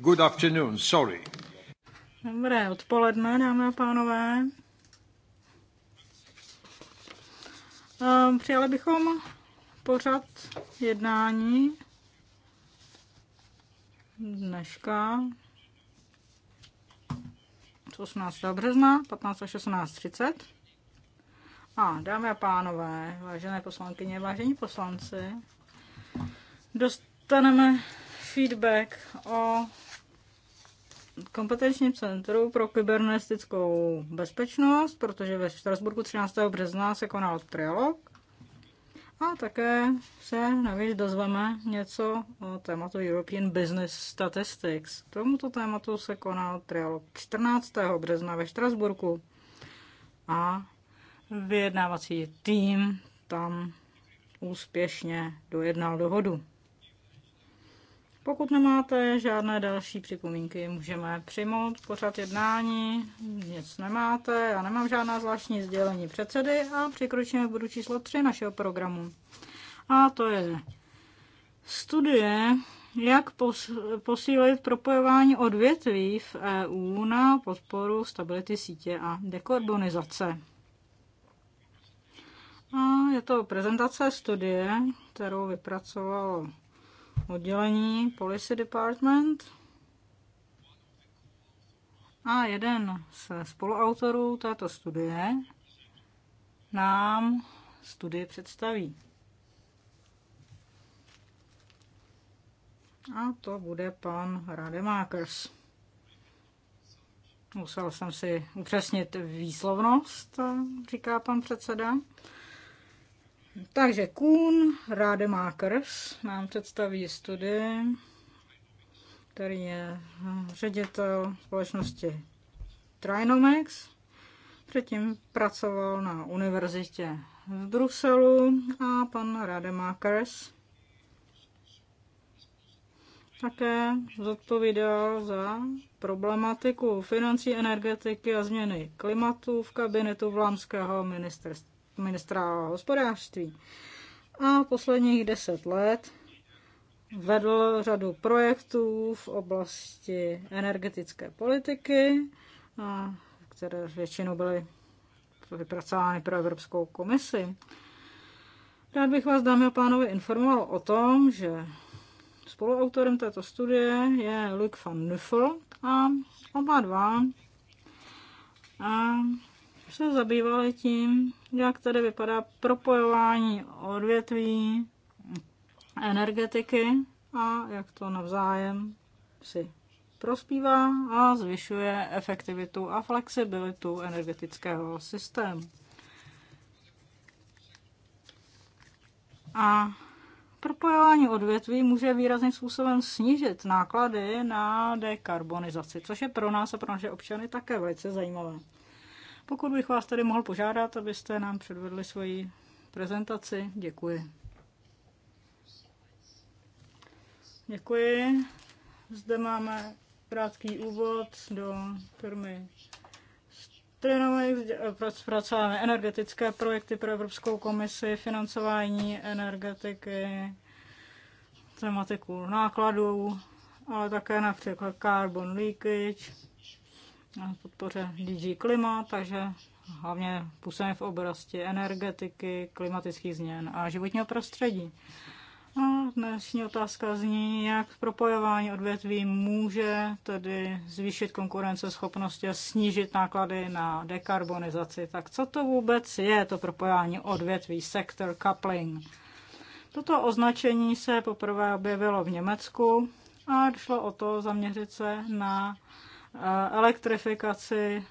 Good afternoon, sorry. Dobré odpoledne, dámy a pánové. Ehm, přijali bychom pořad jednání dneška 18. března 15:16:30. A dámy a pánové, vážené poslankyně, vážení poslanci, dostaneme feedback o kompetenčním centru pro kybernetickou bezpečnost, protože ve Štrasburku 13. března se konal trialog. A také se navíc dozveme něco o tématu European Business Statistics. K tomuto tématu se konal trialog 14. března ve Štrasburku. A vyjednávací tým tam úspěšně dojednal dohodu. Pokud nemáte žádné další připomínky, můžeme přijmout pořad jednání. Nic nemáte, já nemám žádná zvláštní sdělení předsedy a přikročíme k bodu číslo 3 našeho programu. A to je studie, jak posílit propojování odvětví v EU na podporu stability sítě a dekarbonizace. A je to prezentace studie, kterou vypracoval oddělení Policy Department. A jeden ze spoluautorů této studie nám studii představí. A to bude pan Rademakers. Musel jsem si upřesnit výslovnost, říká pan předseda. Takže Kuhn Rademakers nám představí studie, který je eh, ředitel společnosti Trinomex. Předtím pracoval na univerzitě v Bruselu a pan Rademakers také zodpovídal za problematiku financí, energetiky a změny klimatu v kabinetu vlámského ministerstva ministra hospodářství. A posledních deset let vedl řadu projektů v oblasti energetické politiky, které většinou byly vypracovány pro Evropskou komisi. Rád bych vás, dámy a pánové, informoval o tom, že spoluautorem této studie je Luc van Nuffel a oba dva a se zabývali tím, jak tady vypadá propojování odvětví energetiky a jak to navzájem si prospívá a zvyšuje efektivitu a flexibilitu energetického systému. A propojování odvětví může výrazným způsobem snížit náklady na dekarbonizaci, což je pro nás a pro naše občany také velice zajímavé. Pokud bych vás tady mohl požádat, abyste nám předvedli svoji prezentaci, děkuji. Děkuji. Zde máme krátký úvod do firmy Trinomics. pracujeme energetické projekty pro Evropskou komisi, financování energetiky, tematiku nákladů, ale také například carbon leakage, podpoře DG Klima, takže hlavně působíme v oblasti energetiky, klimatických změn a životního prostředí. A dnešní otázka zní, jak propojování odvětví může tedy zvýšit konkurenceschopnost a snížit náklady na dekarbonizaci. Tak co to vůbec je, to propojování odvětví, sector coupling? Toto označení se poprvé objevilo v Německu a šlo o to zaměřit se na elektrifikaci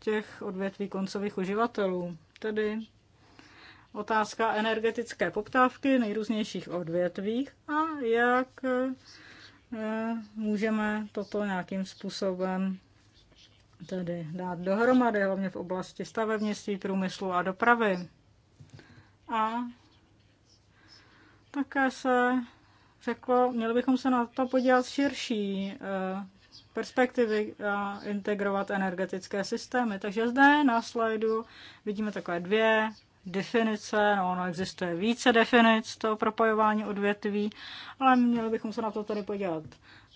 těch odvětví koncových uživatelů. Tedy otázka energetické poptávky nejrůznějších odvětvích a jak eh, můžeme toto nějakým způsobem tedy dát dohromady, hlavně v oblasti stavebnictví, průmyslu a dopravy. A také se řeklo, měli bychom se na to podívat širší eh, perspektivy a integrovat energetické systémy. Takže zde na slajdu vidíme takové dvě definice, no ono existuje více definic toho propojování odvětví, ale měli bychom se na to tady podívat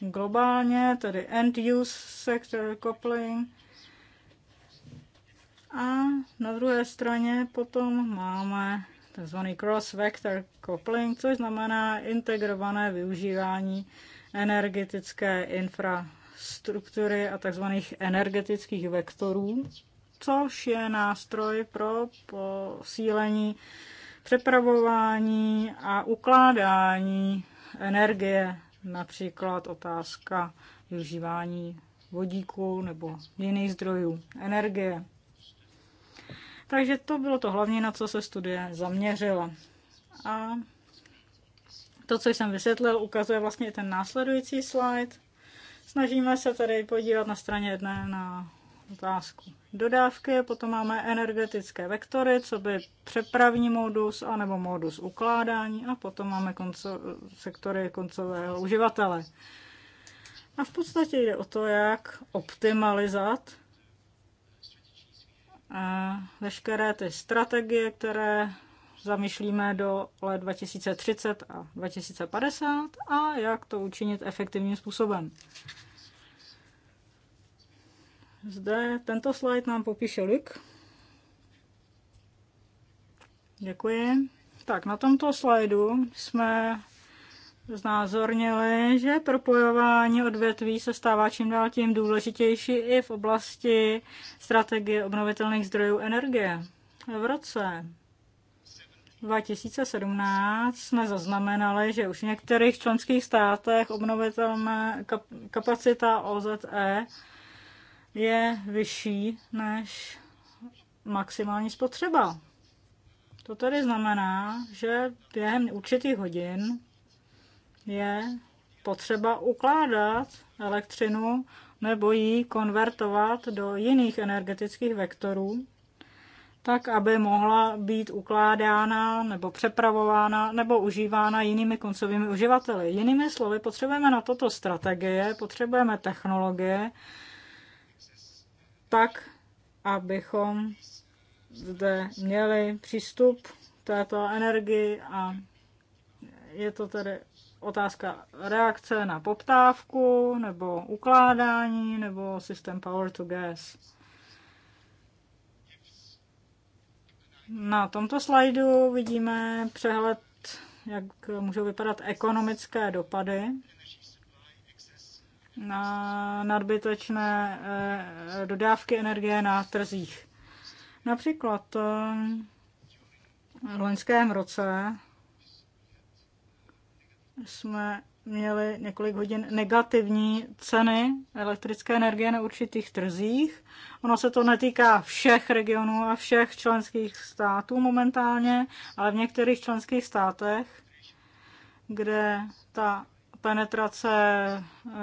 globálně, tedy end-use sector coupling. A na druhé straně potom máme tzv. cross-vector coupling, což znamená integrované využívání energetické infrastruktury struktury a tzv. energetických vektorů, což je nástroj pro posílení přepravování a ukládání energie, například otázka využívání vodíku nebo jiných zdrojů energie. Takže to bylo to hlavní, na co se studie zaměřila. A to, co jsem vysvětlil, ukazuje vlastně ten následující slide. Snažíme se tady podívat na straně jedné na otázku dodávky, potom máme energetické vektory, co by přepravní modus anebo modus ukládání a potom máme konco, sektory koncového uživatele. A v podstatě jde o to, jak optimalizovat eh, veškeré ty strategie, které zamýšlíme do let 2030 a 2050 a jak to učinit efektivním způsobem. Zde tento slide nám popíše Luk. Děkuji. Tak na tomto slajdu jsme znázornili, že propojování odvětví se stává čím dál tím důležitější i v oblasti strategie obnovitelných zdrojů energie. V roce 2017 jsme zaznamenali, že už v některých členských státech obnovitelná kapacita OZE je vyšší než maximální spotřeba. To tedy znamená, že během určitých hodin je potřeba ukládat elektřinu nebo ji konvertovat do jiných energetických vektorů, tak aby mohla být ukládána nebo přepravována nebo užívána jinými koncovými uživateli. Jinými slovy, potřebujeme na toto strategie, potřebujeme technologie, tak, abychom zde měli přístup této energii a je to tedy otázka reakce na poptávku nebo ukládání nebo systém power to gas. Na tomto slajdu vidíme přehled, jak můžou vypadat ekonomické dopady na nadbytečné eh, dodávky energie na trzích. Například eh, v loňském roce jsme měli několik hodin negativní ceny elektrické energie na určitých trzích. Ono se to netýká všech regionů a všech členských států momentálně, ale v některých členských státech, kde ta penetrace eh,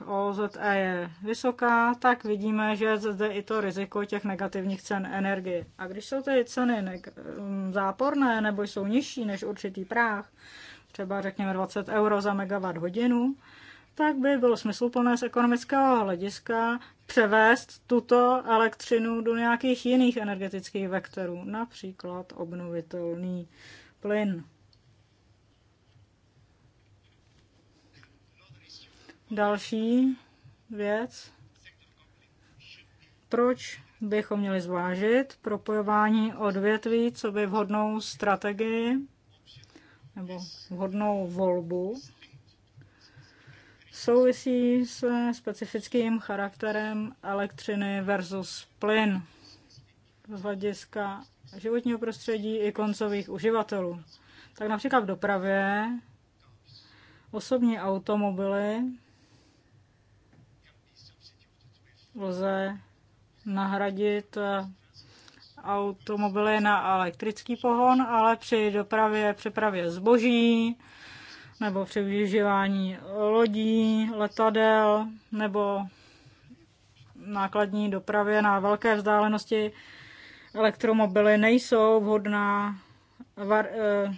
eh, OZE je vysoká, tak vidíme, že zde i to riziko těch negativních cen energie. A když jsou ty ceny hm, záporné nebo jsou nižší než určitý práh, třeba řekněme 20 euro za megawatt hodinu, tak by bylo smysluplné z ekonomického hlediska převést tuto elektřinu do nějakých jiných energetických vektorů, například obnovitelný plyn. Další věc, proč bychom měli zvážit propojování odvětví, co by vhodnou strategii nebo vhodnou volbu souvisí s specifickým charakterem elektřiny versus plyn z hlediska životního prostředí i koncových uživatelů. Tak například v dopravě osobní automobily lze nahradit automobily na elektrický pohon, ale při dopravě, přepravě zboží nebo při využívání lodí, letadel nebo nákladní dopravě na velké vzdálenosti elektromobily nejsou vhodná var, eh,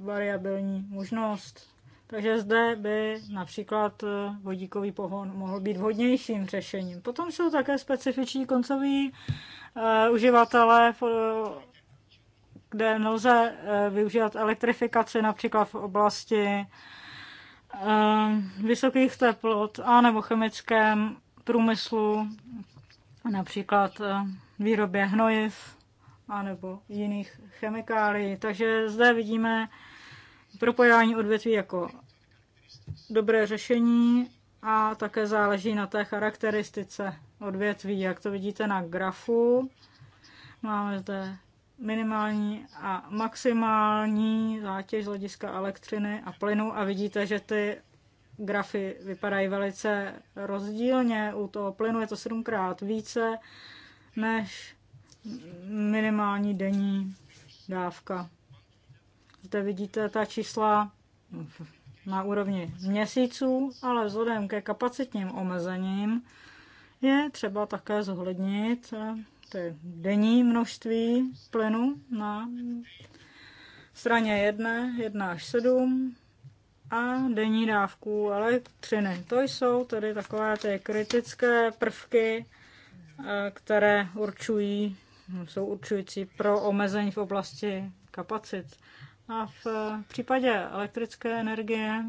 variabilní možnost. Takže zde by například eh, vodíkový pohon mohl být vhodnějším řešením. Potom jsou také specifiční koncoví uh, uživatelé, eh, kde nelze uh, využívat elektrifikaci například v oblasti uh, vysokých teplot a nebo chemickém průmyslu, například uh, výrobě hnojiv a nebo jiných chemikálií. Takže zde vidíme, propojování odvětví jako dobré řešení a také záleží na té charakteristice odvětví. Jak to vidíte na grafu, máme zde minimální a maximální zátěž z hlediska elektřiny a plynu a vidíte, že ty grafy vypadají velice rozdílně. U toho plynu je to sedmkrát více než minimální denní dávka. Zde vidíte ta čísla na úrovni měsíců, ale vzhledem ke kapacitním omezením je třeba také zohlednit eh, ty denní množství plynu na straně 1, 1 až 7 a denní dávku elektřiny. To jsou tedy takové ty kritické prvky, eh, které určují, jsou určující pro omezení v oblasti kapacit. A v případě elektrické energie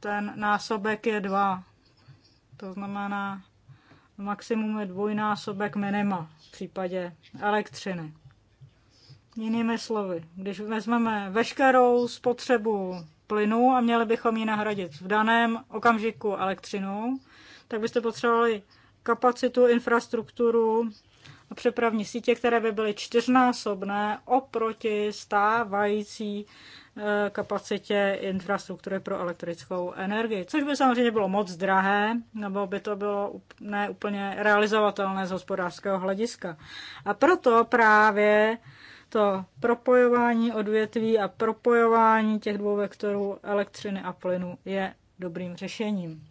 ten násobek je 2. To znamená, maximum je dvojnásobek minima v případě elektřiny. Jinými slovy, když vezmeme veškerou spotřebu plynu a měli bychom ji nahradit v daném okamžiku elektřinou, tak byste potřebovali kapacitu, infrastrukturu, a přepravní sítě, které by byly čtyřnásobné oproti stávající e, kapacitě infrastruktury pro elektrickou energii, což by samozřejmě bylo moc drahé, nebo by to bylo ne úplně realizovatelné z hospodářského hlediska. A proto právě to propojování odvětví a propojování těch dvou vektorů elektřiny a plynu je dobrým řešením.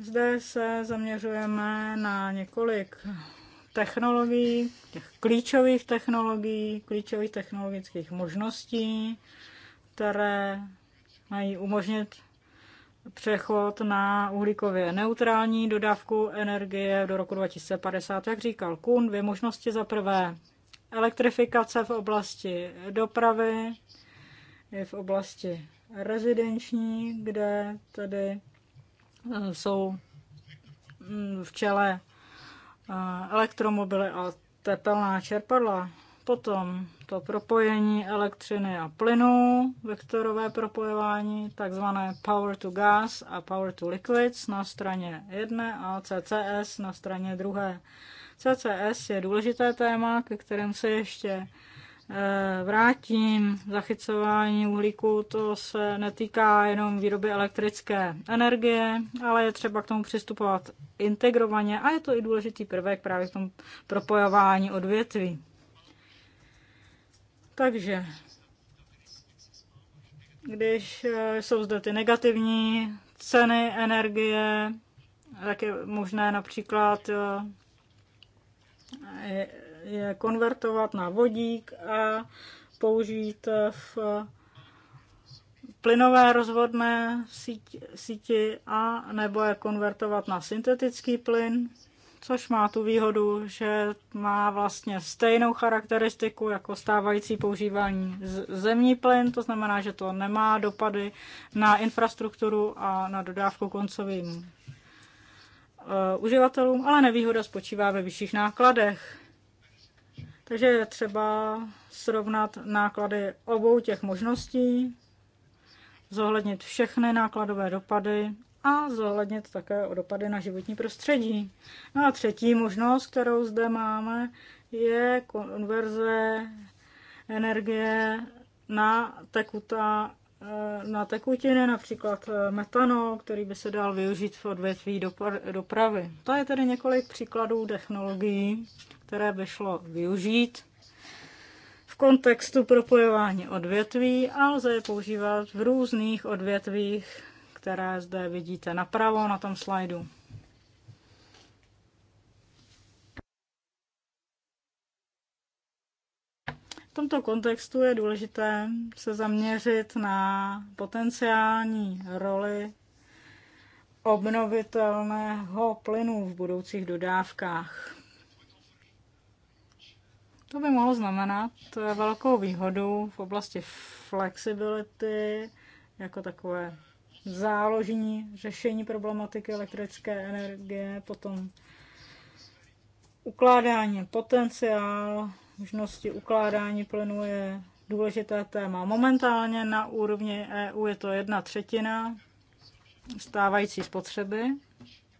Zde se zaměřujeme na několik technologií, těch klíčových technologií, klíčových technologických možností, které mají umožnit přechod na uhlíkově neutrální dodávku energie do roku 2050, jak říkal Kuhn, dvě možnosti. Za prvé elektrifikace v oblasti dopravy, v oblasti rezidenční, kde tedy Eh, jsou mm, v čele eh, elektromobily a tepelná čerpadla. Potom to propojení elektřiny a plynu, vektorové propojování, takzvané power to gas a power to liquids na straně jedné a CCS na straně druhé. CCS je důležité téma, ke kterém se ještě Eh, vrátím. Zachycování uhlíku to se netýká jenom výroby elektrické energie, ale je třeba k tomu přistupovat integrovaně a je to i důležitý prvek právě k tomu propojování odvětví. Takže když eh, jsou zde ty negativní ceny energie, tak je možné například eh, je konvertovat na vodík a použít v plynové rozvodné síti, síti a nebo je konvertovat na syntetický plyn, což má tu výhodu, že má vlastně stejnou charakteristiku jako stávající používání zemní plyn, to znamená, že to nemá dopady na infrastrukturu a na dodávku koncovým eh, uživatelům, ale nevýhoda spočívá ve vyšších nákladech. Takže je třeba srovnat náklady obou těch možností, zohlednit všechny nákladové dopady a zohlednit také o dopady na životní prostředí. No a třetí možnost, kterou zde máme, je konverze energie na, tekuta, eh, na tekutiny, například eh, metanol, který by se dal využít v odvětví dopravy. To je tedy několik příkladů technologií, které by šlo využít v kontextu propojování odvětví a lze je používat v různých odvětvích, které zde vidíte napravo na tom slajdu. V tomto kontextu je důležité se zaměřit na potenciální roli obnovitelného plynu v budoucích dodávkách. To by mohlo znamenat velkou výhodu v oblasti flexibility, jako takové záložní řešení problematiky elektrické energie, potom ukládání potenciál, možnosti ukládání plynu je důležité téma. Momentálně na úrovni EU je to jedna třetina stávající spotřeby,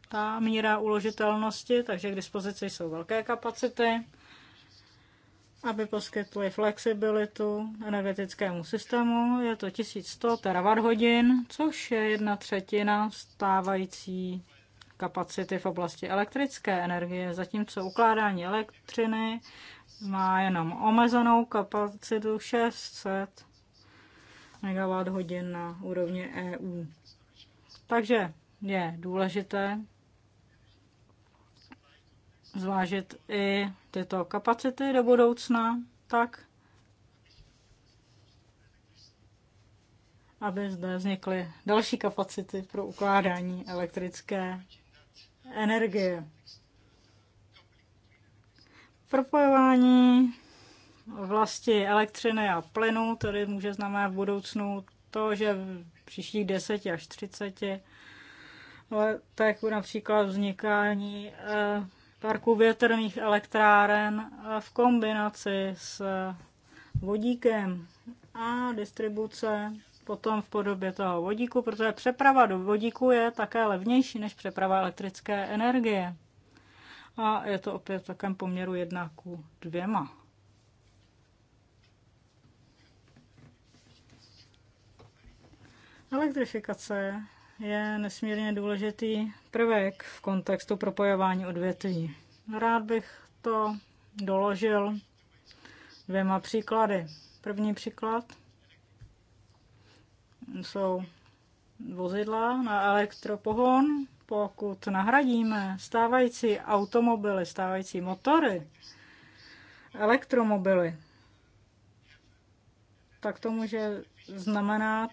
ta míra uložitelnosti, takže k dispozici jsou velké kapacity aby poskytly flexibilitu energetickému systému. Je to 1100 terawatt-hodin, což je jedna třetina stávající kapacity v oblasti elektrické energie, zatímco ukládání elektřiny má jenom omezenou kapacitu 600 MWh na úrovni EU. Takže je důležité, zvážit i tyto kapacity do budoucna, tak aby zde vznikly další kapacity pro ukládání elektrické energie. Propojování vlasti elektřiny a plynu tedy může znamenat v budoucnu to, že v příštích 10 až 30 letech například vznikání eh, parku větrných elektráren v kombinaci s vodíkem a distribuce potom v podobě toho vodíku, protože přeprava do vodíku je také levnější než přeprava elektrické energie. A je to opět v takém poměru jednáku ku 2. Elektrifikace je nesmírně důležitý prvek v kontextu propojování odvětví. Rád bych to doložil dvěma příklady. První příklad jsou vozidla na elektropohon. Pokud nahradíme stávající automobily, stávající motory, elektromobily, tak to může znamenat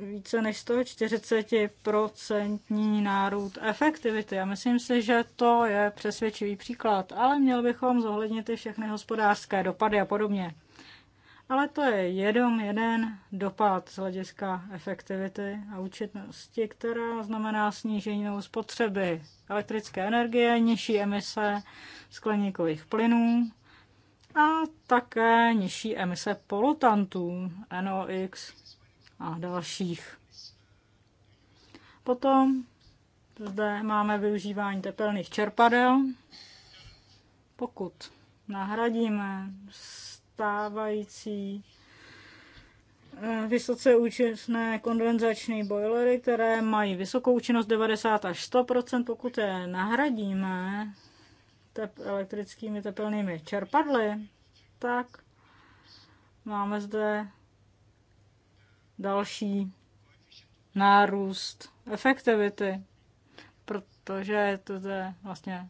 více než 140% nárůst efektivity. A myslím si, že to je přesvědčivý příklad, ale měl bychom zohlednit i všechny hospodářské dopady a podobně. Ale to je jenom jeden dopad z hlediska efektivity a účinnosti, která znamená snížení spotřeby elektrické energie, nižší emise skleníkových plynů a také nižší emise polutantů NOx a dalších. Potom zde máme využívání tepelných čerpadel. Pokud nahradíme stávající eh, vysoce účinné kondenzační boilery, které mají vysokou účinnost 90 až 100 pokud je nahradíme tep- elektrickými tepelnými čerpadly, tak máme zde další nárůst efektivity, protože to je vlastně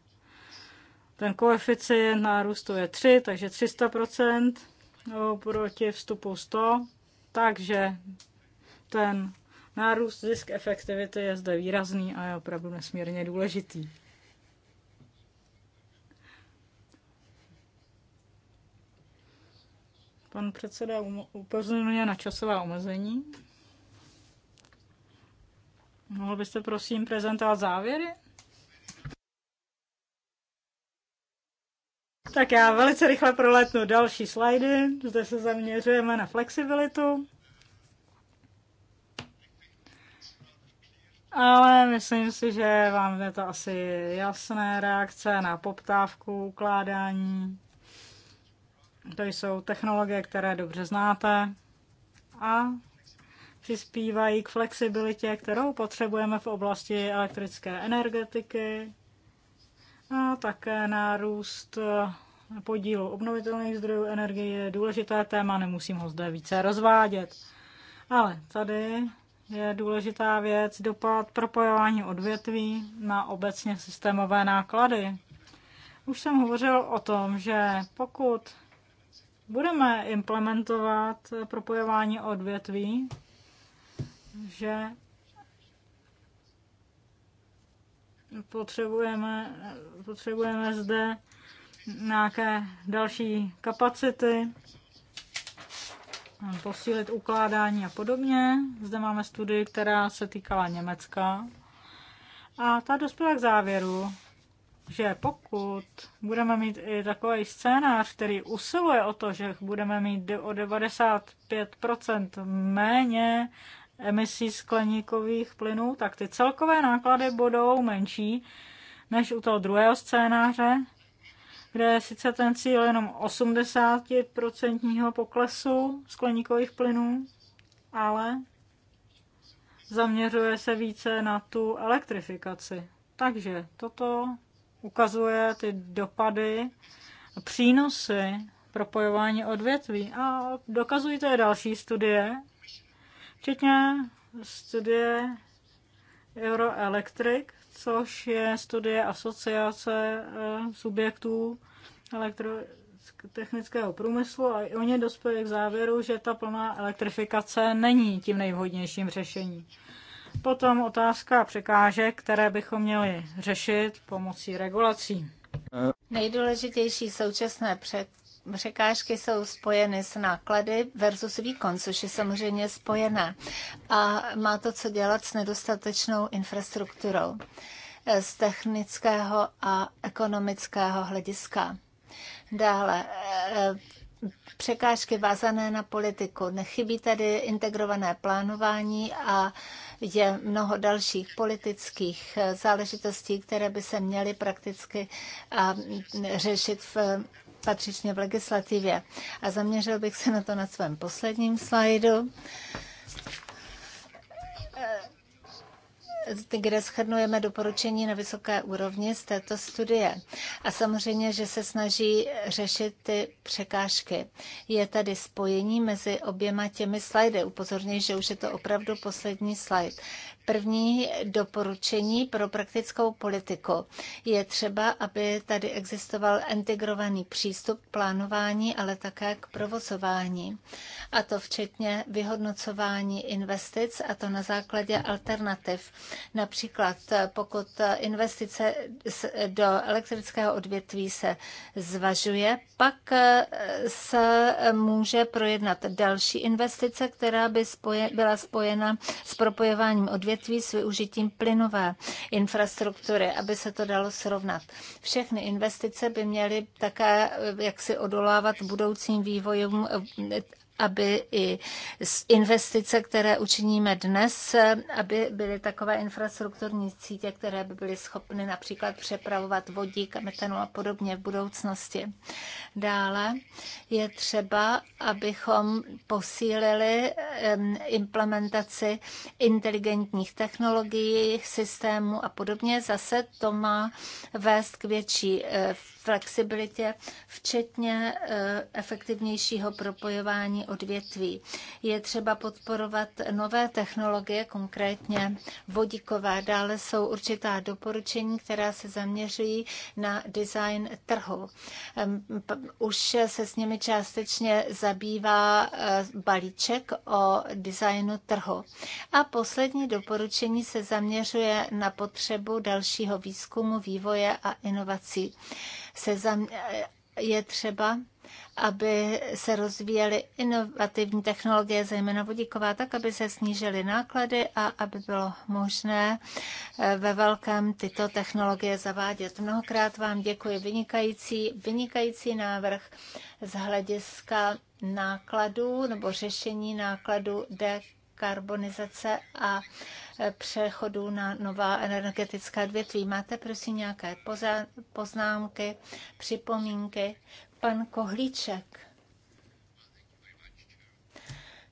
ten koeficient nárůstu je 3, takže 300% oproti vstupu 100, takže ten nárůst zisk efektivity je zde výrazný a je opravdu nesmírně důležitý. Pan předseda upozorňuje na časová omezení. Mohl byste prosím prezentovat závěry? Tak já velice rychle proletnu další slajdy. Zde se zaměřujeme na flexibilitu. Ale myslím si, že vám je to asi jasné reakce na poptávku, ukládání to jsou technologie, které dobře znáte a přispívají k flexibilitě, kterou potřebujeme v oblasti elektrické energetiky a také nárůst podílu obnovitelných zdrojů energie je důležité téma, nemusím ho zde více rozvádět. Ale tady je důležitá věc dopad propojování odvětví na obecně systémové náklady. Už jsem hovořil o tom, že pokud budeme implementovat propojování odvětví, že potřebujeme, potřebujeme zde nějaké další kapacity, posílit ukládání a podobně. Zde máme studii, která se týkala Německa. A ta dospěla k závěru, že pokud budeme mít i takový scénář, který usiluje o to, že budeme mít o 95% méně emisí skleníkových plynů, tak ty celkové náklady budou menší než u toho druhého scénáře, kde je sice ten cíl jenom 80% poklesu skleníkových plynů, ale zaměřuje se více na tu elektrifikaci. Takže toto ukazuje ty dopady, přínosy propojování odvětví a dokazují to i další studie, včetně studie Euroelectric, což je studie asociace eh, subjektů elektrotechnického průmyslu a oni dospěli k závěru, že ta plná elektrifikace není tím nejvhodnějším řešením. Potom otázka překážek, které bychom měli řešit pomocí regulací. Nejdůležitější současné před překážky jsou spojeny s náklady versus výkon, což je samozřejmě spojené. A má to co dělat s nedostatečnou infrastrukturou eh, z technického a ekonomického hlediska. Dále eh, překážky vázané na politiku. Nechybí tady integrované plánování a je mnoho dalších politických eh, záležitostí, které by se měly prakticky eh, řešit v patřičně v legislativě. A zaměřil bych se na to na svém posledním slajdu kde schrnujeme doporučení na vysoké úrovni z této studie. A samozřejmě, že se snaží řešit ty překážky. Je tady spojení mezi oběma těmi slajdy. Upozorňuji, že už je to opravdu poslední slajd. První doporučení pro praktickou politiku. Je třeba, aby tady existoval integrovaný přístup k plánování, ale také k provozování. A to včetně vyhodnocování investic, a to na základě alternativ. Například pokud investice do elektrického odvětví se zvažuje, pak eh, se může projednat další investice, která by spoje, byla spojena s propojováním odvětví odvětví s využitím plynové infrastruktury, aby se to dalo srovnat. Všechny investice by měly také eh, jaksi odolávat budoucím vývojům eh, aby i z investice, které učiníme dnes, aby byly takové infrastrukturní sítě, které by byly schopny například přepravovat vodík, metanol a podobně v budoucnosti. Dále je třeba, abychom posílili implementaci inteligentních technologií, systémů a podobně. Zase to má vést k větší eh, flexibilitě, včetně eh, efektivnějšího propojování odvětví. Je třeba podporovat nové technologie, konkrétně vodíkové. Dále jsou určitá doporučení, která se zaměřují na design trhu. Už se s nimi částečně zabývá eh, balíček o designu trhu. A poslední doporučení se zaměřuje na potřebu dalšího výzkumu, vývoje a inovací se zam, je třeba, aby se rozvíjely inovativní technologie, zejména vodíková, tak, aby se snížily náklady a aby bylo možné eh, ve velkém tyto technologie zavádět. Mnohokrát vám děkuji. Vynikající, vynikající návrh z hlediska nákladů nebo řešení nákladů dekarbonizace a Eh, přechodu na nová energetická odvětví. Máte prosím nějaké poznámky, připomínky? Pan Kohlíček.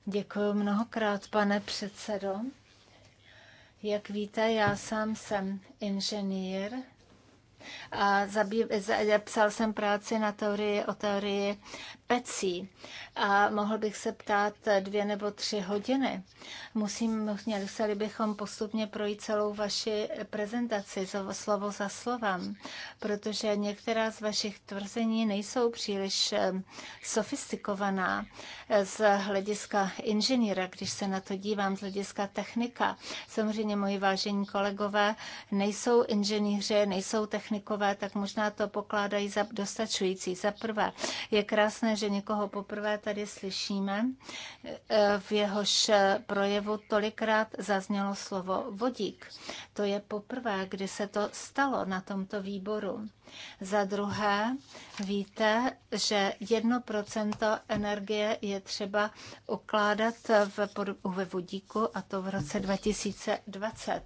Děkuji mnohokrát, pane předsedo. Jak víte, já sám jsem inženýr a zabý, za, psal jsem práci na teorii, o teorii pecí a mohl bych se ptát dvě nebo tři hodiny. Musím, museli bychom postupně projít celou vaši prezentaci slovo za slovem, protože některá z vašich tvrzení nejsou příliš eh, sofistikovaná eh, z hlediska inženýra, když se na to dívám z hlediska technika. Samozřejmě moji vážení kolegové nejsou inženýři, nejsou technikové, tak možná to pokládají za dostačující. Za prvé je krásné že někoho poprvé tady slyšíme. E, v jehož projevu tolikrát zaznělo slovo vodík. To je poprvé, kdy se to stalo na tomto výboru. Za druhé, víte, že 1% energie je třeba ukládat ve vodíku a to v roce 2020.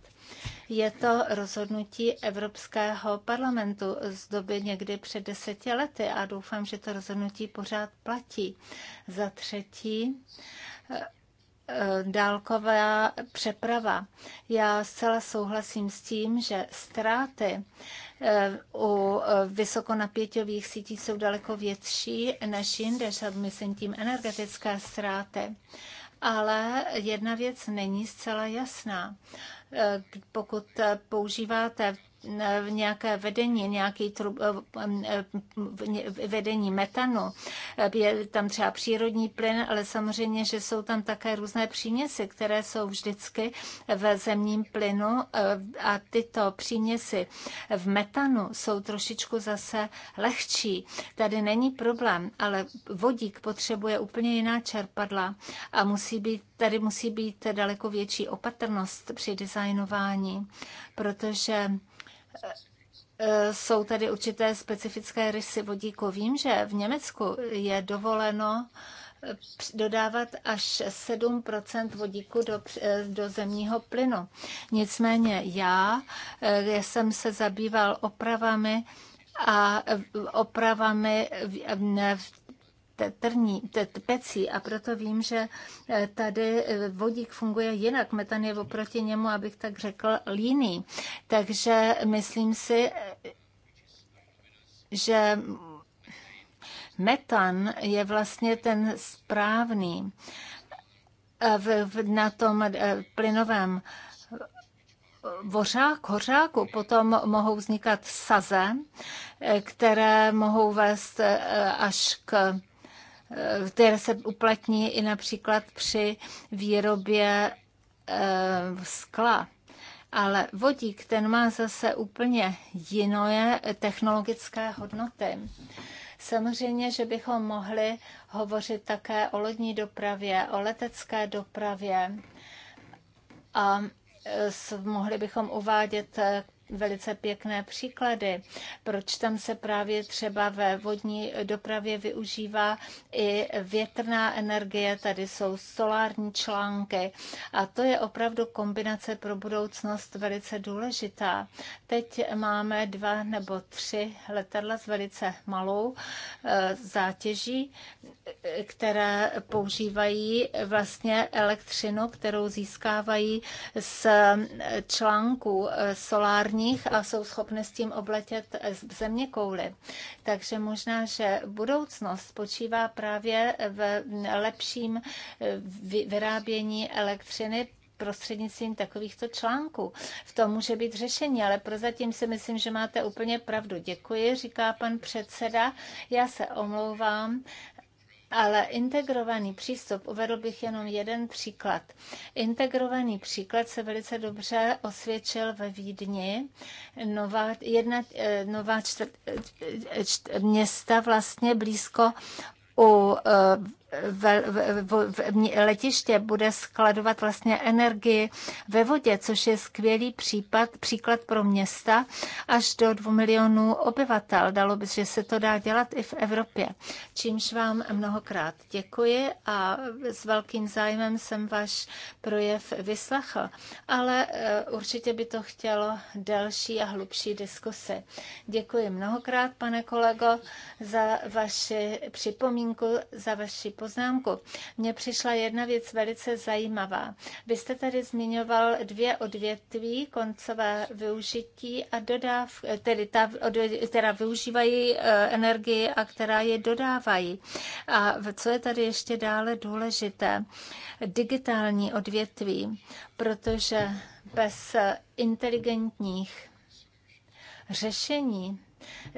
Je to rozhodnutí Evropského parlamentu z doby někdy před deseti lety a doufám, že to rozhodnutí pořád platí. Za třetí, eh, dálková přeprava. Já zcela souhlasím s tím, že ztráty eh, u eh, vysokonapěťových sítí jsou daleko větší než jinde, myslím tím energetické ztráty. Ale jedna věc není zcela jasná. Eh, pokud eh, používáte nějaké vedení, nějaký trub, eh, eh, vedení metanu, eh, je tam třeba přírodní plyn, ale samozřejmě, že jsou tam také různé příměsy, které jsou vždycky v zemním plynu a tyto příměsy v metanu jsou trošičku zase lehčí. Tady není problém, ale vodík potřebuje úplně jiná čerpadla a musí být, tady musí být daleko větší opatrnost při designování, protože Eh, jsou tady určité specifické rysy vodíku. Vím, že v Německu je dovoleno eh, dodávat až 7 vodíku do, eh, do zemního plynu. Nicméně já, já jsem se zabýval opravami a opravami v, v, v trní, pecí a proto vím, že eh, tady eh, vodík funguje jinak. Metan je oproti němu, abych tak řekl, líný. Takže myslím si, eh, že metan je vlastně ten správný v, na tom plynovém vořák, hořáku potom mohou vznikat saze, které mohou vést až k Eh, které se uplatní i například při výrobě eh, skla. Ale vodík, ten má zase úplně jiné technologické hodnoty. Samozřejmě, že bychom mohli hovořit také o lodní dopravě, o letecké dopravě a eh, mohli bychom uvádět velice pěkné příklady, proč tam se právě třeba ve vodní dopravě využívá i větrná energie, tady jsou solární články a to je opravdu kombinace pro budoucnost velice důležitá. Teď máme dva nebo tři letadla s velice malou eh, zátěží, které používají vlastně elektřinu, kterou získávají z článků eh, solární nich a jsou schopny s tím obletět z země kouly. Takže možná, že budoucnost spočívá právě v lepším eh, vyrábění elektřiny prostřednictvím takovýchto článků. V tom může být řešení, ale prozatím si myslím, že máte úplně pravdu. Děkuji, říká pan předseda. Já se omlouvám ale integrovaný přístup, uvedl bych jenom jeden příklad. Integrovaný příklad se velice dobře osvědčil ve Vídni. Nová, jedna, eh, nová čtr, eh, čtr, eh, města vlastně blízko u v, v, v, letiště bude skladovat vlastně energii ve vodě, což je skvělý případ, příklad pro města až do 2 milionů obyvatel. Dalo by, že se to dá dělat i v Evropě. Čímž vám mnohokrát děkuji a s velkým zájmem jsem váš projev vyslechl, ale eh, určitě by to chtělo delší a hlubší diskusy. Děkuji mnohokrát, pane kolego, za vaši připomínku, za vaši poznámku. Mně přišla jedna věc velice zajímavá. Vy jste tady zmiňoval dvě odvětví, koncové využití a dodáv, tedy ta, která využívají eh, energii a která je dodávají. A co je tady ještě dále důležité? Digitální odvětví, protože bez eh, inteligentních řešení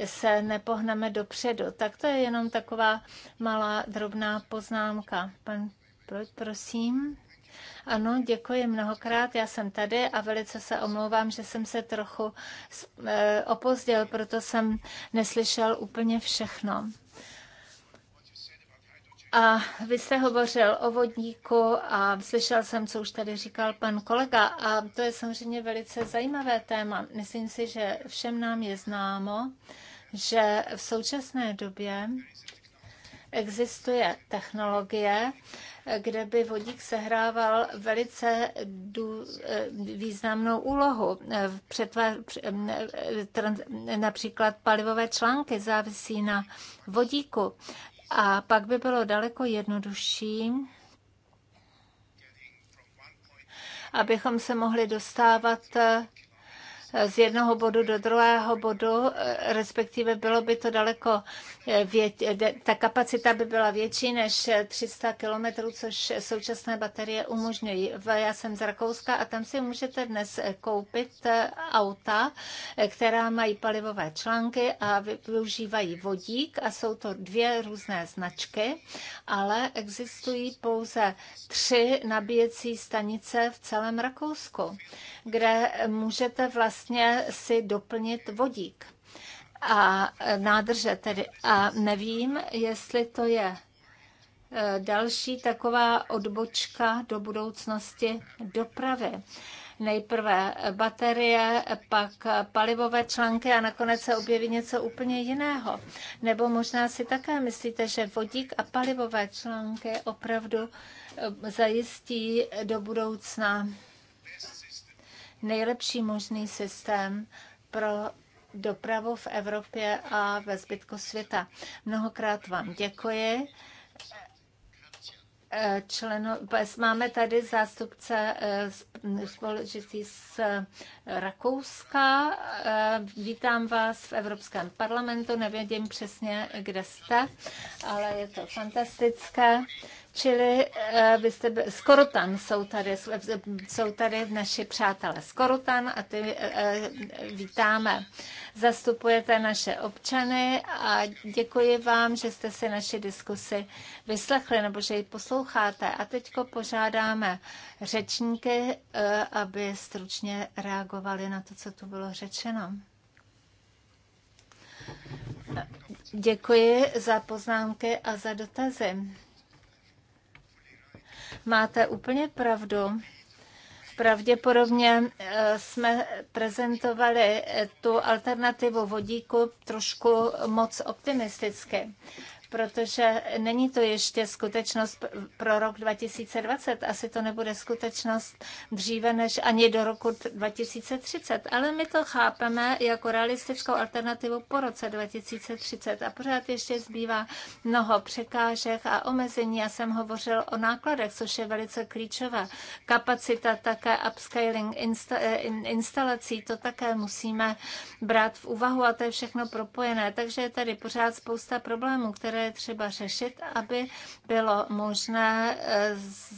se nepohneme dopředu. Tak to je jenom taková malá drobná poznámka. Pan prosím. Ano, děkuji mnohokrát, já jsem tady a velice se omlouvám, že jsem se trochu eh, opozdil, proto jsem neslyšel úplně všechno. A vy jste hovořil o vodníku a slyšel jsem, co už tady říkal pan kolega a to je samozřejmě velice zajímavé téma. Myslím si, že všem nám je známo, že v současné době existuje technologie, kde by vodík sehrával velice dů, eh, významnou úlohu. Přetvar, například palivové články závisí na vodíku a pak by bylo daleko jednodušší, abychom se mohli dostávat z jednoho bodu do druhého bodu, eh, respektive bylo by to daleko, eh, eh, ta kapacita by byla větší než 300 kilometrů, což současné baterie umožňují. Já jsem z Rakouska a tam si můžete dnes koupit auta, která mají palivové články a využívají vodík a jsou to dvě různé značky, ale existují pouze tři nabíjecí stanice v celém Rakousku, kde můžete vlastně vlastně si doplnit vodík a nádrže tedy. A nevím, jestli to je e, další taková odbočka do budoucnosti dopravy. Nejprve baterie, pak palivové články a nakonec se objeví něco úplně jiného. Nebo možná si také myslíte, že vodík a palivové články opravdu e, zajistí do budoucna nejlepší možný systém pro dopravu v Evropě a ve zbytku světa. Mnohokrát vám děkuji. Eh, členu, máme tady zástupce společnosti eh, z eh, Rakouska. Vítám vás v Evropském parlamentu. Nevědím přesně, kde jste, ale je to fantastické. Čili eh, vy jste, Skorutan jsou tady, jsou tady naši přátelé Skorutan a ty eh, eh, vítáme. Zastupujete naše občany a děkuji vám, že jste si naši diskusi vyslechli nebo že ji posloucháte. A teď požádáme řečníky, aby stručně reagovali na to, co tu bylo řečeno. Děkuji za poznámky a za dotazy. Máte úplně pravdu. Pravděpodobně eh, jsme prezentovali eh, tu alternativu vodíku trošku moc optimisticky protože není to ještě skutečnost pro rok 2020, asi to nebude skutečnost dříve než ani do roku 2030, ale my to chápeme jako realistickou alternativu po roce 2030 a pořád ještě zbývá mnoho překážek a omezení. Já jsem hovořil o nákladech, což je velice klíčové. Kapacita také upscaling eh, instalací, to také musíme brát v úvahu a to je všechno propojené. Takže je tady pořád spousta problémů, které které je třeba řešit, aby bylo možné eh,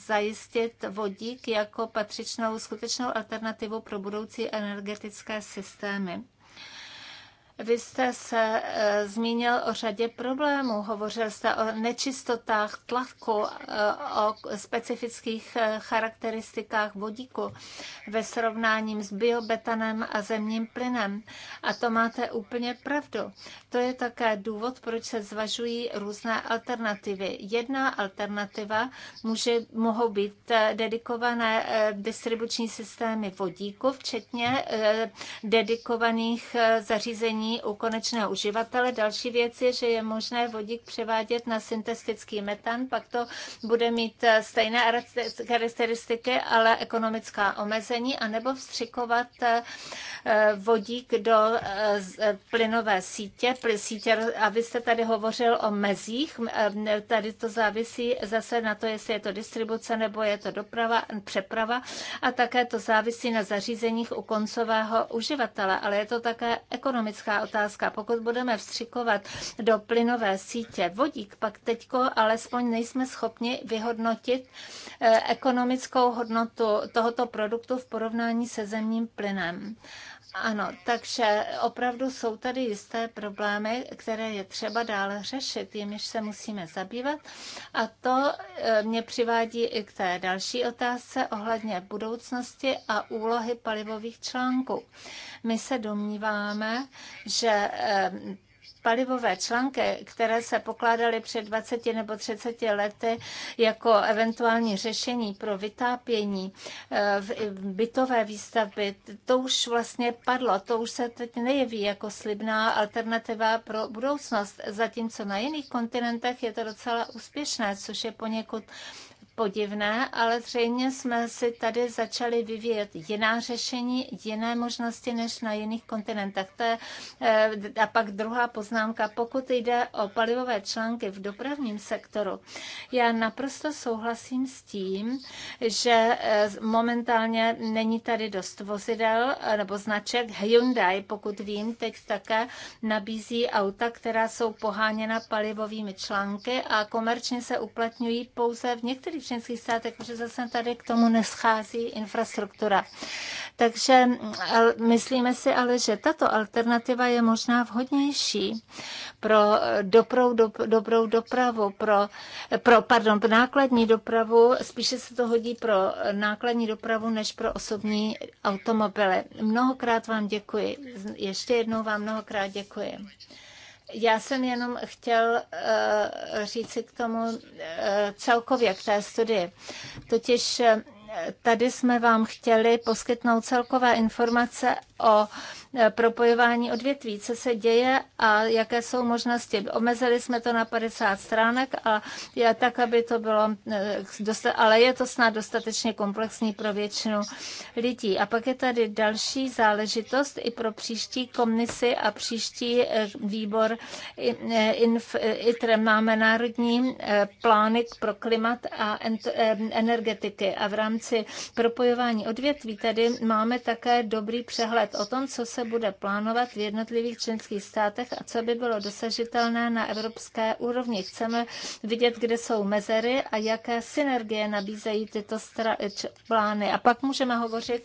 zajistit vodík jako patřičnou skutečnou alternativu pro budoucí energetické systémy. Vy jste se e, zmínil o řadě problémů. Hovořil jste o nečistotách tlaku, e, o specifických e, charakteristikách vodíku ve srovnání s biobetanem a zemním plynem. A to máte úplně pravdu. To je také důvod, proč se zvažují různé alternativy. Jedna alternativa může, mohou být e, dedikované e, distribuční systémy vodíku, včetně e, dedikovaných zařízení používání u konečného uživatele. Další věc je, že je možné vodík převádět na syntetický metan, pak to bude mít eh, stejné charakteristiky, ale ekonomická omezení, anebo vstřikovat eh, eh, vodík do plynové sítě, sítě a vy jste tady hovořil o mezích, tady to závisí zase na to, jestli je to distribuce nebo je to doprava, přeprava a také to závisí na zařízeních u koncového uživatele, ale je to také ekonomická velká otázka. Pokud budeme vstřikovat do plynové sítě vodík, pak teď alespoň nejsme schopni vyhodnotit eh, ekonomickou hodnotu tohoto produktu v porovnání se zemním plynem. Ano, takže opravdu jsou tady jisté problémy, které je třeba dále řešit, jimiž se musíme zabývat. A to e, mě přivádí i k té další otázce ohledně budoucnosti a úlohy palivových článků. My se domníváme, že e, palivové články, které se pokládaly před 20 nebo 30 lety jako eventuální řešení pro vytápění eh, bytové výstavby, to už vlastně padlo, to už se teď nejeví jako slibná alternativa pro budoucnost, zatímco na jiných kontinentech je to docela úspěšné, což je poněkud podivné, ale zřejmě jsme si tady začali vyvíjet jiná řešení, jiné možnosti než na jiných kontinentech. To je, eh, a pak druhá poznámka, pokud jde o palivové články v dopravním sektoru, já naprosto souhlasím s tím, že eh, momentálně není tady dost vozidel eh, nebo značek Hyundai, pokud vím, teď také nabízí auta, která jsou poháněna palivovými články a komerčně se uplatňují pouze v některých členských státech, protože zase tady k tomu neschází infrastruktura. Takže eh, myslíme si ale, že tato alternativa je možná vhodnější pro dobrou, do, dobrou dopravu, pro, pro pardon, pro nákladní dopravu, spíše se to hodí pro nákladní dopravu než pro osobní automobily. Mnohokrát vám děkuji. Ještě jednou vám mnohokrát děkuji. Já jsem jenom chtěl uh, říci k tomu uh, celkově, k té studii. Totiž eh, tady jsme vám chtěli poskytnout celkové informace o uh, Eh, propojování odvětví, co se děje a jaké jsou možnosti. Omezili jsme to na 50 stránek a je tak, aby to bylo, eh, ale je to snad dostatečně komplexní pro většinu lidí. A pak je tady další záležitost i pro příští komisi a příští eh, výbor ITRE. Máme národní plány pro klimat a energetiky a v rámci propojování odvětví tady máme také dobrý přehled o tom, co se se bude plánovat v jednotlivých členských státech a co by bylo dosažitelné na evropské úrovni. Chceme vidět, kde jsou mezery a jaké synergie nabízejí tyto plány. A pak můžeme hovořit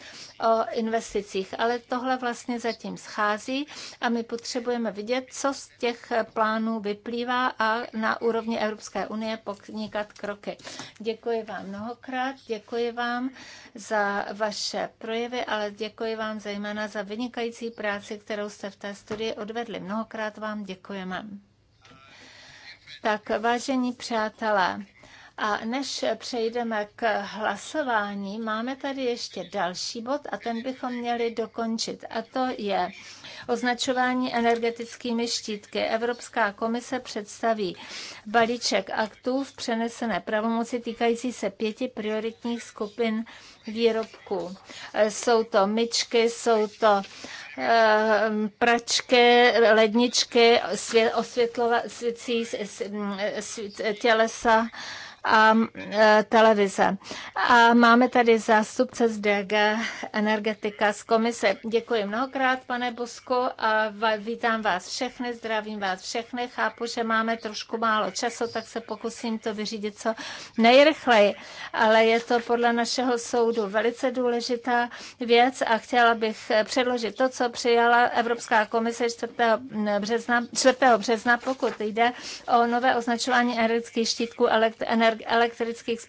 o investicích, ale tohle vlastně zatím schází a my potřebujeme vidět, co z těch plánů vyplývá a na úrovni Evropské unie podnikat kroky. Děkuji vám mnohokrát, děkuji vám za vaše projevy, ale děkuji vám zejména za vynikající vynikající práci, kterou jste v té studii odvedli. Mnohokrát vám děkujeme. Tak, vážení přátelé, a než přejdeme k hlasování, máme tady ještě další bod a ten bychom měli dokončit. A to je označování energetickými štítky. Evropská komise představí balíček aktů v přenesené pravomoci týkající se pěti prioritních skupin výrobků. Jsou to myčky, jsou to ehm, pračky, ledničky, osvětlovací tělesa, a e, televize. A máme tady zástupce z DG Energetika z komise. Děkuji mnohokrát, pane Busku, a vítám vás všechny, zdravím vás všechny. Chápu, že máme trošku málo času, tak se pokusím to vyřídit co nejrychleji. Ale je to podle našeho soudu velice důležitá věc a chtěla bych předložit to, co přijala Evropská komise 4. března, 4. března pokud jde o nové označování energetických štítků energetických elektrických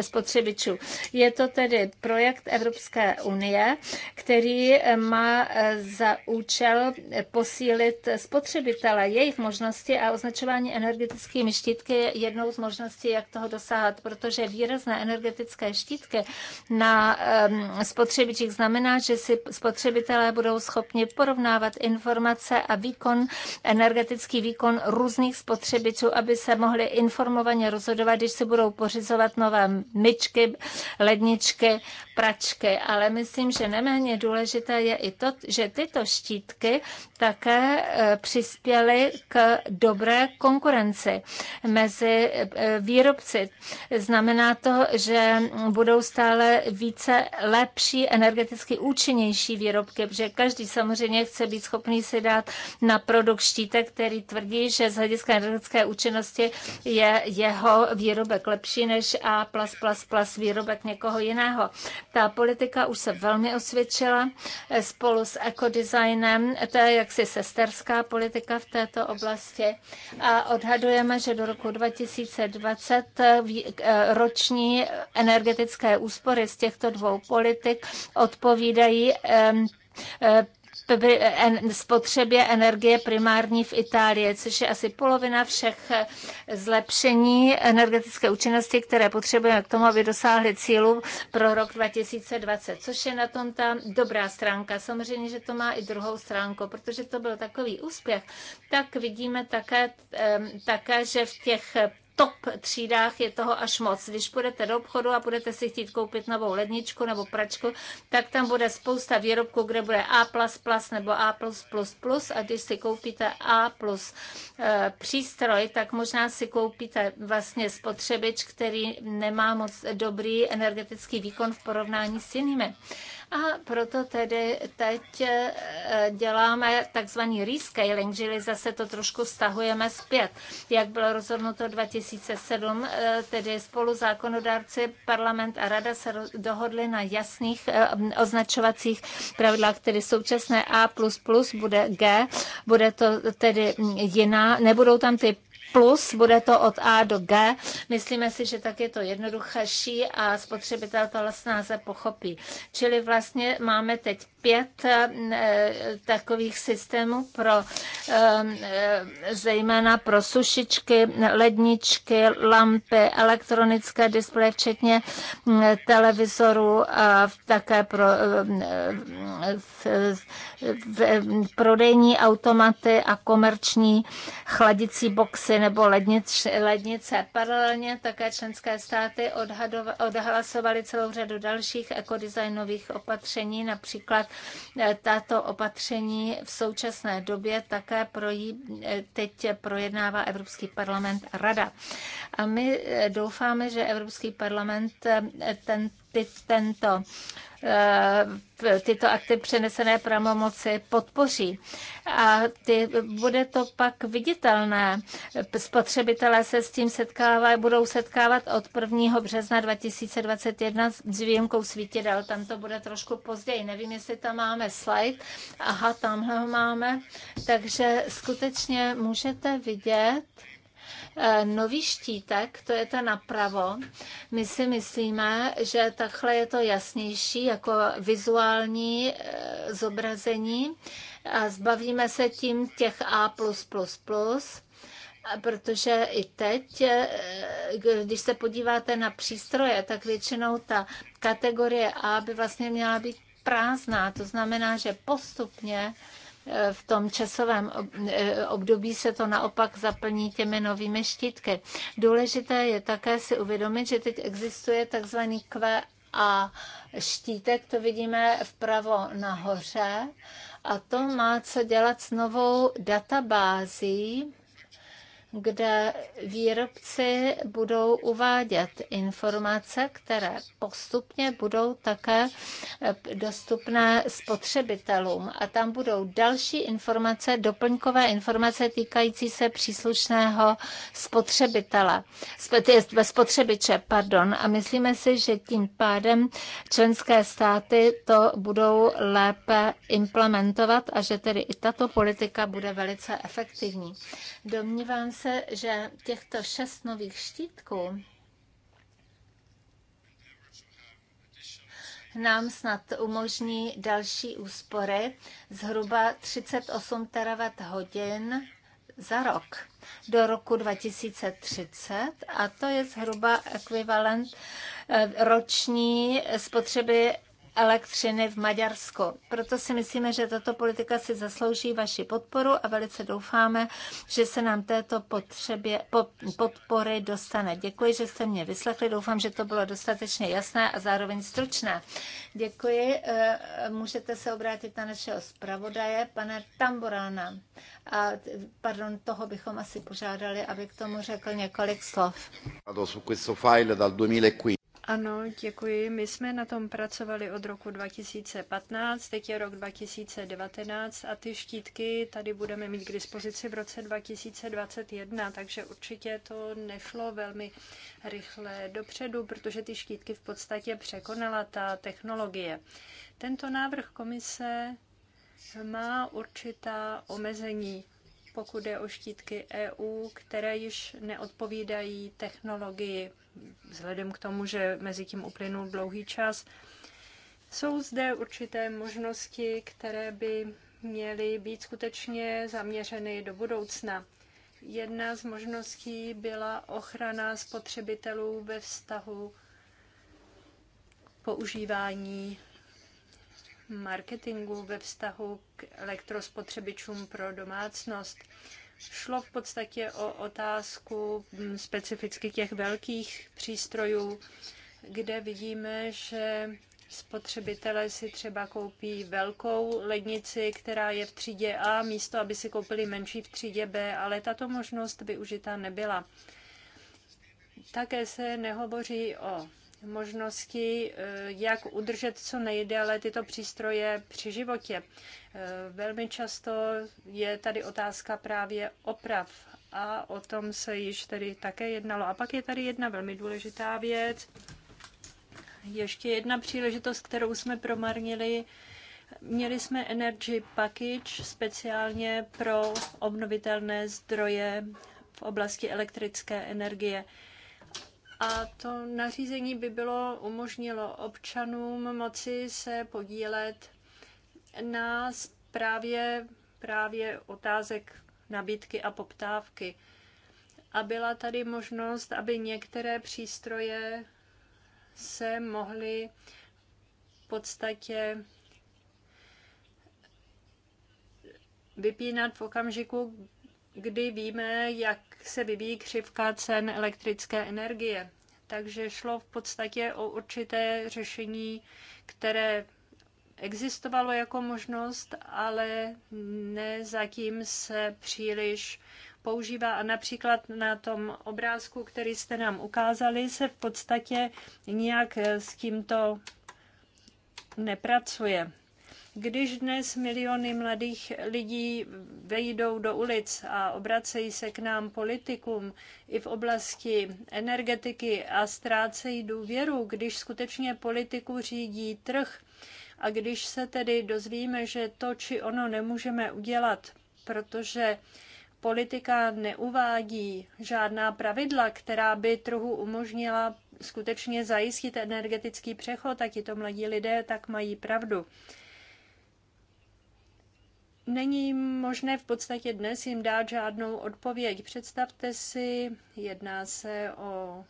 spotřebičů. Je to tedy projekt Evropské unie, který eh, má eh, za účel posílit spotřebitele, jejich možnosti a označování energetickými štítky je jednou z možností, jak toho dosáhat, protože výrazné energetické štítky na ehm, spotřebičích znamená, že si spotřebitelé budou schopni porovnávat informace a výkon, energetický výkon různých spotřebičů, aby se mohli informovaně rozhodnout rozhodovat, když se budou pořizovat nové myčky, ledničky, pračky. Ale myslím, že neméně důležité je i to, že tyto štítky také eh, přispěly k dobré konkurenci mezi eh, výrobci. Znamená to, že budou stále více lepší, energeticky účinnější výrobky, protože každý samozřejmě chce být schopný si dát na produkt štítek, který tvrdí, že z hlediska energetické účinnosti je jeho jako výrobek lepší než A výrobek někoho jiného. Ta politika už se velmi osvědčila spolu s ekodesignem, to je jaksi sesterská politika v této oblasti a odhadujeme, že do roku 2020 eh, roční energetické úspory z těchto dvou politik odpovídají eh, spotřebě energie primární v Itálii, což je asi polovina všech zlepšení energetické účinnosti, které potřebujeme k tomu, aby dosáhli cílu pro rok 2020, což je na tom ta dobrá stránka. Samozřejmě, že to má i druhou stránku, protože to byl takový úspěch, tak vidíme také, také že v těch top třídách je toho až moc. Když půjdete do obchodu a budete si chtít koupit novou ledničku nebo pračku, tak tam bude spousta výrobků, kde bude A++ nebo A++++, a když si koupíte A+, eh, přístroj, tak možná si koupíte vlastně spotřebič, který nemá moc dobrý energetický výkon v porovnání s jinými. A proto tedy teď e, děláme takzvaný rescaling, čili zase to trošku stahujeme zpět. Jak bylo rozhodnuto 2007, e, tedy spolu zákonodárci, parlament a rada se dohodli na jasných e, označovacích pravidlách, tedy současné A++ bude G, bude to tedy jiná, nebudou tam ty plus, bude to od A do G. Myslíme si, že tak je to jednoduchší a spotřebitel to snáze vlastně pochopí. Čili vlastně máme teď pět eh, eh, takových systémů pro eh, zejména pro sušičky, ledničky, lampy, elektronické displeje, včetně mm, televizorů a také pro prodejní automaty a komerční chladicí boxy nebo lednič, lednice. Paralelně také členské státy odhlasovaly celou řadu dalších ekodesignových opatření, například tato opatření v současné době také projí, teď projednává Evropský parlament a Rada. A my doufáme, že Evropský parlament ten ty, tento eh, tyto akty přenesené pravomoci podpoří. A ty, bude to pak viditelné. Spotřebitelé se s tím setkávají, budou setkávat od 1. března 2021 s výjimkou svítidel. Tam to bude trošku později. Nevím, jestli tam máme slide. Aha, tamhle ho máme. Takže skutečně můžete vidět, Eh, nový štítek, to je ten napravo. My si myslíme, že takhle je to jasnější jako vizuální eh, zobrazení a zbavíme se tím těch A++, eh, protože i teď, když se podíváte na přístroje, tak většinou ta kategorie A by vlastně měla být prázdná. To znamená, že postupně v tom časovém eh, období se to naopak zaplní těmi novými štítky. Důležité je také si uvědomit, že teď existuje takzvaný QA štítek, to vidíme vpravo nahoře, a to má co dělat s novou databází, kde výrobci budou uvádět informace, které postupně budou také eh, dostupné spotřebitelům. A tam budou další informace, doplňkové informace týkající se příslušného spotřebitele, spotřebiče, pardon. A myslíme si, že tím pádem členské státy to budou lépe implementovat a že tedy i tato politika bude velice efektivní. Domnívám se, se, že těchto šest nových štítků nám snad umožní další úspory zhruba 38 terawatt hodin za rok do roku 2030 a to je zhruba ekvivalent eh, roční spotřeby elektřiny v Maďarsku. Proto si myslíme, že tato politika si zaslouží vaši podporu a velice doufáme, že se nám této potřebě, podpory dostane. Děkuji, že jste mě vyslechli. Doufám, že to bylo dostatečně jasné a zároveň stručné. Děkuji. Eh, můžete se obrátit na našeho zpravodaje, pane Tamborána. A, pardon, toho bychom asi požádali, aby k tomu řekl několik slov. Ano, děkuji. My jsme na tom pracovali od roku 2015, teď je rok 2019 a ty štítky tady budeme mít k dispozici v roce 2021, takže určitě to nešlo velmi rychle dopředu, protože ty štítky v podstatě překonala ta technologie. Tento návrh komise má určitá omezení pokud je o štítky EU, které již neodpovídají technologii vzhledem k tomu, že mezi tím uplynul dlouhý čas, jsou zde určité možnosti, které by měly být skutečně zaměřeny do budoucna. Jedna z možností byla ochrana spotřebitelů ve vztahu používání marketingu ve vztahu k elektrospotřebičům pro domácnost. Šlo v podstatě o otázku mm, specificky těch velkých přístrojů, kde vidíme, že spotřebitelé si třeba koupí velkou lednici, která je v třídě A, místo aby si koupili menší v třídě B, ale tato možnost využita nebyla. Také se nehovoří o možnosti, eh, jak udržet co nejdéle tyto přístroje při životě. Eh, velmi často je tady otázka právě oprav a o tom se již tady také jednalo. A pak je tady jedna velmi důležitá věc, ještě jedna příležitost, kterou jsme promarnili. Měli jsme Energy Package speciálně pro obnovitelné zdroje v oblasti elektrické energie. A to nařízení by bylo umožnilo občanům moci se podílet na právě, právě otázek nabídky a poptávky. A byla tady možnost, aby některé přístroje se mohly v podstatě vypínat v okamžiku, kdy víme, jak se vyvíjí křivka cen elektrické energie. Takže šlo v podstatě o určité řešení, které existovalo jako možnost, ale ne zatím se příliš používá. A například na tom obrázku, který jste nám ukázali, se v podstatě nijak s tímto nepracuje. Když dnes miliony mladých lidí vejdou do ulic a obracejí se k nám politikům i v oblasti energetiky a ztrácejí důvěru, když skutečně politiku řídí trh a když se tedy dozvíme, že to či ono nemůžeme udělat, protože politika neuvádí žádná pravidla, která by trhu umožnila skutečně zajistit energetický přechod a tito mladí lidé tak mají pravdu není možné v podstatě dnes jim dát žádnou odpověď. Představte si, jedná se o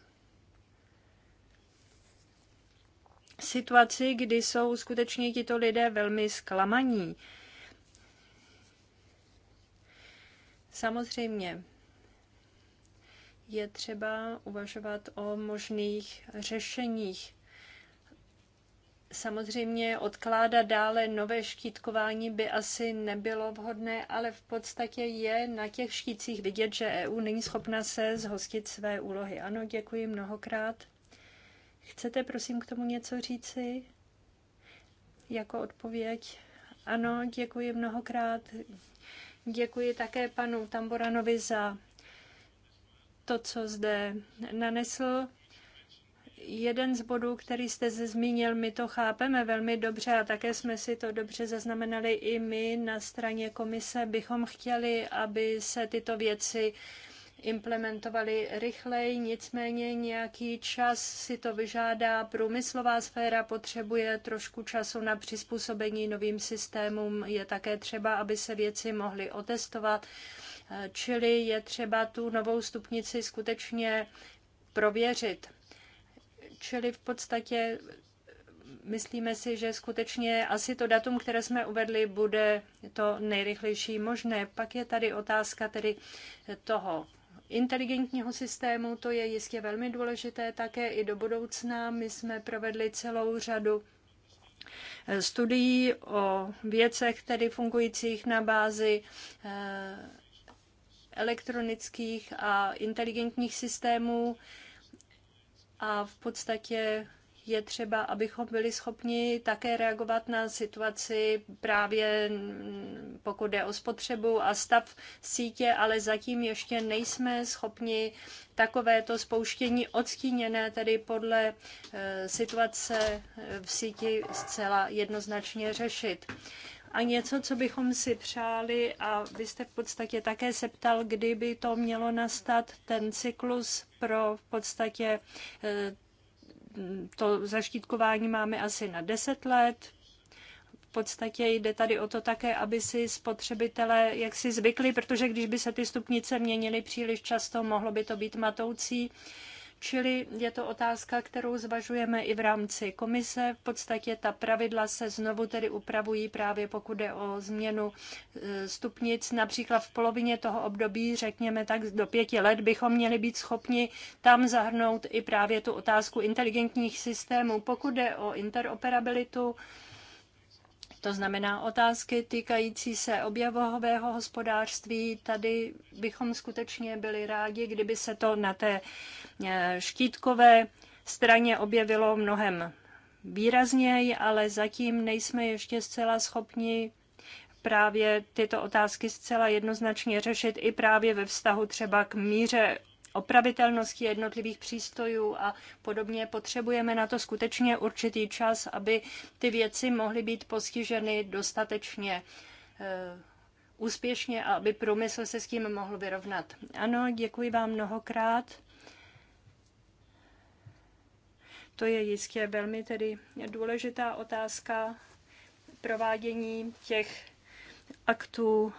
situaci, kdy jsou skutečně tito lidé velmi zklamaní. Samozřejmě je třeba uvažovat o možných řešeních Samozřejmě odkládat dále nové štítkování by asi nebylo vhodné, ale v podstatě je na těch štítcích vidět, že EU není schopna se zhostit své úlohy. Ano, děkuji mnohokrát. Chcete prosím k tomu něco říci? Jako odpověď? Ano, děkuji mnohokrát. Děkuji také panu Tamboranovi za to, co zde nanesl jeden z bodů, který jste zmínil, my to chápeme velmi dobře a také jsme si to dobře zaznamenali i my na straně komise. Bychom chtěli, aby se tyto věci implementovali rychleji, nicméně nějaký čas si to vyžádá. Průmyslová sféra potřebuje trošku času na přizpůsobení novým systémům. Je také třeba, aby se věci mohly otestovat, čili je třeba tu novou stupnici skutečně prověřit. Čili v podstatě eh, myslíme si, že skutečně asi to datum, které jsme uvedli, bude to nejrychlejší možné. Pak je tady otázka tedy toho inteligentního systému, to je jistě velmi důležité také i do budoucna. My jsme provedli celou řadu eh, studií o věcech, tedy fungujících na bázi eh, elektronických a inteligentních systémů a v podstatě je třeba, abychom byli schopni také reagovat na situaci právě pokud jde o spotřebu a stav sítě, ale zatím ještě nejsme schopni takovéto spouštění odstíněné tedy podle e, situace v síti zcela jednoznačně řešit a něco, co bychom si přáli a vy jste v podstatě také se ptal, kdyby to mělo nastat ten cyklus pro v podstatě e, to zaštítkování máme asi na 10 let, podstatě jde tady o to také, aby si spotřebitelé jak si zvykli, protože když by se ty stupnice měnily příliš často, mohlo by to být matoucí. Čili je to otázka, kterou zvažujeme i v rámci komise. V podstatě ta pravidla se znovu tedy upravují právě pokud jde o změnu e, stupnic. Například v polovině toho období, řekněme tak do pěti let, bychom měli být schopni tam zahrnout i právě tu otázku inteligentních systémů. Pokud jde o interoperabilitu, to znamená otázky týkající se objevového hospodářství. Tady bychom skutečně byli rádi, kdyby se to na té eh, štítkové straně objevilo mnohem výrazněji, ale zatím nejsme ještě zcela schopni právě tyto otázky zcela jednoznačně řešit i právě ve vztahu třeba k míře opravitelnosti jednotlivých přístojů a podobně. Potřebujeme na to skutečně určitý čas, aby ty věci mohly být postiženy dostatečně eh, úspěšně a aby průmysl se s tím mohl vyrovnat. Ano, děkuji vám mnohokrát. To je jistě velmi tedy důležitá otázka provádění těch aktů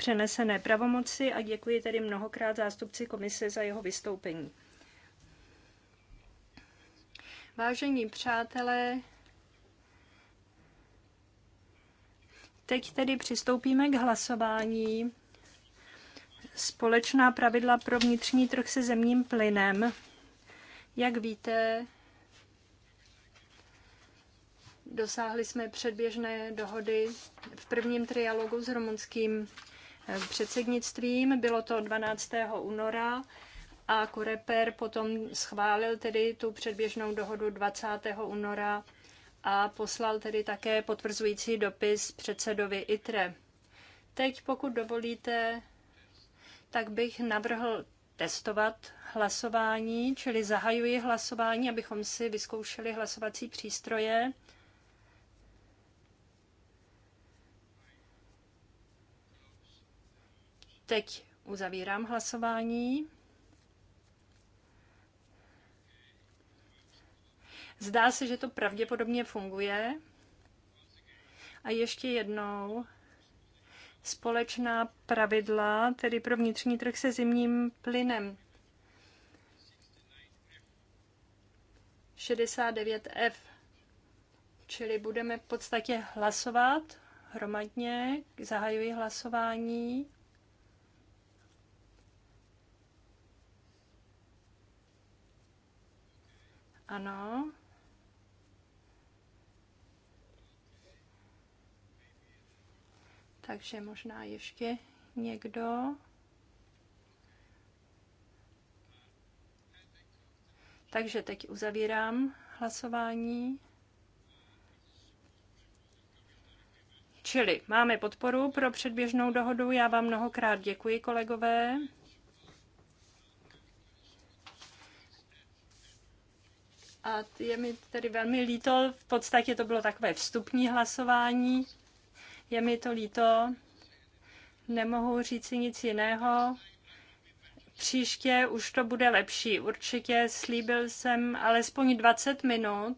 přenesené pravomoci a děkuji tedy mnohokrát zástupci komise za jeho vystoupení. Vážení přátelé, teď tedy přistoupíme k hlasování. Společná pravidla pro vnitřní trh se zemním plynem. Jak víte, dosáhli jsme předběžné dohody v prvním trialogu s rumunským předsednictvím. Bylo to 12. února a Koreper potom schválil tedy tu předběžnou dohodu 20. února a poslal tedy také potvrzující dopis předsedovi ITRE. Teď, pokud dovolíte, tak bych navrhl testovat hlasování, čili zahajuji hlasování, abychom si vyzkoušeli hlasovací přístroje. Teď uzavírám hlasování. Zdá se, že to pravděpodobně funguje. A ještě jednou společná pravidla, tedy pro vnitřní trh se zimním plynem. 69F. Čili budeme v podstatě hlasovat hromadně. Zahajuji hlasování. Ano. Takže možná ještě někdo. Takže teď uzavírám hlasování. Čili máme podporu pro předběžnou dohodu. Já vám mnohokrát děkuji, kolegové. A je mi tedy velmi líto, v podstatě to bylo takové vstupní hlasování. Je mi to líto, nemohu říci nic jiného. Příště už to bude lepší. Určitě slíbil jsem alespoň 20 minut.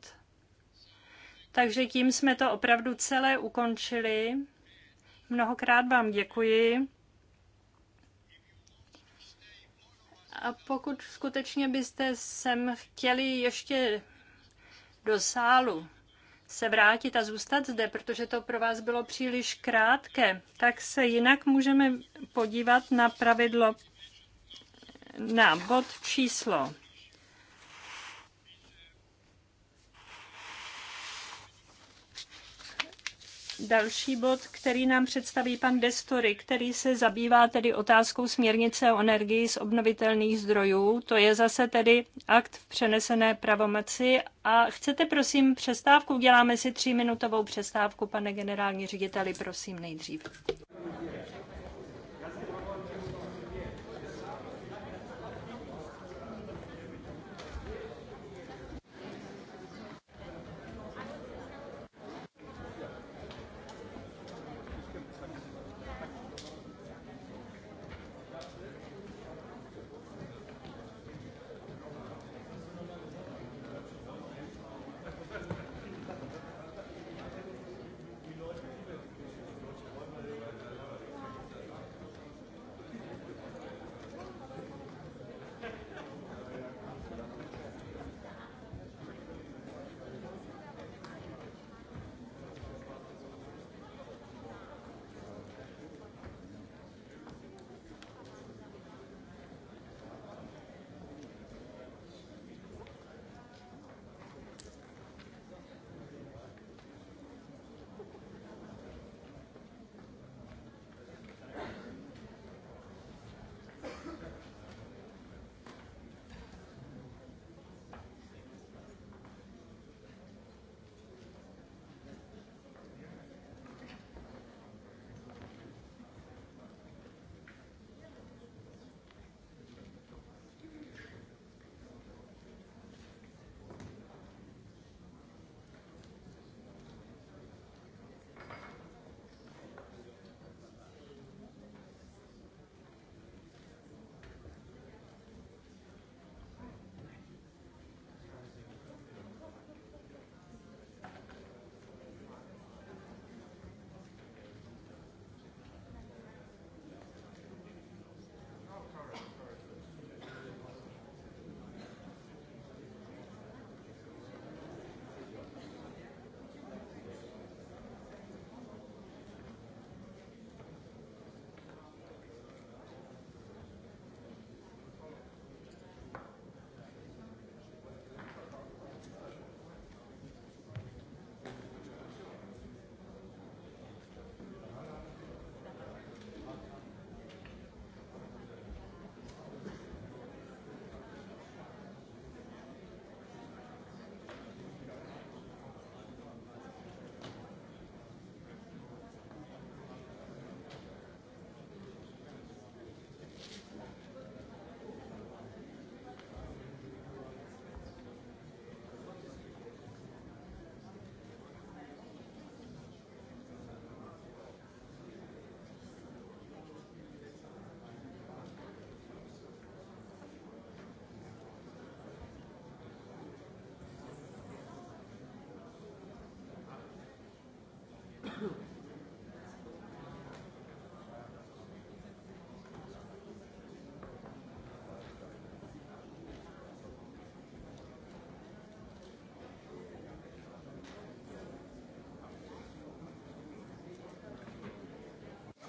Takže tím jsme to opravdu celé ukončili. Mnohokrát vám děkuji. a pokud skutečně byste sem chtěli ještě do sálu se vrátit a zůstat zde, protože to pro vás bylo příliš krátké, tak se jinak můžeme podívat na pravidlo na bod číslo další bod, který nám představí pan Destory, který se zabývá tedy otázkou směrnice o energii z obnovitelných zdrojů. To je zase tedy akt v přenesené pravomoci. A chcete prosím přestávku? Děláme si tříminutovou přestávku, pane generální řediteli, prosím nejdřív.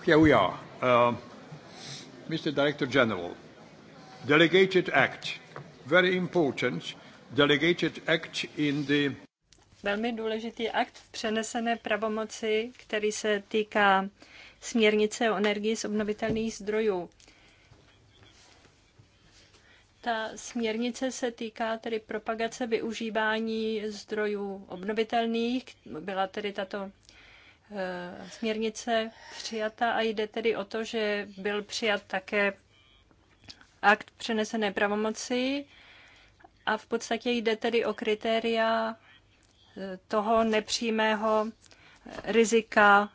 here we are. Uh, Mr. Director General, Delegated Act, very important Delegated Act in the Velmi důležitý akt v přenesené pravomoci, který se týká směrnice o energii z obnovitelných zdrojů. Ta směrnice se týká tedy propagace využívání zdrojů obnovitelných. Byla tedy tato Eh, směrnice přijata a jde tedy o to, že byl přijat také akt přenesené pravomoci a v podstatě jde tedy o kritéria eh, toho nepřímého rizika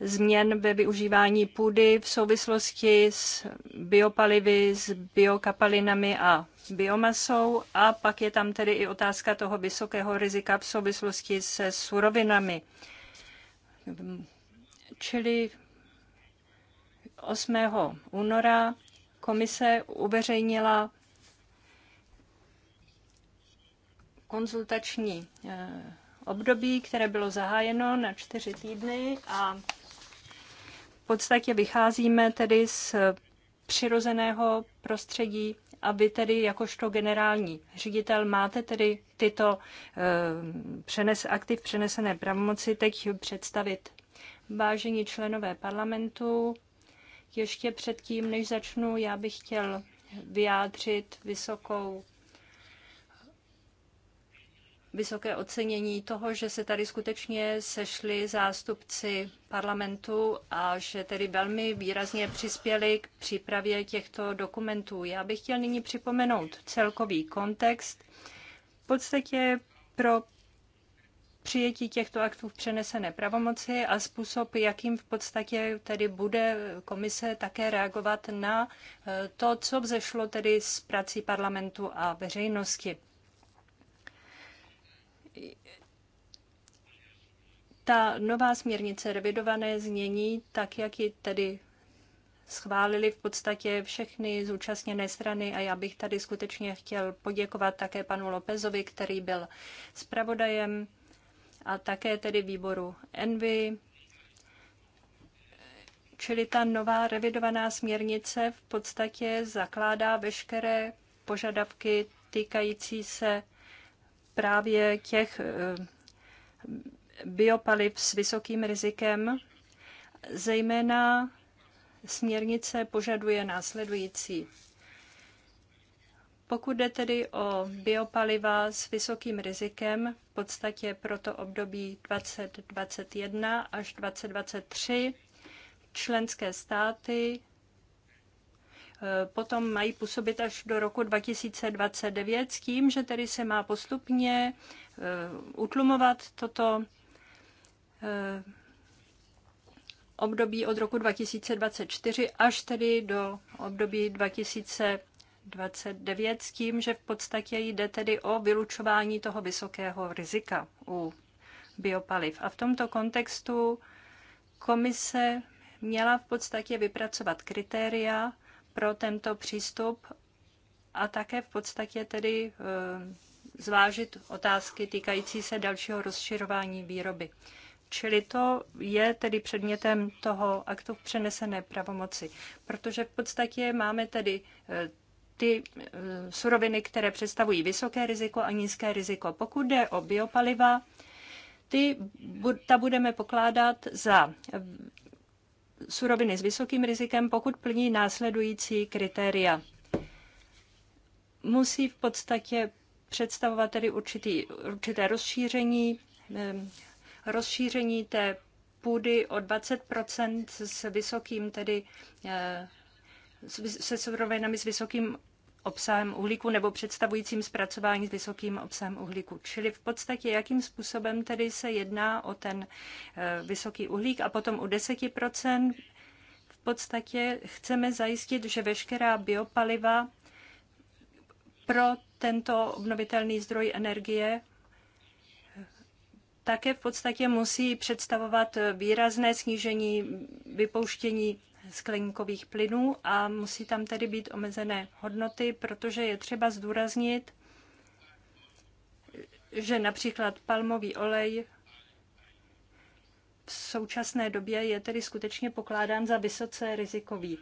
změn ve využívání půdy v souvislosti s biopalivy, s biokapalinami a biomasou a pak je tam tedy i otázka toho vysokého rizika v souvislosti se surovinami. Čili 8. února komise uveřejnila konzultační eh, období, které bylo zahájeno na čtyři týdny a v podstatě vycházíme tedy z přirozeného prostředí a vy tedy jakožto generální ředitel máte tedy tyto eh, přenes, aktiv přenesené pravomoci teď představit. Vážení členové parlamentu, ještě předtím, než začnu, já bych chtěl vyjádřit vysokou vysoké ocenění toho, že se tady skutečně sešli zástupci parlamentu a že tedy velmi výrazně přispěli k přípravě těchto dokumentů. Já bych chtěl nyní připomenout celkový kontext. V podstatě pro přijetí těchto aktů v přenesené pravomoci a způsob, jakým v podstatě tedy bude komise také reagovat na eh, to, co vzešlo tedy z prací parlamentu a veřejnosti ta nová směrnice, revidované změní, tak jak ji tedy schválili v podstatě všechny zúčastněné strany a já bych tady skutečně chtěl poděkovat také panu Lopezovi, který byl zpravodajem a také tedy výboru Envy. Čili ta nová revidovaná směrnice v podstatě zakládá veškeré požadavky týkající se právě těch eh, biopaliv s vysokým rizikem. Zejména směrnice požaduje následující. Pokud jde tedy o biopaliva s vysokým rizikem, v podstatě pro to období 2021 až 2023, členské státy potom mají působit až do roku 2029 s tím, že tedy se má postupně eh, utlumovat toto eh, období od roku 2024 až tedy do období 2029 s tím, že v podstatě jde tedy o vylučování toho vysokého rizika u biopaliv. A v tomto kontextu komise měla v podstatě vypracovat kritéria, pro tento přístup a také v podstatě tedy eh, zvážit otázky týkající se dalšího rozširování výroby. Čili to je tedy předmětem toho aktu v přenesené pravomoci, protože v podstatě máme tedy eh, ty eh, suroviny, které představují vysoké riziko a nízké riziko. Pokud jde o biopaliva, ty, ta budeme pokládat za suroviny s vysokým rizikem, pokud plní následující kritéria. Musí v podstatě představovat tedy určitý, určité rozšíření, rozšíření té půdy o 20 s vysokým tedy eh, se surovinami s vysokým obsahem uhlíku nebo představujícím zpracování s vysokým obsahem uhlíku. Čili v podstatě, jakým způsobem tedy se jedná o ten e, vysoký uhlík a potom u 10% v podstatě chceme zajistit, že veškerá biopaliva pro tento obnovitelný zdroj energie e, také v podstatě musí představovat výrazné snížení vypouštění skleníkových plynů a musí tam tedy být omezené hodnoty, protože je třeba zdůraznit, že například palmový olej v současné době je tedy skutečně pokládán za vysoce rizikový.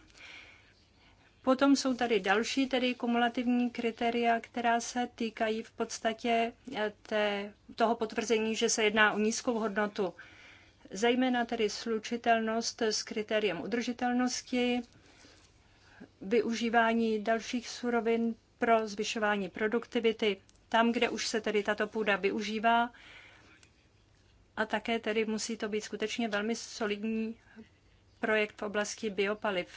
Potom jsou tady další tedy kumulativní kritéria, která se týkají v podstatě té, toho potvrzení, že se jedná o nízkou hodnotu zejména tedy slučitelnost s kritériem udržitelnosti, využívání dalších surovin pro zvyšování produktivity tam, kde už se tedy tato půda využívá. A také tedy musí to být skutečně velmi solidní projekt v oblasti biopaliv.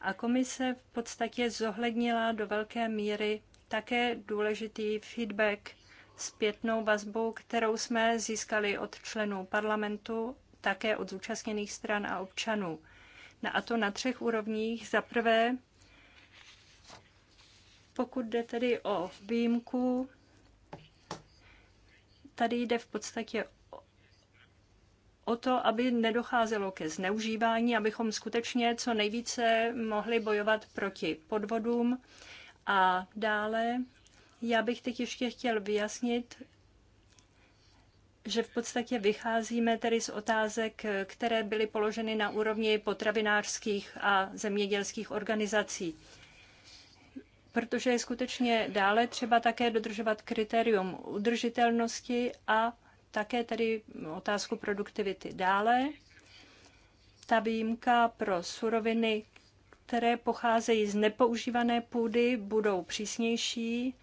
A komise v podstatě zohlednila do velké míry také důležitý feedback zpětnou vazbu, kterou jsme získali od členů parlamentu, také od zúčastněných stran a občanů. A to na třech úrovních. Za prvé, pokud jde tedy o výjimku, tady jde v podstatě o to, aby nedocházelo ke zneužívání, abychom skutečně co nejvíce mohli bojovat proti podvodům a dále já bych teď ještě chtěl vyjasnit, že v podstatě vycházíme tedy z otázek, které byly položeny na úrovni potravinářských a zemědělských organizací. Protože je skutečně dále třeba také dodržovat kritérium udržitelnosti a také tedy otázku produktivity. Dále ta výjimka pro suroviny, které pocházejí z nepoužívané půdy, budou přísnější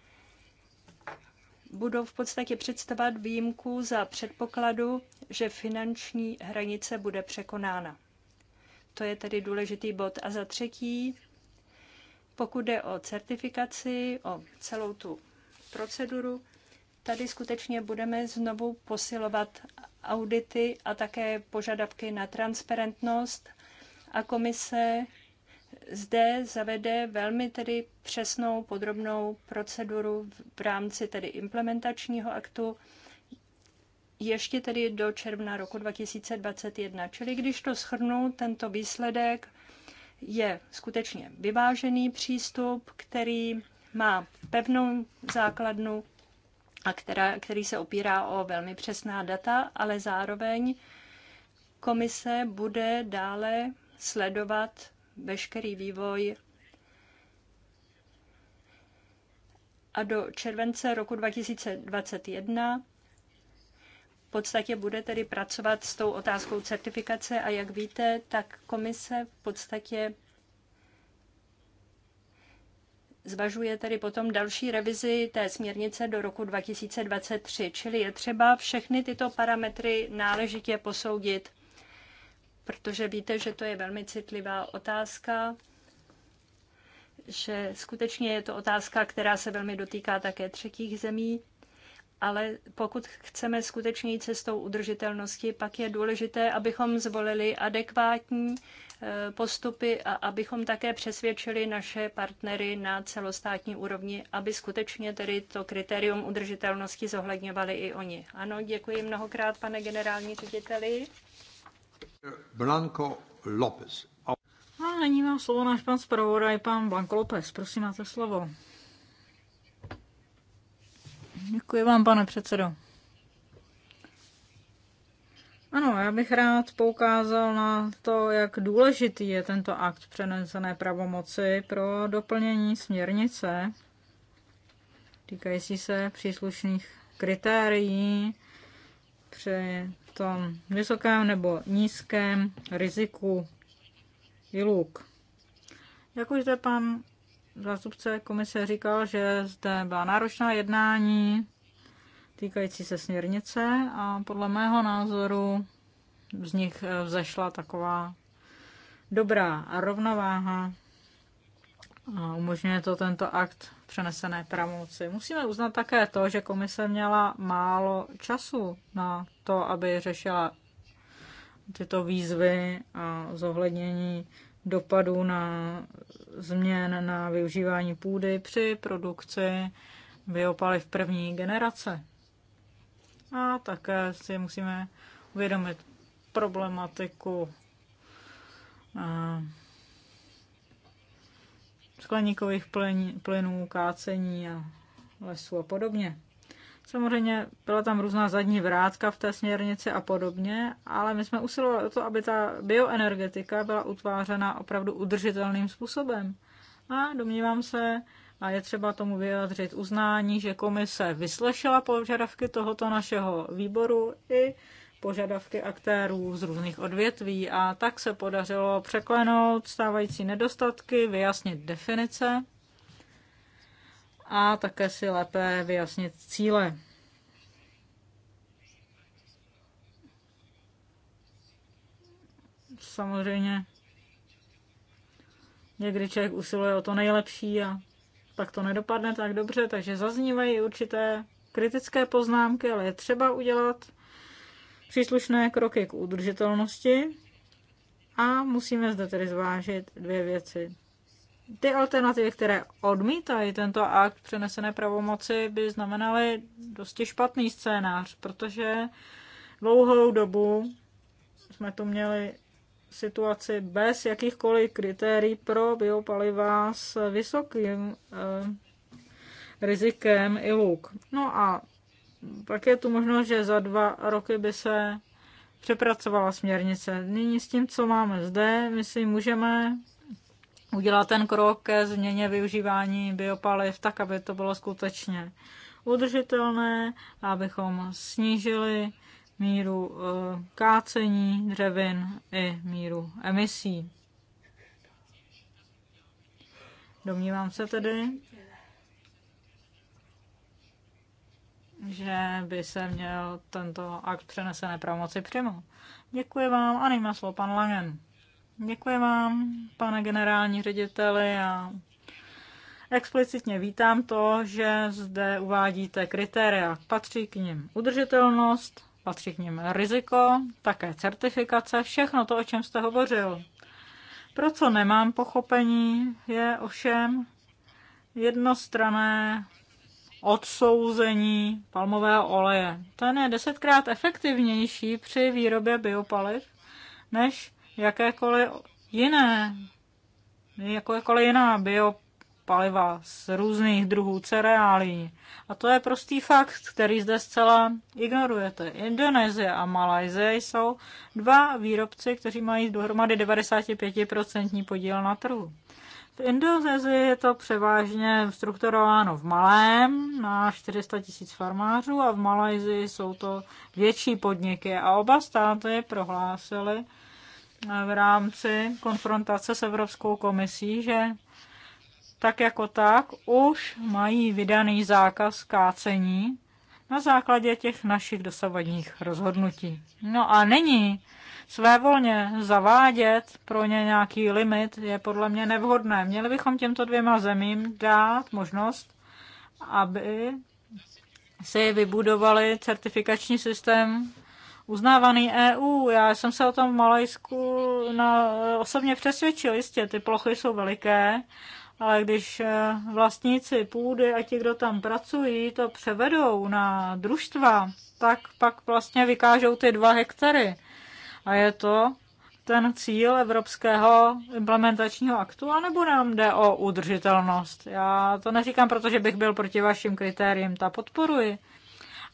budou v podstatě představovat výjimku za předpokladu, že finanční hranice bude překonána. To je tedy důležitý bod. A za třetí, pokud jde o certifikaci, o celou tu proceduru, tady skutečně budeme znovu posilovat audity a také požadavky na transparentnost a komise zde zavede velmi tedy přesnou podrobnou proceduru v rámci tedy implementačního aktu ještě tedy do června roku 2021. Čili když to shrnu, tento výsledek je skutečně vyvážený přístup, který má pevnou základnu a která, který se opírá o velmi přesná data, ale zároveň komise bude dále sledovat veškerý vývoj a do července roku 2021 v podstatě bude tedy pracovat s tou otázkou certifikace a jak víte, tak komise v podstatě zvažuje tedy potom další revizi té směrnice do roku 2023, čili je třeba všechny tyto parametry náležitě posoudit protože víte, že to je velmi citlivá otázka, že skutečně je to otázka, která se velmi dotýká také třetích zemí, ale pokud chceme skutečně jít cestou udržitelnosti, pak je důležité, abychom zvolili adekvátní eh, postupy a abychom také přesvědčili naše partnery na celostátní úrovni, aby skutečně tedy to kritérium udržitelnosti zohledňovali i oni. Ano, děkuji mnohokrát, pane generální řediteli. Blanco López. A nyní má slovo náš pan zpravodaj, pan Blanco López. Prosím, máte slovo. Děkuji vám, pane předsedo. Ano, já bych rád poukázal na to, jak důležitý je tento akt přenesené pravomoci pro doplnění směrnice týkající se příslušných kritérií při tom vysokém nebo nízkém riziku i luk. Jak už zde pan zástupce komise říkal, že zde byla náročná jednání týkající se směrnice a podle mého názoru z nich vzešla taková dobrá rovnováha a umožňuje to tento akt přenesené pravomoci. Musíme uznat také to, že komise měla málo času na to, aby řešila tyto výzvy a zohlednění dopadů na změn na využívání půdy při produkci biopaliv první generace. A také si musíme uvědomit problematiku skleníkových plynů, kácení a lesů a podobně. Samozřejmě byla tam různá zadní vrátka v té směrnici a podobně, ale my jsme usilovali o to, aby ta bioenergetika byla utvářena opravdu udržitelným způsobem. A domnívám se, a je třeba tomu vyjadřit uznání, že komise vyslešela požadavky tohoto našeho výboru i požadavky aktérů z různých odvětví a tak se podařilo překlenout stávající nedostatky, vyjasnit definice a také si lépe vyjasnit cíle. Samozřejmě někdy člověk usiluje o to nejlepší a tak to nedopadne tak dobře, takže zaznívají určité kritické poznámky, ale je třeba udělat příslušné kroky k udržitelnosti a musíme zde tedy zvážit dvě věci. Ty alternativy, které odmítají tento akt přenesené pravomoci, by znamenaly dosti špatný scénář, protože dlouhou dobu jsme tu měli situaci bez jakýchkoliv kritérií pro biopaliva s vysokým eh, rizikem i luk. No a pak je tu možnost, že za dva roky by se přepracovala směrnice. Nyní s tím, co máme zde, my si můžeme udělat ten krok ke změně využívání biopaliv tak, aby to bylo skutečně udržitelné, abychom snížili míru eh, kácení dřevin i míru emisí. Domnívám se tedy, že by se měl tento akt přenesené pravomoci přijmout. Děkuji vám a nejma slovo pan Langen. Děkuji vám, pane generální řediteli, a explicitně vítám to, že zde uvádíte kritéria. Patří k nim udržitelnost, patří k nim riziko, také certifikace, všechno to, o čem jste hovořil. Pro co nemám pochopení, je ovšem jednostrané odsouzení palmového oleje. Ten je desetkrát efektivnější při výrobě biopaliv než jakékoliv jiné, jakékoliv jiná biopaliva z různých druhů cereálí. A to je prostý fakt, který zde zcela ignorujete. Indonésie a Malajzie jsou dva výrobci, kteří mají dohromady 95% podíl na trhu. V Indonésii je to převážně strukturováno v malém, na 400 tisíc farmářů a v Malajzii jsou to větší podniky a oba státy prohlásily eh, v rámci konfrontace s Evropskou komisí, že tak jako tak už mají vydaný zákaz kácení na základě těch našich dosavadních rozhodnutí. No a není svévolně zavádět pro ně nějaký limit je podle mě nevhodné. Měli bychom těmto dvěma zemím dát možnost, aby si vybudovali certifikační systém uznávaný EU. Já jsem se o tom v Malajsku na, osobně přesvědčil, jistě, ty plochy jsou veliké, ale když eh, vlastníci půdy a ti, kdo tam pracují, to převedou na družstva, tak pak vlastně vykážou ty dva hektary. A je to ten cíl evropského implementačního aktu, anebo nám jde o udržitelnost? Já to neříkám, protože bych byl proti vašim kritériím, ta podporuji.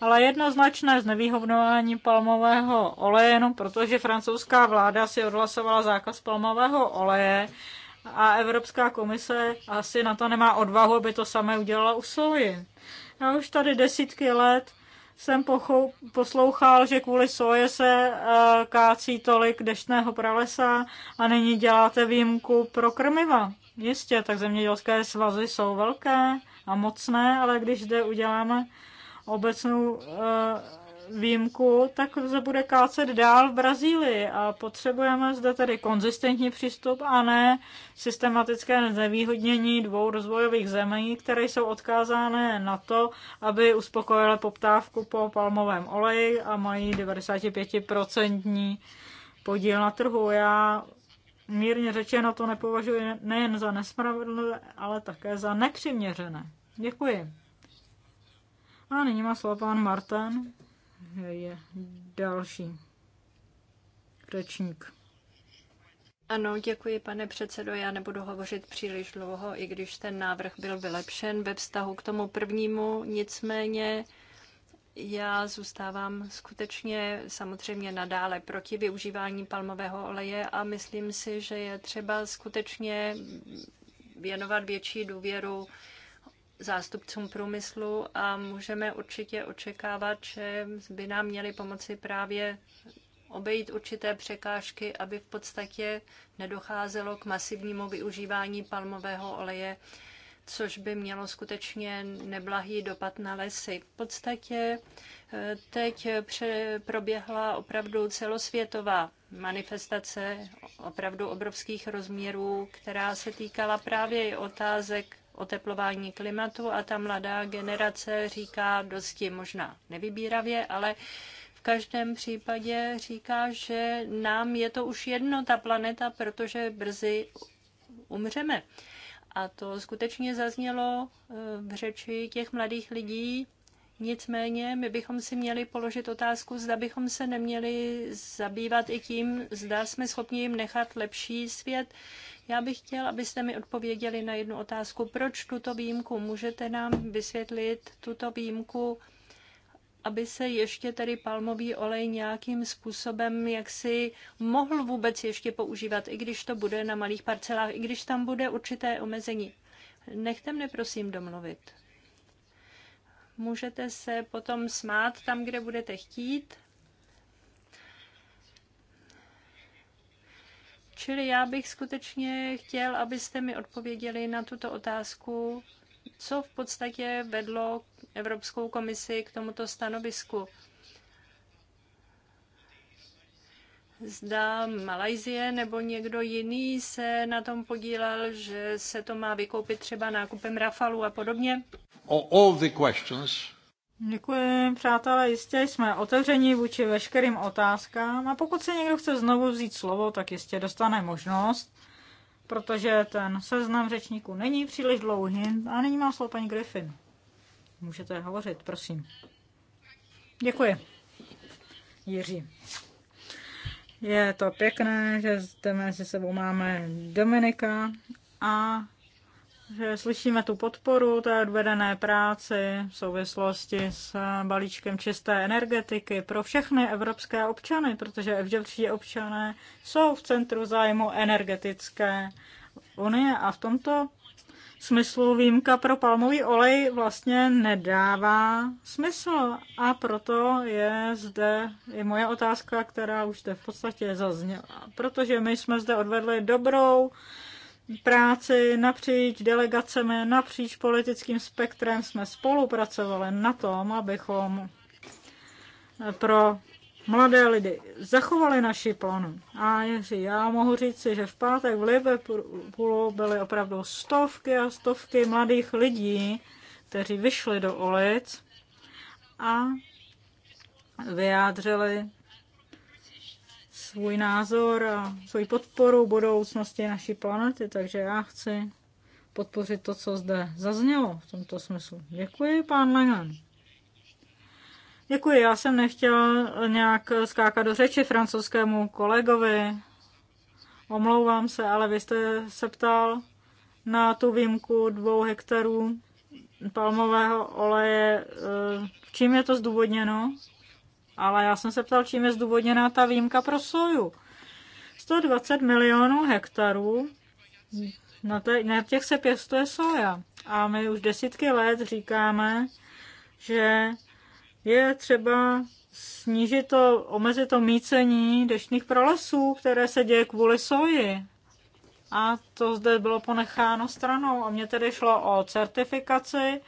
Ale jednoznačné znevýhodnování palmového oleje, jenom protože francouzská vláda si odhlasovala zákaz palmového oleje a Evropská komise asi na to nemá odvahu, aby to samé udělala u soji. Já už tady desítky let jsem pochou, poslouchal, že kvůli soje se uh, kácí tolik deštného pralesa a nyní děláte výjimku pro krmiva. Jistě, tak zemědělské svazy jsou velké a mocné, ale když zde uděláme obecnou uh, výjimku, tak se bude kácet dál v Brazílii a potřebujeme zde tedy konzistentní přístup a ne systematické nevýhodnění dvou rozvojových zemí, které jsou odkázány na to, aby uspokojily poptávku po palmovém oleji a mají 95% podíl na trhu. Já mírně řečeno to nepovažuji nejen za nespravedlivé, ale také za nepřiměřené. Děkuji. A nyní má slovo pan Martin je další řečník. Ano, děkuji, pane předsedo. Já nebudu hovořit příliš dlouho, i když ten návrh byl vylepšen ve vztahu k tomu prvnímu. Nicméně já zůstávám skutečně samozřejmě nadále proti využívání palmového oleje a myslím si, že je třeba skutečně věnovat větší důvěru zástupcům průmyslu a můžeme určitě očekávat, že by nám měli pomoci právě obejít určité překážky, aby v podstatě nedocházelo k masivnímu využívání palmového oleje, což by mělo skutečně neblahý dopad na lesy. V podstatě eh, teď proběhla opravdu celosvětová manifestace opravdu obrovských rozměrů, která se týkala právě i otázek oteplování klimatu a ta mladá generace říká dosti možná nevybíravě, ale v každém případě říká, že nám je to už jedno, ta planeta, protože brzy umřeme. A to skutečně zaznělo eh, v řeči těch mladých lidí, Nicméně my bychom si měli položit otázku, zda bychom se neměli zabývat i tím, zda jsme schopni jim nechat lepší svět. Já bych chtěl, abyste mi odpověděli na jednu otázku. Proč tuto výjimku? Můžete nám vysvětlit tuto výjimku, aby se ještě tedy palmový olej nějakým způsobem jaksi mohl vůbec ještě používat, i když to bude na malých parcelách, i když tam bude určité omezení. Nechte mne prosím domluvit. Můžete se potom smát tam, kde budete chtít. Čili já bych skutečně chtěl, abyste mi odpověděli na tuto otázku, co v podstatě vedlo Evropskou komisi k tomuto stanovisku. zda Malajzie nebo někdo jiný se na tom podílel, že se to má vykoupit třeba nákupem Rafalu a podobně? All the questions. Děkuji, přátelé, jistě jsme otevření vůči veškerým otázkám a pokud se někdo chce znovu vzít slovo, tak jistě dostane možnost, protože ten seznam řečníků není příliš dlouhý a nyní má slovo paní Griffin. Můžete hovořit, prosím. Děkuji. Jiří. Je to pěkné, že zde mezi sebou máme Dominika a že slyšíme tu podporu té odvedené práci v souvislosti s balíčkem čisté energetiky pro všechny evropské občany, protože evropští občané jsou v centru zájmu energetické unie a v tomto smyslu výjimka pro palmový olej vlastně nedává smysl. A proto je zde i moje otázka, která už zde v podstatě zazněla. Protože my jsme zde odvedli dobrou práci napříč delegacemi, napříč politickým spektrem jsme spolupracovali na tom, abychom pro mladé lidi zachovali naši planu. A Jiří, já mohu říci, že v pátek v Liverpoolu byly opravdu stovky a stovky mladých lidí, kteří vyšli do ulic a vyjádřili svůj názor a svůj podporu budoucnosti naší planety, takže já chci podpořit to, co zde zaznělo v tomto smyslu. Děkuji, pán Lenin. Děkuji, já jsem nechtěl nějak skákat do řeči francouzskému kolegovi. Omlouvám se, ale vy jste se ptal na tu výjimku dvou hektarů palmového oleje. Eh, čím je to zdůvodněno? Ale já jsem se ptal, čím je zdůvodněná ta výjimka pro soju. 120 milionů hektarů, na, te, na těch se pěstuje soja. A my už desítky let říkáme, že je třeba snížit to, omezit to mícení deštných pralesů, které se děje kvůli soji. A to zde bylo ponecháno stranou. A mně tedy šlo o certifikaci,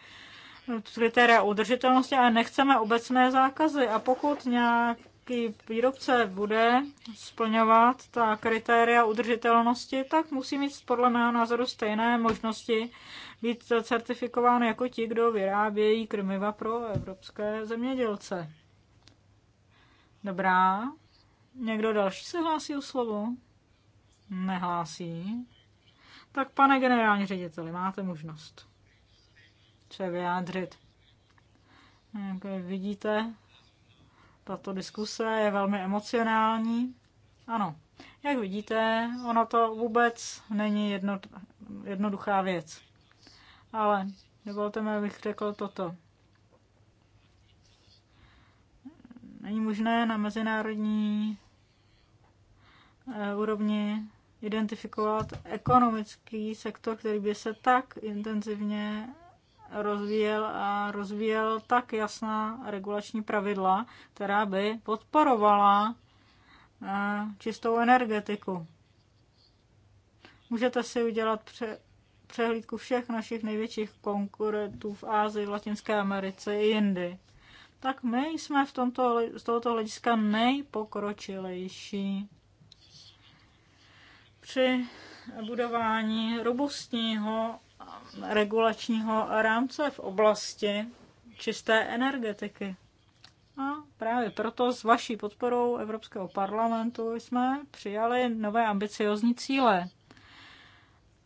kritéria udržitelnosti, ale nechceme obecné zákazy. A pokud nějak jaký výrobce bude splňovat ta kritéria udržitelnosti, tak musí mít podle mého názoru stejné možnosti být certifikován jako ti, kdo vyrábějí krmiva pro evropské zemědělce. Dobrá. Někdo další se hlásí o slovo? Nehlásí. Tak pane generální řediteli, máte možnost se vyjádřit. Jak vidíte, tato diskuse je velmi emocionální. Ano, jak vidíte, ono to vůbec není jedno, jednoduchá věc. Ale dovolte mi, abych řekl toto. Není možné na mezinárodní eh, úrovni identifikovat ekonomický sektor, který by se tak intenzivně rozvíjel a rozvíjel tak jasná regulační pravidla, která by podporovala eh, čistou energetiku. Můžete si udělat pře- přehlídku všech našich největších konkurentů v Ázii, v Latinské Americe i jindy. Tak my jsme v tomto, z tohoto hlediska nejpokročilejší při budování robustního regulačního rámce v oblasti čisté energetiky. A právě proto s vaší podporou Evropského parlamentu jsme přijali nové ambiciozní cíle.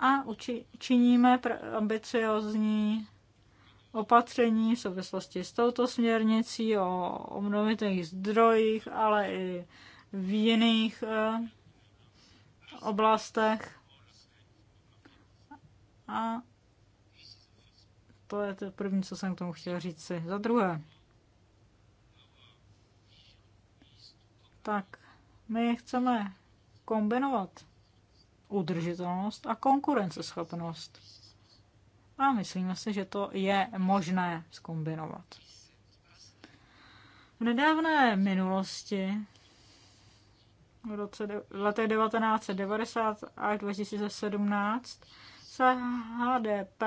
A učiníme ambiciozní opatření v souvislosti s touto směrnicí o obnovitelných zdrojích, ale i v jiných eh, oblastech. A to je to první, co jsem k tomu chtěl říct si. Za druhé, tak my chceme kombinovat udržitelnost a konkurenceschopnost. A myslíme si, že to je možné skombinovat. V nedávné minulosti, v roce, letech 1990 až 2017, se HDP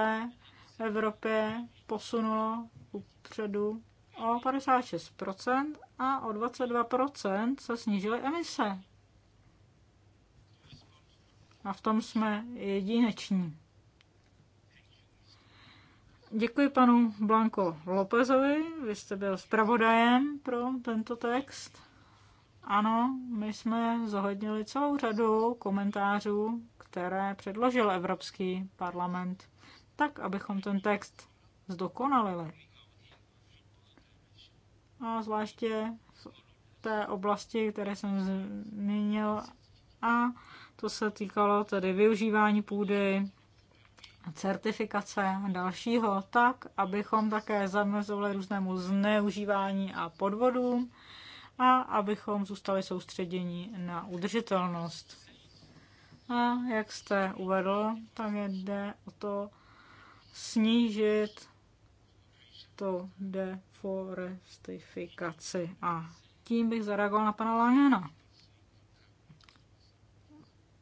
v Evropě posunulo upředu o 56% a o 22% se snížily emise. A v tom jsme jedineční. Děkuji panu Blanko Lopezovi, vy jste byl zpravodajem pro tento text. Ano, my jsme zohlednili celou řadu komentářů, které předložil Evropský parlament tak abychom ten text zdokonalili. A zvláště v té oblasti, které jsem zmínil, a to se týkalo tedy využívání půdy, certifikace a dalšího, tak abychom také zamezovali různému zneužívání a podvodům a abychom zůstali soustředění na udržitelnost. A jak jste uvedl, tam jde o to snížit to deforestifikaci. A tím bych zareagoval na pana Langena.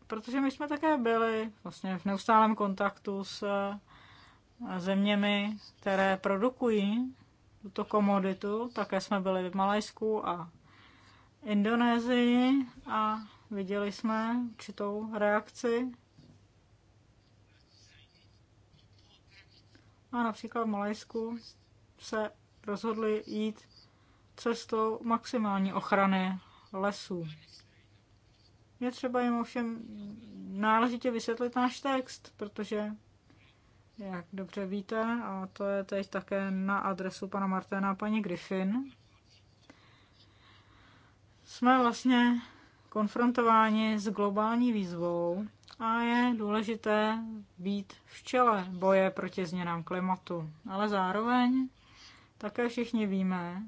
Protože my jsme také byli vlastně v neustálém kontaktu s eh, zeměmi, které produkují tuto komoditu. Také jsme byli v Malajsku a Indonésii a viděli jsme určitou reakci A například v Malajsku se rozhodli jít cestou maximální ochrany lesů. Je třeba jim ovšem náležitě vysvětlit náš text, protože, jak dobře víte, a to je teď také na adresu pana Marténa a paní Griffin, jsme vlastně konfrontováni s globální výzvou, a je důležité být v čele boje proti změnám klimatu. Ale zároveň také všichni víme,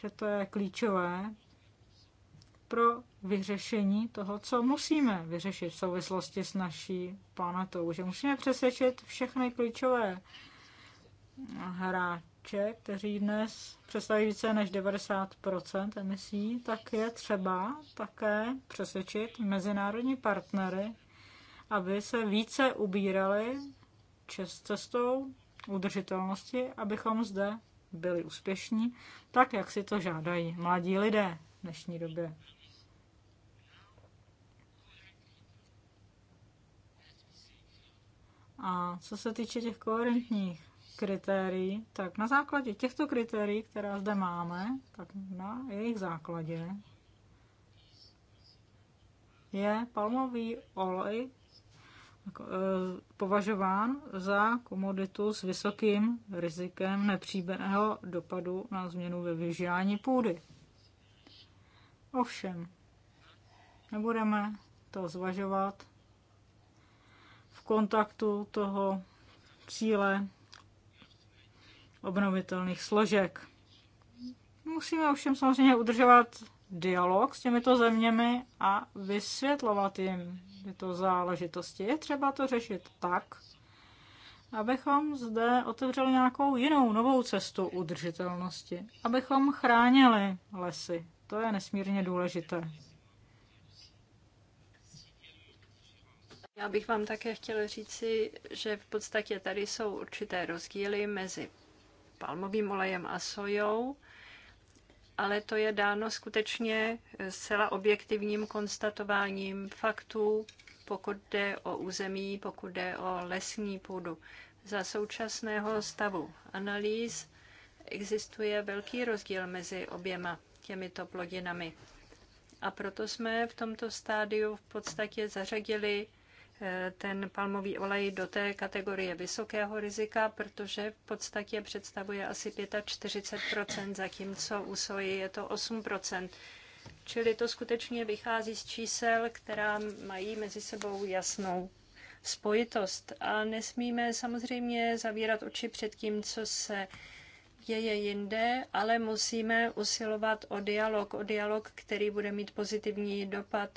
že to je klíčové pro vyřešení toho, co musíme vyřešit v souvislosti s naší planetou. Že musíme přesvědčit všechny klíčové hráče, kteří dnes představují více než 90 emisí, tak je třeba také přesvědčit mezinárodní partnery, aby se více ubírali čes cestou udržitelnosti, abychom zde byli úspěšní, tak jak si to žádají mladí lidé v dnešní době. A co se týče těch koherentních kritérií, tak na základě těchto kritérií, která zde máme, tak na jejich základě je palmový olej jako, eh, považován za komoditu s vysokým rizikem nepříbeného dopadu na změnu ve vyžívání půdy. Ovšem, nebudeme to zvažovat v kontaktu toho cíle obnovitelných složek. Musíme ovšem samozřejmě udržovat dialog s těmito zeměmi a vysvětlovat jim tyto záležitosti. Je třeba to řešit tak, abychom zde otevřeli nějakou jinou, novou cestu udržitelnosti. Abychom chránili lesy. To je nesmírně důležité. Já bych vám také chtěla říci, že v podstatě tady jsou určité rozdíly mezi palmovým olejem a sojou ale to je dáno skutečně zcela objektivním konstatováním faktů, pokud jde o území, pokud jde o lesní půdu. Za současného stavu analýz existuje velký rozdíl mezi oběma těmito plodinami. A proto jsme v tomto stádiu v podstatě zařadili ten palmový olej do té kategorie vysokého rizika, protože v podstatě představuje asi 45 zatímco u soji je to 8 Čili to skutečně vychází z čísel, která mají mezi sebou jasnou spojitost. A nesmíme samozřejmě zavírat oči před tím, co se děje jinde, ale musíme usilovat o dialog, o dialog, který bude mít pozitivní dopad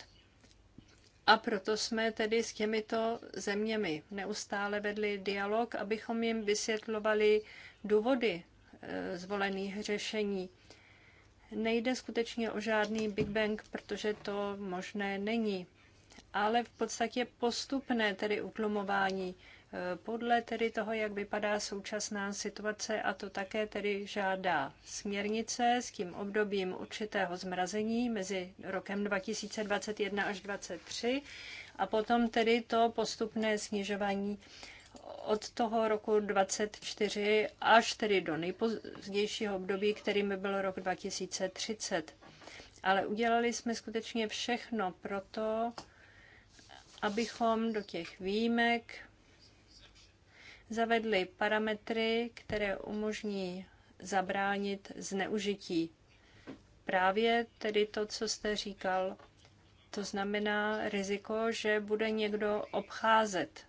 a proto jsme tedy s těmito zeměmi neustále vedli dialog, abychom jim vysvětlovali důvody e, zvolených řešení. Nejde skutečně o žádný Big Bang, protože to možné není, ale v podstatě postupné tedy utlumování podle tedy toho, jak vypadá současná situace a to také tedy žádá směrnice s tím obdobím určitého zmrazení mezi rokem 2021 až 2023 a potom tedy to postupné snižování od toho roku 2024 až tedy do nejpozdějšího období, kterým by byl rok 2030. Ale udělali jsme skutečně všechno pro to, abychom do těch výjimek zavedli parametry, které umožní zabránit zneužití. Právě tedy to, co jste říkal, to znamená riziko, že bude někdo obcházet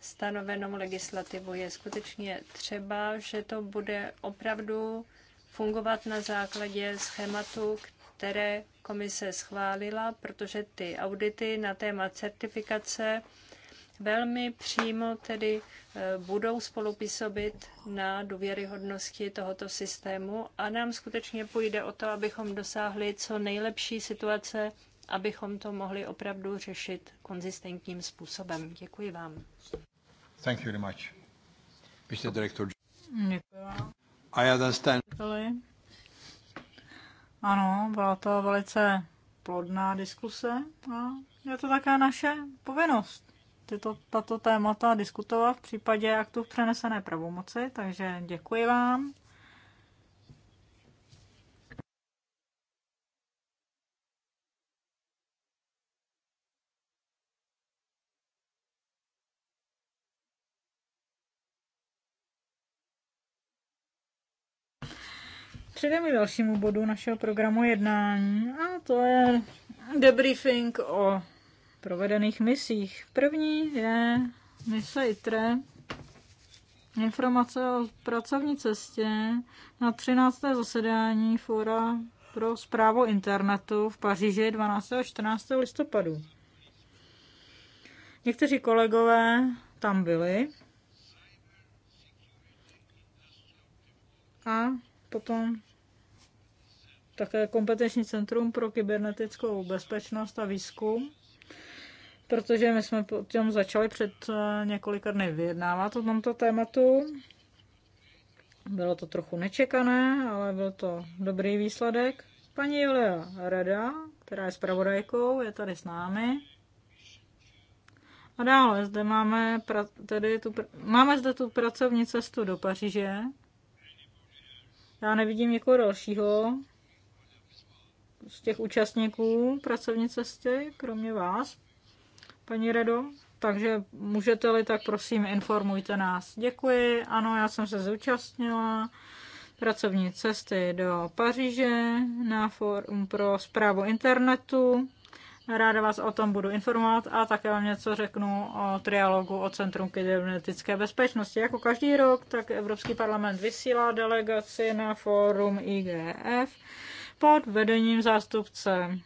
stanovenou legislativu. Je skutečně třeba, že to bude opravdu fungovat na základě schématu, které komise schválila, protože ty audity na téma certifikace velmi přímo tedy eh, budou spolupisobit na důvěryhodnosti tohoto systému a nám skutečně půjde o to, abychom dosáhli co nejlepší situace, abychom to mohli opravdu řešit konzistentním způsobem. Děkuji vám. Thank you very much. Director. Děkuji. I understand. Ano, byla to velice plodná diskuse a je to také naše povinnost tyto, tato témata diskutovat v případě aktu v přenesené pravomoci, takže děkuji vám. Přejdeme k dalšímu bodu našeho programu jednání a to je debriefing o provedených misích. První je mise ITRE, informace o pracovní cestě na 13. zasedání Fóra pro zprávu internetu v Paříži 12. a 14. listopadu. Někteří kolegové tam byli a potom také kompetenční centrum pro kybernetickou bezpečnost a výzkum protože my jsme potom začali před eh, několika dny vyjednávat o tomto tématu. Bylo to trochu nečekané, ale byl to dobrý výsledek. Paní Julia Rada, která je zpravodajkou, je tady s námi. A dále zde máme, pra- tedy tu máme zde tu pracovní cestu do Paříže. Já nevidím někoho dalšího z těch účastníků pracovní cesty, kromě vás paní Redo. Takže můžete-li, tak prosím informujte nás. Děkuji. Ano, já jsem se zúčastnila pracovní cesty do Paříže na Forum pro zprávu internetu. Ráda vás o tom budu informovat a také vám něco řeknu o trialogu o Centrum kybernetické bezpečnosti. Jako každý rok, tak Evropský parlament vysílá delegaci na forum IGF pod vedením zástupce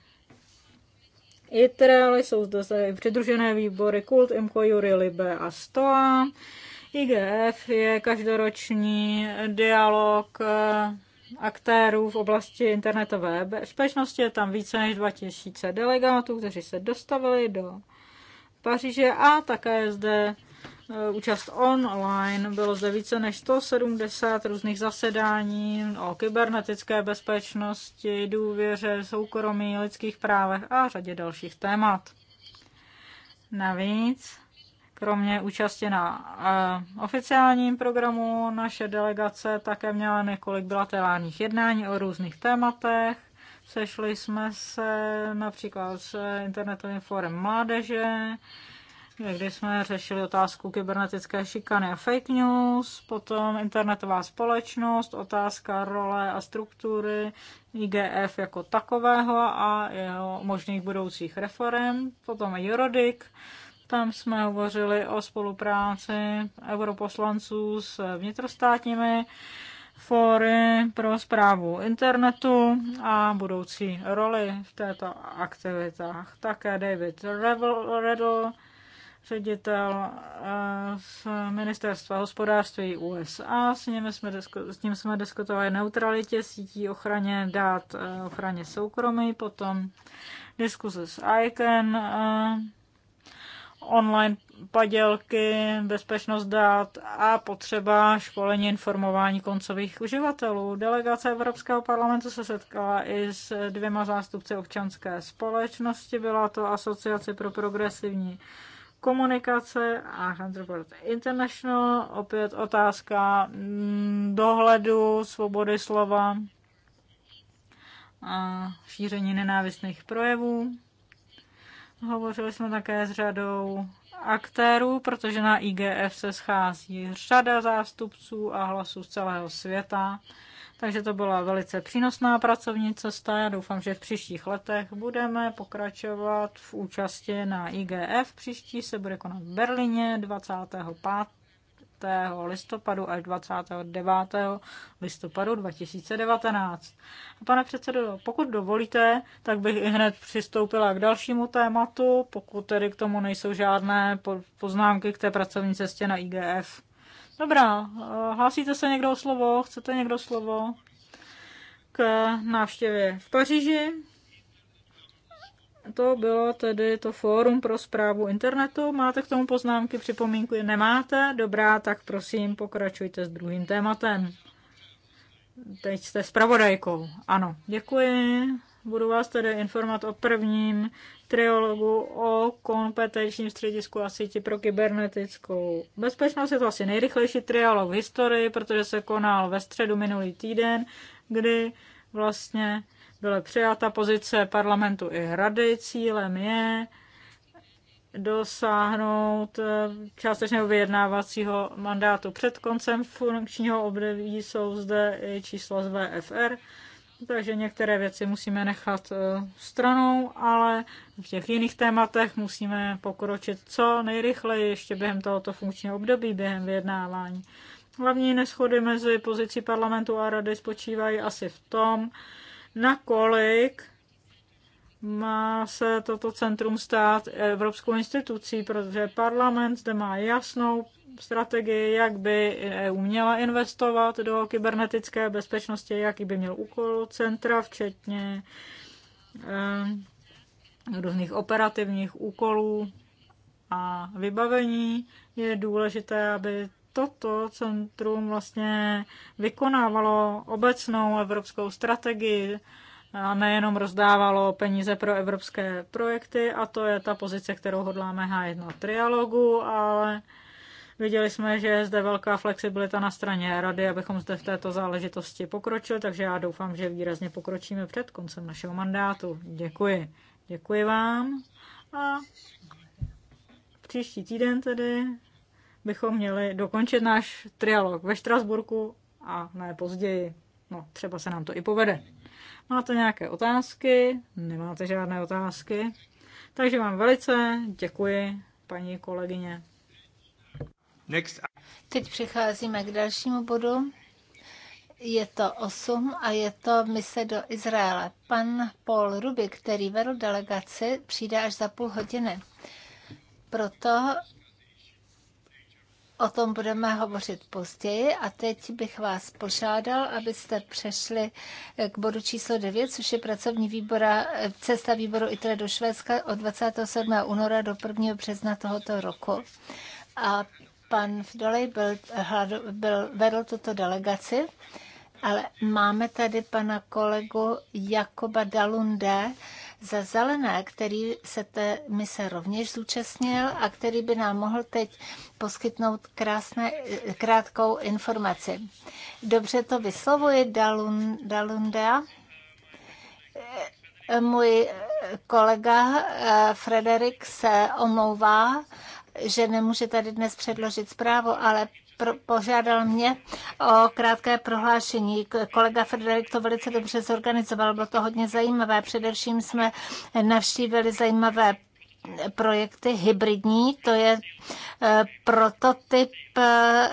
ITRE, jsou zde přidružené výbory KULT, Imko, JURY, LIBE a STOA. IGF je každoroční dialog eh, aktérů v oblasti internetové bezpečnosti. Je tam více než 2000 delegátů, kteří se dostavili do Paříže a také je zde Eh, účast online. Bylo zde více než 170 různých zasedání o kybernetické bezpečnosti, důvěře, soukromí, lidských právech a řadě dalších témat. Navíc, kromě účasti na eh, oficiálním programu, naše delegace také měla několik bilaterálních jednání o různých tématech. Sešli jsme se například s internetovým fórem mládeže, kdy jsme řešili otázku kybernetické šikany a fake news, potom internetová společnost, otázka role a struktury IGF jako takového a jeho možných budoucích reform, potom Eurodic, tam jsme hovořili o spolupráci europoslanců s vnitrostátními fóry pro zprávu internetu a budoucí roli v této aktivitách. Také David Reddle ředitel eh, z ministerstva hospodářství USA. S, nimi jsme s ním jsme diskutovali neutralitě sítí ochraně dát eh, ochraně soukromí, potom diskuze s ICANN, eh, online padělky, bezpečnost dát a potřeba školení informování koncových uživatelů. Delegace Evropského parlamentu se setkala i s dvěma zástupci občanské společnosti, byla to Asociace pro progresivní komunikace a Hunterport International. Opět otázka mm, dohledu, svobody slova a šíření nenávistných projevů. Hovořili jsme také s řadou aktérů, protože na IGF se schází řada zástupců a hlasů z celého světa. Takže to byla velice přínosná pracovní cesta. Já doufám, že v příštích letech budeme pokračovat v účasti na IGF. Příští se bude konat v Berlíně 25. listopadu až 29. listopadu 2019. A pane předsedo, pokud dovolíte, tak bych i hned přistoupila k dalšímu tématu, pokud tedy k tomu nejsou žádné poznámky k té pracovní cestě na IGF. Dobrá, eh, hlásíte se někdo o slovo? Chcete někdo slovo k návštěvě v Paříži? To bylo tedy to fórum pro zprávu internetu. Máte k tomu poznámky, připomínku? Nemáte? Dobrá, tak prosím, pokračujte s druhým tématem. Teď jste zpravodajkou. Ano, děkuji. Budu vás tedy informovat o prvním triologu o kompetenčním středisku a síti pro kybernetickou bezpečnost. Je to asi nejrychlejší triolog v historii, protože se konal ve středu minulý týden, kdy vlastně byla přijata pozice parlamentu i rady. Cílem je dosáhnout eh, částečného vyjednávacího mandátu před koncem funkčního období. Jsou zde i čísla z VFR takže některé věci musíme nechat eh, stranou, ale v těch jiných tématech musíme pokročit co nejrychleji ještě během tohoto funkčního období, během vyjednávání. Hlavní neschody mezi pozicí parlamentu a rady spočívají asi v tom, nakolik má se toto centrum stát evropskou institucí, protože parlament zde má jasnou strategii, jak by EU měla investovat do kybernetické bezpečnosti, jaký by měl úkol centra, včetně eh, různých operativních úkolů a vybavení. Je důležité, aby toto centrum vlastně vykonávalo obecnou evropskou strategii a nejenom rozdávalo peníze pro evropské projekty a to je ta pozice, kterou hodláme hájit na trialogu, ale viděli jsme, že je zde velká flexibilita na straně rady, abychom zde v této záležitosti pokročili, takže já doufám, že výrazně pokročíme před koncem našeho mandátu. Děkuji. Děkuji vám a příští týden tedy bychom měli dokončit náš trialog ve Štrasburku a ne později. No, třeba se nám to i povede. Máte nějaké otázky? Nemáte žádné otázky? Takže vám velice děkuji, paní kolegyně. Next. Teď přicházíme k dalšímu bodu. Je to 8 a je to mise do Izraele. Pan Paul Rubik, který vedl delegaci, přijde až za půl hodiny. Proto O tom budeme hovořit později a teď bych vás požádal, abyste přešli eh, k bodu číslo 9, což je pracovní výbora, eh, cesta výboru ITRE do Švédska od 27. února do 1. března tohoto roku. A pan Vdolej byl, byl, vedl tuto delegaci, ale máme tady pana kolegu Jakoba Dalunde, za zelené, který se té mise rovněž zúčastnil a který by nám mohl teď poskytnout krásné, krátkou informaci. Dobře to vyslovuje Dalun, Dalunda. Můj kolega eh, Frederik se omlouvá, že nemůže tady dnes předložit zprávu, ale požádal mě o krátké prohlášení. Kolega Frederik to velice dobře zorganizoval, bylo to hodně zajímavé. Především jsme navštívili zajímavé projekty hybridní, to je eh, prototyp eh,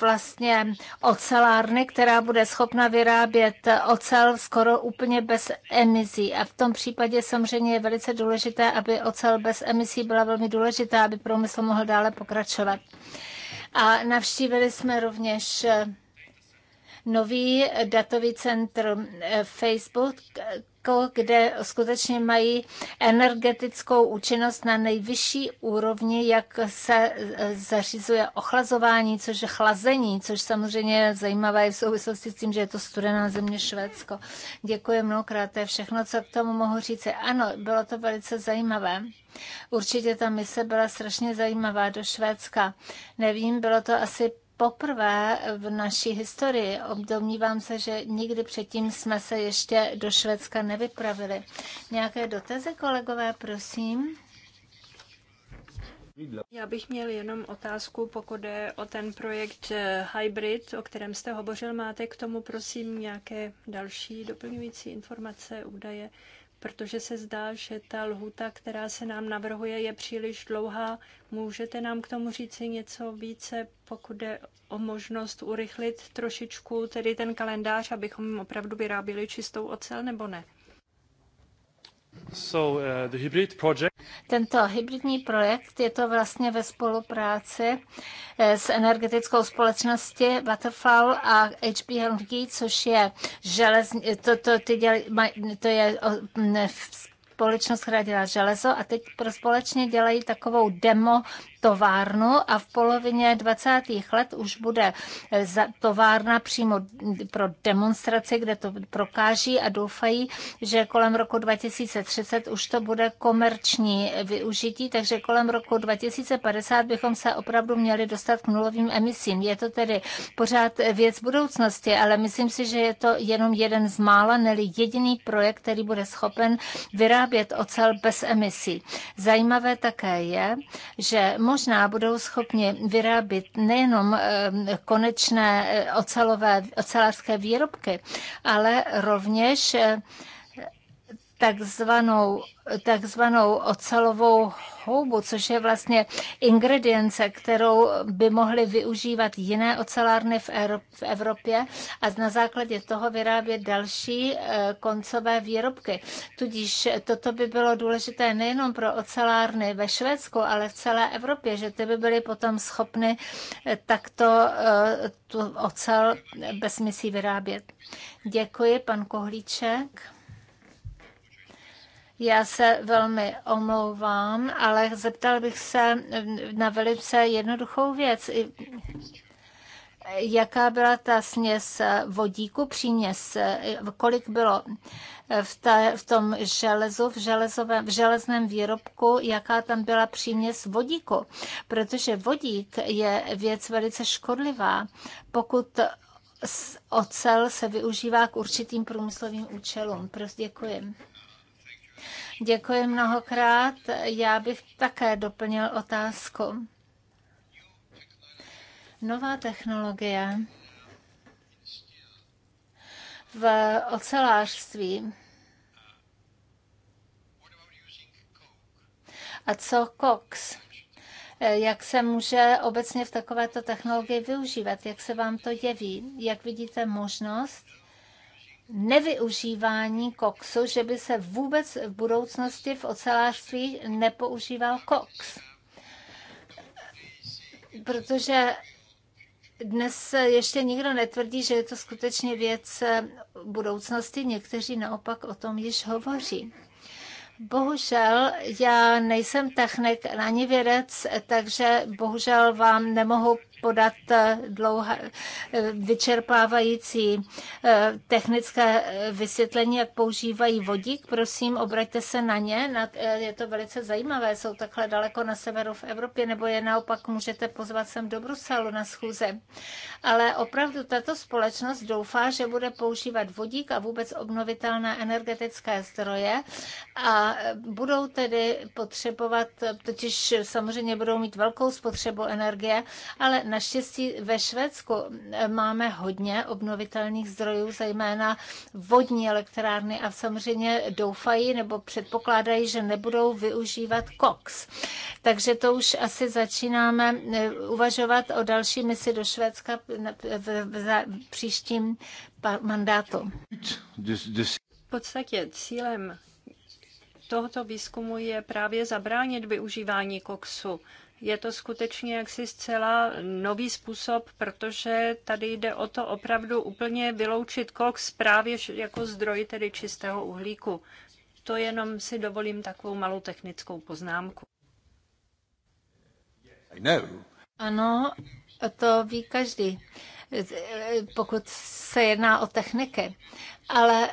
vlastně ocelárny, která bude schopna vyrábět ocel skoro úplně bez emisí. A v tom případě samozřejmě je velice důležité, aby ocel bez emisí byla velmi důležitá, aby průmysl mohl dále pokračovat. A navštívili jsme rovněž eh, nový datový centr eh, Facebook, kde skutečně mají energetickou účinnost na nejvyšší úrovni, jak se e, zařizuje ochlazování, což je chlazení, což samozřejmě je zajímavé v souvislosti s tím, že je to studená země Švédsko. Děkuji mnohokrát, to je všechno, co k tomu mohu říct. Ano, bylo to velice zajímavé. Určitě ta mise byla strašně zajímavá do Švédska. Nevím, bylo to asi poprvé v naší historii. Obdomnívám se, že nikdy předtím jsme se ještě do Švédska nevypravili. Nějaké dotazy, kolegové, prosím? Já bych měl jenom otázku, pokud je o ten projekt eh, Hybrid, o kterém jste hovořil. Máte k tomu, prosím, nějaké další doplňující informace, údaje? protože se zdá, že ta lhuta, která se nám navrhuje, je příliš dlouhá. Můžete nám k tomu říci něco více, pokud jde o možnost urychlit trošičku tedy ten kalendář, abychom opravdu vyráběli čistou ocel, nebo ne? So, uh, the hybrid project. Tento hybridní projekt je to vlastně ve spolupráci eh, s energetickou společností Waterfall a HP Energy, což je železní, eh, to, to, ty děli, to je mm, eh, společnost, která dělá železo a teď společně dělají takovou demo továrnu a v polovině 20. let už bude eh, továrna přímo pro demonstraci, kde to prokáží a doufají, že kolem roku 2030 už to bude komerční využití, takže kolem roku 2050 bychom se opravdu měli dostat k nulovým emisím. Je to tedy pořád věc budoucnosti, ale myslím si, že je to jenom jeden z mála, neli jediný projekt, který bude schopen vyrábět ocel bez emisí. Zajímavé také je, že možná budou schopni vyrábět nejenom eh, konečné eh, ocelové, ocelářské výrobky, ale rovněž eh, takzvanou, takzvanou ocelovou houbu, což je vlastně ingredience, kterou by mohly využívat jiné ocelárny v, Evropě a na základě toho vyrábět další eh, koncové výrobky. Tudíž toto by bylo důležité nejenom pro ocelárny ve Švédsku, ale v celé Evropě, že ty by byly potom schopny eh, takto eh, tu ocel bez misí vyrábět. Děkuji, pan Kohlíček. Já se velmi omlouvám, ale zeptal bych se na velice jednoduchou věc. Jaká byla ta směs vodíku, příměs, kolik bylo v, ta, v tom železu, v, železovém, v železném výrobku, jaká tam byla příměs vodíku. Protože vodík je věc velice škodlivá, pokud ocel se využívá k určitým průmyslovým účelům. Prostě děkuji. Děkuji mnohokrát. Já bych také doplnil otázku. Nová technologie v ocelářství. A co COX? Jak se může obecně v takovéto technologii využívat? Jak se vám to jeví? Jak vidíte možnost? nevyužívání koksu, že by se vůbec v budoucnosti v ocelářství nepoužíval koks. Protože dnes ještě nikdo netvrdí, že je to skutečně věc budoucnosti, někteří naopak o tom již hovoří. Bohužel, já nejsem technik ani vědec, takže bohužel vám nemohu podat eh, dlouhá, eh, vyčerpávající eh, technické vysvětlení, jak používají vodík. Prosím, obraťte se na ně. Je to velice zajímavé. Jsou takhle daleko na severu v Evropě, nebo je naopak můžete pozvat sem do Bruselu na schůze. Ale opravdu tato společnost doufá, že bude používat vodík a vůbec obnovitelné energetické zdroje a budou tedy potřebovat, totiž samozřejmě budou mít velkou spotřebu energie, ale Naštěstí ve Švédsku máme hodně obnovitelných zdrojů, zejména vodní elektrárny a samozřejmě doufají nebo předpokládají, že nebudou využívat koks. Takže to už asi začínáme uvažovat o další misi do Švédska v příštím mandátu. V podstatě cílem tohoto výzkumu je právě zabránit využívání koksu je to skutečně jaksi zcela nový způsob, protože tady jde o to opravdu úplně vyloučit koks právě jako zdroj tedy čistého uhlíku. To jenom si dovolím takovou malou technickou poznámku. Ano, to ví každý, pokud se jedná o techniky. Ale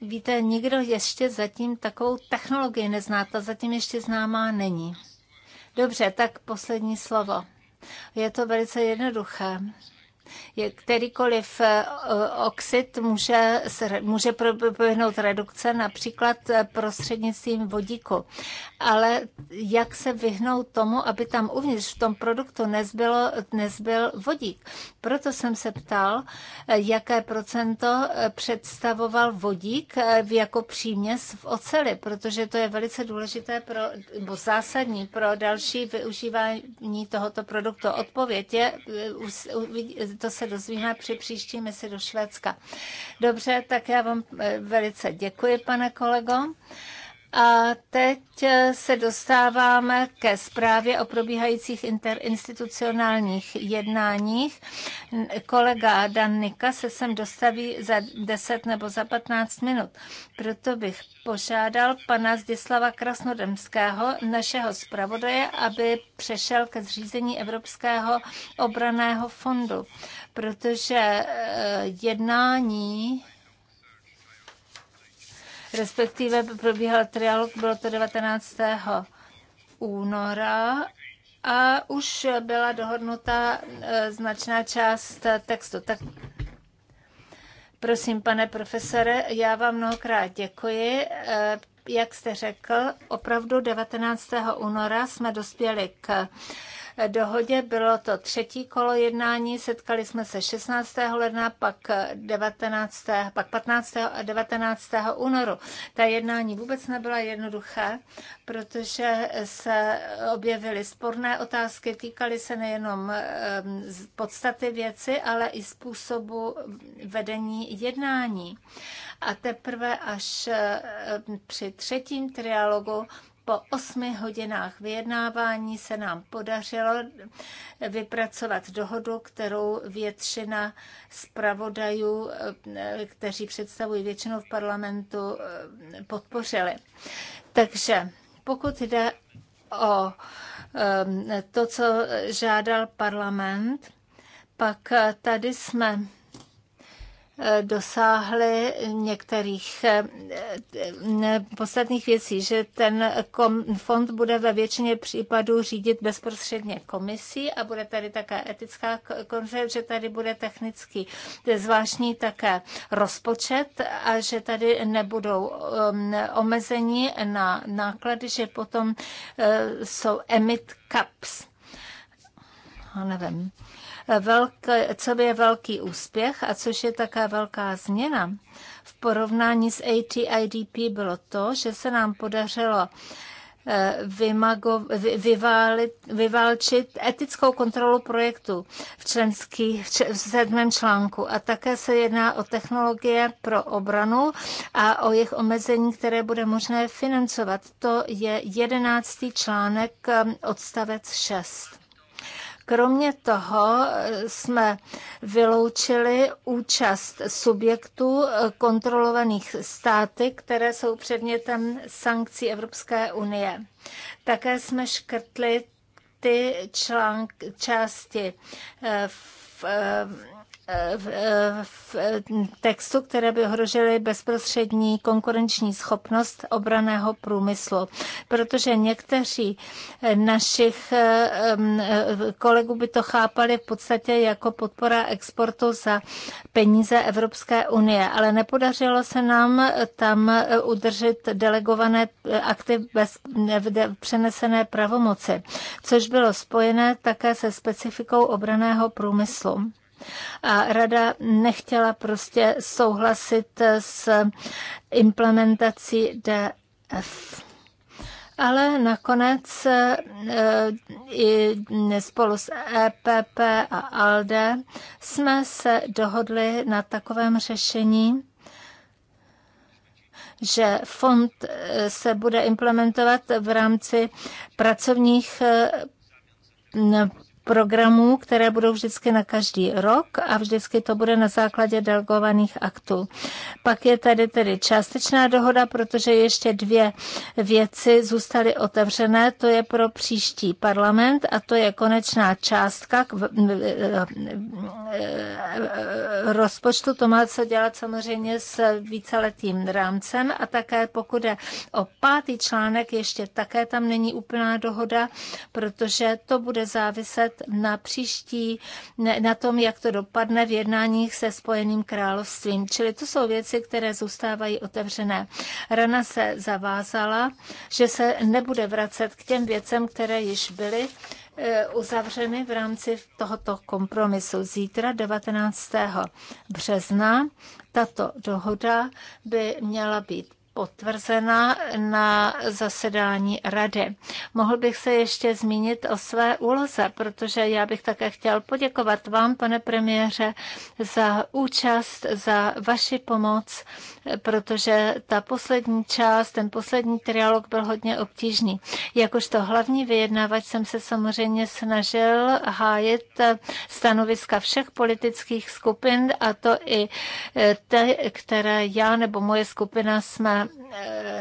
víte, nikdo ještě zatím takovou technologii nezná, ta zatím ještě známá není. Dobře, tak poslední slovo. Je to velice jednoduché. Kterýkoliv eh, oxid může, může proběhnout redukce například eh, prostřednictvím vodíku. Ale jak se vyhnout tomu, aby tam uvnitř v tom produktu nezbylo, nezbyl vodík? Proto jsem se ptal, eh, jaké procento představoval vodík jako příměs v oceli, protože to je velice důležité pro, nebo zásadní pro další využívání tohoto produktu. Odpověď je to se dozvíme při příští misi do Švédska. Dobře, tak já vám eh, velice děkuji, pane kolego. A teď eh, se dostáváme ke zprávě o probíhajících interinstitucionálních jednáních. Kolega Dan Nika se sem dostaví za 10 nebo za 15 minut. Proto bych požádal pana Zdislava Krasnodemského, našeho zpravodaje, aby přešel ke zřízení Evropského obraného fondu, protože eh, jednání respektive probíhal trialog, bylo to 19. února a už byla dohodnuta e, značná část textu. Tak prosím, pane profesore, já vám mnohokrát děkuji. E, jak jste řekl, opravdu 19. února jsme dospěli k dohodě. Bylo to třetí kolo jednání, setkali jsme se 16. ledna, pak, 19, pak 15. a 19. únoru. Ta jednání vůbec nebyla jednoduché, protože se objevily sporné otázky, týkaly se nejenom eh, podstaty věci, ale i způsobu vedení jednání. A teprve až eh, při třetím trialogu po osmi hodinách vyjednávání se nám podařilo vypracovat dohodu, kterou většina zpravodajů, eh, kteří představují většinu v parlamentu, eh, podpořili. Takže pokud jde o eh, to, co žádal parlament, pak tady jsme dosáhli některých eh, podstatných věcí, že ten fond bude ve většině případů řídit bezprostředně komisí a bude tady také etická konference, že tady bude technický zvláštní také rozpočet a že tady nebudou um, omezení na náklady, že potom eh, jsou emit caps. Já nevím velké, co je velký úspěch a což je taká velká změna v porovnání s ATIDP bylo to, že se nám podařilo eh, vymago, vyválit, vyválčit etickou kontrolu projektu v, členský, v sedmém článku. A také se jedná o technologie pro obranu a o jejich omezení, které bude možné financovat. To je jedenáctý článek eh, odstavec 6. Kromě toho eh, jsme vyloučili účast subjektů eh, kontrolovaných státy, které jsou předmětem sankcí Evropské unie. Také jsme škrtli ty článk, části eh, v Eh, v, eh, v eh, textu, které by ohrožily bezprostřední konkurenční schopnost obraného průmyslu. Protože někteří našich kolegů by to chápali v podstatě jako podpora exportu za peníze Evropské unie, ale nepodařilo se nám tam udržet delegované akty bez přenesené pravomoci, což bylo spojené také se specifikou obraného průmyslu. A rada nechtěla prostě souhlasit s implementací DF ale nakonec eh, i spolu s EPP a ALDE jsme se dohodli na takovém řešení, že fond eh, se bude implementovat v rámci pracovních eh, programů, které budou vždycky na každý rok a vždycky to bude na základě delegovaných aktů. Pak je tady tedy částečná dohoda, protože ještě dvě věci zůstaly otevřené. To je pro příští parlament a to je konečná částka k rozpočtu. To má co dělat samozřejmě s víceletým rámcem a také pokud je o pátý článek, ještě také tam není úplná dohoda, protože to bude záviset vidět na příští, na tom, jak to dopadne v jednáních se Spojeným královstvím. Čili to jsou věci, které zůstávají otevřené. Rana se zavázala, že se nebude vracet k těm věcem, které již byly e, uzavřeny v rámci tohoto kompromisu. Zítra 19. března tato dohoda by měla být potvrzena na zasedání rady. Mohl bych se ještě zmínit o své úloze, protože já bych také chtěl poděkovat vám, pane premiére, za účast, za vaši pomoc, protože ta poslední část, ten poslední trialog byl hodně obtížný. Jakožto hlavní vyjednávač jsem se samozřejmě snažil hájit stanoviska všech politických skupin a to i ty, které já nebo moje skupina jsme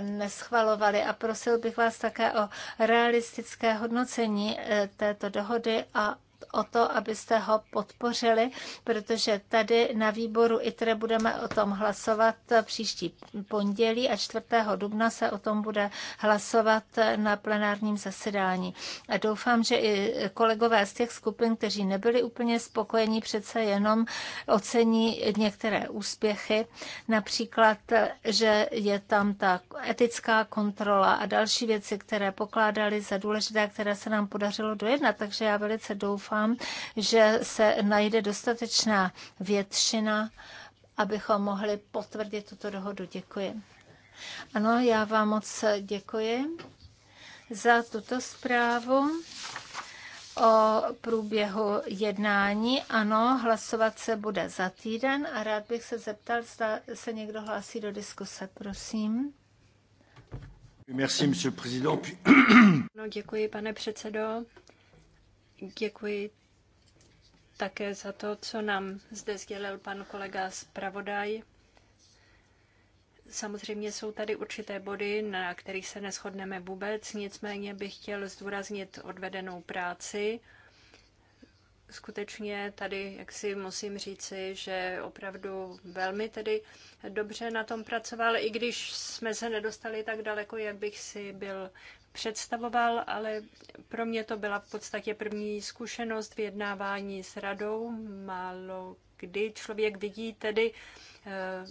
neschvalovali. A prosil bych vás také o realistické hodnocení eh, této dohody a o to, abyste ho podpořili, protože tady na výboru ITRE budeme o tom hlasovat příští pondělí a 4. dubna se o tom bude hlasovat na plenárním zasedání. A doufám, že i kolegové z těch skupin, kteří nebyli úplně spokojení, přece jenom ocení některé úspěchy, například, že je tam ta etická kontrola a další věci, které pokládali za důležité, které se nám podařilo dojednat. Takže já velice doufám, doufám, že se najde dostatečná většina, abychom mohli potvrdit tuto dohodu. Děkuji. Ano, já vám moc děkuji za tuto zprávu o průběhu jednání. Ano, hlasovat se bude za týden a rád bych se zeptal, zda se někdo hlásí do diskuse, prosím. Merci, monsieur le président. No, děkuji, pane předsedo. Děkuji také za to, co nám zde sdělil pan kolega zpravodaj. Samozřejmě jsou tady určité body, na kterých se neschodneme vůbec, nicméně bych chtěl zdůraznit odvedenou práci. Skutečně tady, jak si musím říci, že opravdu velmi tedy dobře na tom pracoval, i když jsme se nedostali tak daleko, jak bych si byl představoval, ale pro mě to byla v podstatě první zkušenost vyjednávání s radou. Málo kdy člověk vidí tedy eh,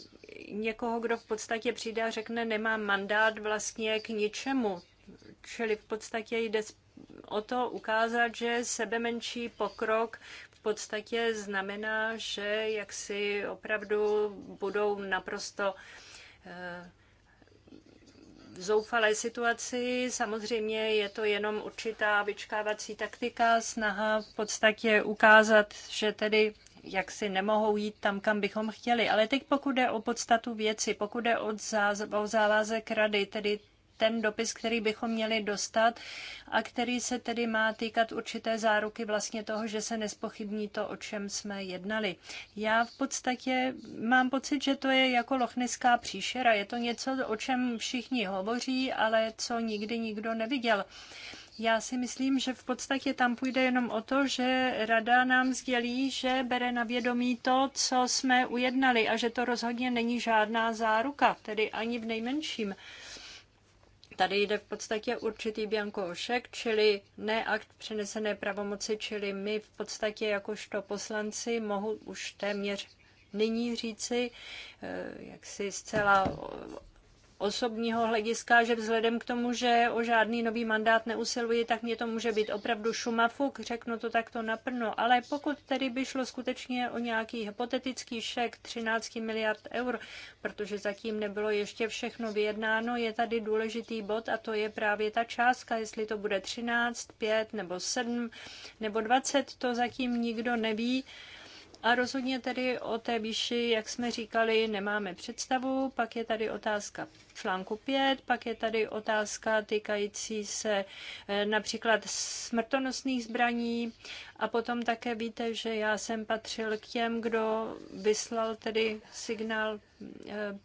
někoho, kdo v podstatě přijde a řekne, nemá mandát vlastně k ničemu. Čili v podstatě jde o to ukázat, že sebe menší pokrok v podstatě znamená, že jaksi opravdu budou naprosto eh, zoufalé situaci. Samozřejmě je to jenom určitá vyčkávací taktika, snaha v podstatě ukázat, že tedy jak si nemohou jít tam, kam bychom chtěli. Ale teď pokud jde o podstatu věci, pokud jde o závazek rady, tedy ten dopis, který bychom měli dostat a který se tedy má týkat určité záruky vlastně toho, že se nespochybní to, o čem jsme jednali. Já v podstatě mám pocit, že to je jako lochnická příšera. Je to něco, o čem všichni hovoří, ale co nikdy nikdo neviděl. Já si myslím, že v podstatě tam půjde jenom o to, že rada nám sdělí, že bere na vědomí to, co jsme ujednali a že to rozhodně není žádná záruka, tedy ani v nejmenším. Tady jde v podstatě určitý Ošek, čili ne akt přenesené pravomoci, čili my v podstatě jakožto poslanci mohu už téměř nyní říci, eh, jak si zcela osobního hlediska, že vzhledem k tomu, že o žádný nový mandát neusiluji, tak mě to může být opravdu šumafuk, řeknu to takto naplno. Ale pokud tedy by šlo skutečně o nějaký hypotetický šek 13 miliard eur, protože zatím nebylo ještě všechno vyjednáno, je tady důležitý bod a to je právě ta částka, jestli to bude 13, 5 nebo 7 nebo 20, to zatím nikdo neví. A rozhodně tedy o té výši, jak jsme říkali, nemáme představu. Pak je tady otázka článku 5, pak je tady otázka týkající se eh, například smrtonosných zbraní. A potom také víte, že já jsem patřil k těm, kdo vyslal tedy signál eh,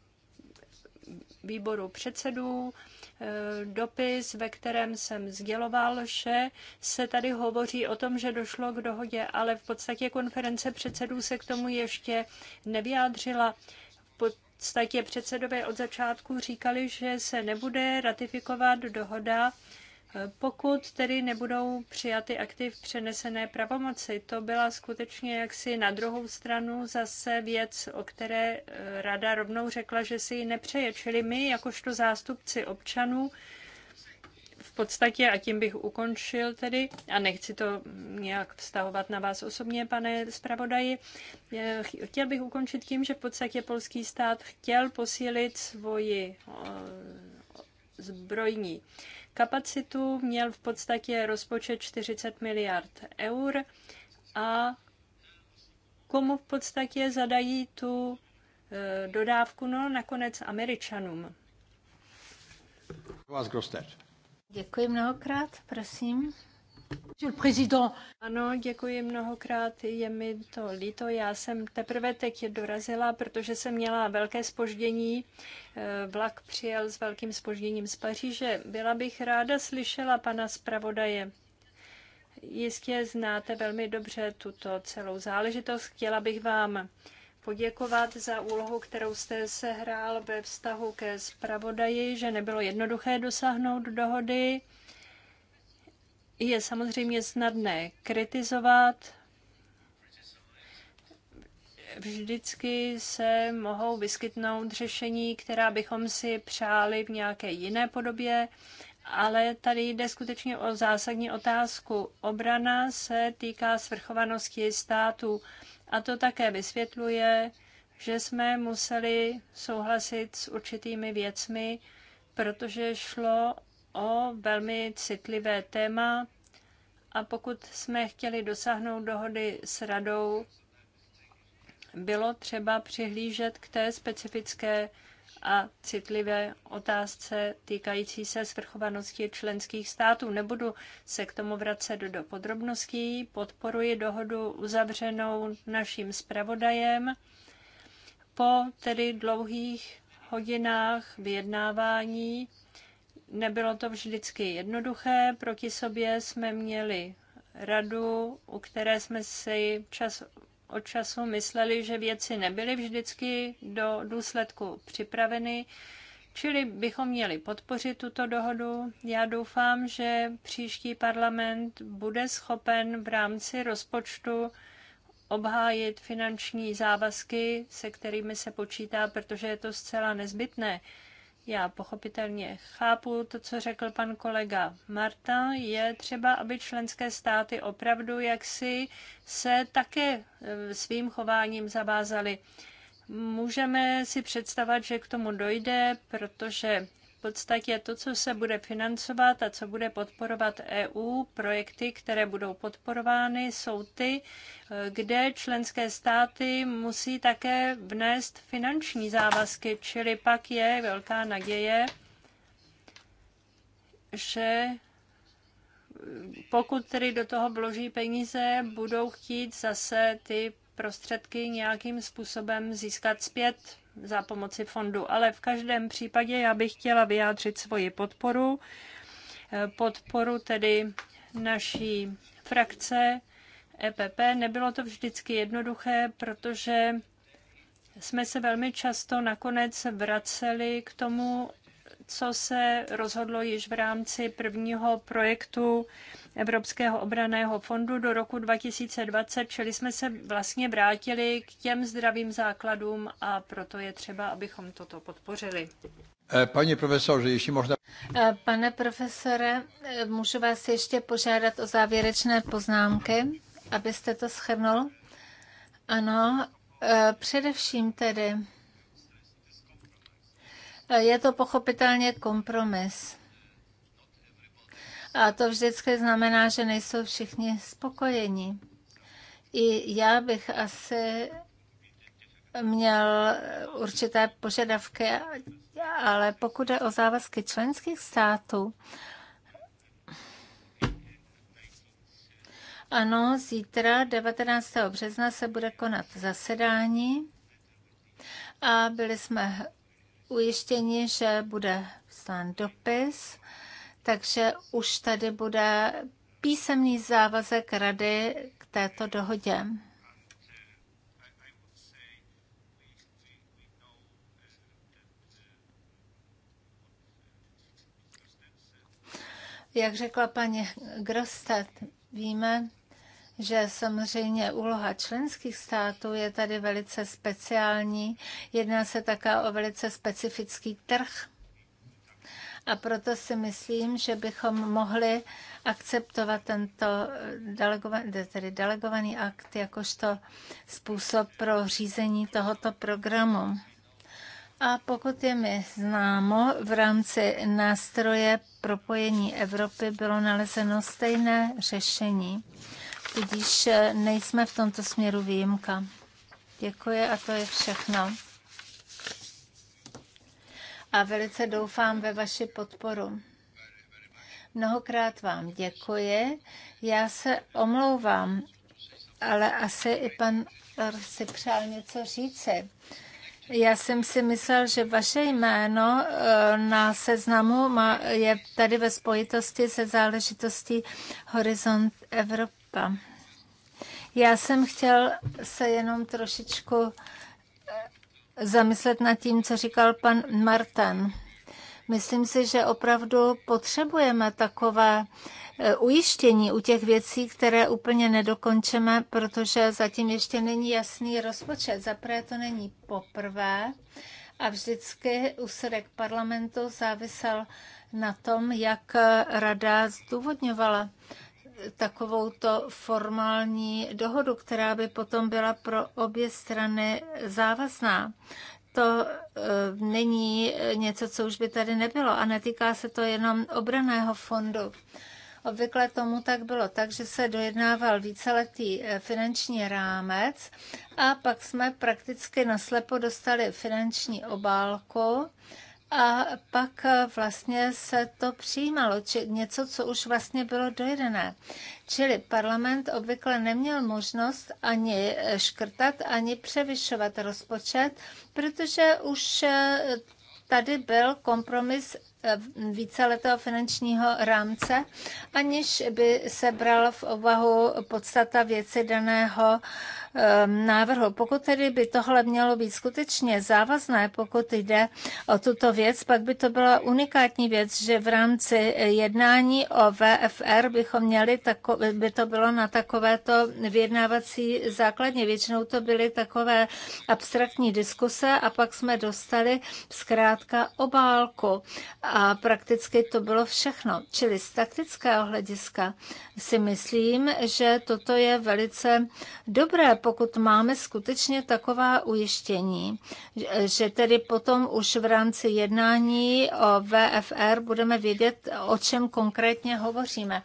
výboru předsedů eh, dopis, ve kterém jsem sděloval, že se tady hovoří o tom, že došlo k dohodě, ale v podstatě konference předsedů se k tomu ještě nevyjádřila. V podstatě předsedové od začátku říkali, že se nebude ratifikovat dohoda pokud tedy nebudou přijaty aktiv přenesené pravomoci. To byla skutečně jaksi na druhou stranu zase věc, o které eh, rada rovnou řekla, že si ji nepřeje. Čili my, jakožto zástupci občanů, v podstatě, a tím bych ukončil tedy, a nechci to nějak vztahovat na vás osobně, pane zpravodaji, eh, chtěl bych ukončit tím, že v podstatě polský stát chtěl posílit svoji eh, zbrojní Kapacitu měl v podstatě rozpočet 40 miliard eur a komu v podstatě zadají tu eh, dodávku, no nakonec Američanům. Vás Děkuji mnohokrát, prosím. Ano, děkuji mnohokrát, je mi to líto. Já jsem teprve teď dorazila, protože jsem měla velké spoždění. Eh, vlak přijel s velkým spožděním z Paříže. Byla bych ráda slyšela pana zpravodaje. Jistě znáte velmi dobře tuto celou záležitost. Chtěla bych vám poděkovat za úlohu, kterou jste sehrál ve vztahu ke zpravodaji, že nebylo jednoduché dosáhnout dohody je samozřejmě snadné kritizovat. Vždycky se mohou vyskytnout řešení, která bychom si přáli v nějaké jiné podobě, ale tady jde skutečně o zásadní otázku. Obrana se týká svrchovanosti státu a to také vysvětluje, že jsme museli souhlasit s určitými věcmi, protože šlo o velmi citlivé téma a pokud jsme chtěli dosáhnout dohody s radou, bylo třeba přihlížet k té specifické a citlivé otázce týkající se svrchovanosti členských států. Nebudu se k tomu vracet do podrobností. Podporuji dohodu uzavřenou naším zpravodajem. Po tedy dlouhých hodinách vyjednávání Nebylo to vždycky jednoduché, proti sobě jsme měli radu, u které jsme si čas od času mysleli, že věci nebyly vždycky do důsledku připraveny, čili bychom měli podpořit tuto dohodu. Já doufám, že příští parlament bude schopen v rámci rozpočtu obhájit finanční závazky, se kterými se počítá, protože je to zcela nezbytné. Já pochopitelně chápu to, co řekl pan kolega Marta. Je třeba, aby členské státy opravdu jaksi se také e, svým chováním zavázaly. Můžeme si představit, že k tomu dojde, protože podstatě to, co se bude financovat a co bude podporovat EU, projekty, které budou podporovány, jsou ty, eh, kde členské státy musí také vnést finanční závazky, čili pak je velká naděje, že eh, pokud tedy do toho vloží peníze, budou chtít zase ty prostředky nějakým způsobem získat zpět za pomoci fondu. Ale v každém případě já bych chtěla vyjádřit svoji podporu, eh, podporu tedy naší frakce EPP. Nebylo to vždycky jednoduché, protože jsme se velmi často nakonec vraceli k tomu, co se rozhodlo již v rámci prvního projektu Evropského obraného fondu do roku 2020, čili jsme se vlastně vrátili k těm zdravým základům a proto je třeba, abychom toto podpořili. Eh, eh, pane profesore, ještě eh, možná... Pane profesore, můžu vás ještě požádat o závěrečné poznámky, abyste to schrnul? Ano, především tedy je to pochopitelně kompromis. A to vždycky znamená, že nejsou všichni spokojeni. I já bych asi měl určité požadavky, ale pokud je o závazky členských států, ano, zítra 19. března se bude konat zasedání a byli jsme ujištění, že bude vyslán dopis, takže už tady bude písemný závazek rady k této dohodě. Jak řekla paní Grostet, víme, že samozřejmě úloha členských států je tady velice speciální. Jedná se také o velice specifický trh. A proto si myslím, že bychom mohli akceptovat tento delegovaný, tedy delegovaný akt jakožto způsob pro řízení tohoto programu. A pokud je mi známo, v rámci nástroje propojení Evropy bylo nalezeno stejné řešení. Tudíž eh, nejsme v tomto směru výjimka. Děkuji a to je všechno. A velice doufám ve vaši podporu. Mnohokrát vám děkuji. Já se omlouvám, ale asi i pan si přál něco říci. Já jsem si myslel, že vaše jméno eh, na seznamu je tady ve spojitosti se záležitostí Horizont Evropy. Marta. Já jsem chtěl se jenom trošičku eh, zamyslet nad tím, co říkal pan Martin. Myslím si, že opravdu potřebujeme takové eh, ujištění u těch věcí, které úplně nedokončeme, protože zatím ještě není jasný rozpočet. Zaprvé to není poprvé a vždycky úsudek parlamentu závisel na tom, jak eh, rada zdůvodňovala takovouto formální dohodu, která by potom byla pro obě strany závazná to eh, není něco, co už by tady nebylo a netýká se to jenom obraného fondu. Obvykle tomu tak bylo, takže se dojednával víceletý eh, finanční rámec a pak jsme prakticky naslepo dostali finanční obálku a pak eh, vlastně se to přijímalo, či něco, co už vlastně bylo dojedené. Čili parlament obvykle neměl možnost ani eh, škrtat, ani převyšovat rozpočet, protože už eh, tady byl kompromis víceletého finančního rámce, aniž by se bralo v obahu podstata věci daného Ehm, návrhu. Pokud tedy by tohle mělo být skutečně závazné, pokud jde o tuto věc, pak by to byla unikátní věc, že v rámci eh, jednání o VFR bychom měli, tako, by to bylo na takovéto vyjednávací základně. Většinou to byly takové abstraktní diskuse a pak jsme dostali zkrátka obálku a prakticky to bylo všechno. Čili z taktického hlediska si myslím, že toto je velice dobré pokud máme skutečně taková ujištění, že tedy potom už v rámci jednání o VFR budeme vědět, o čem konkrétně hovoříme.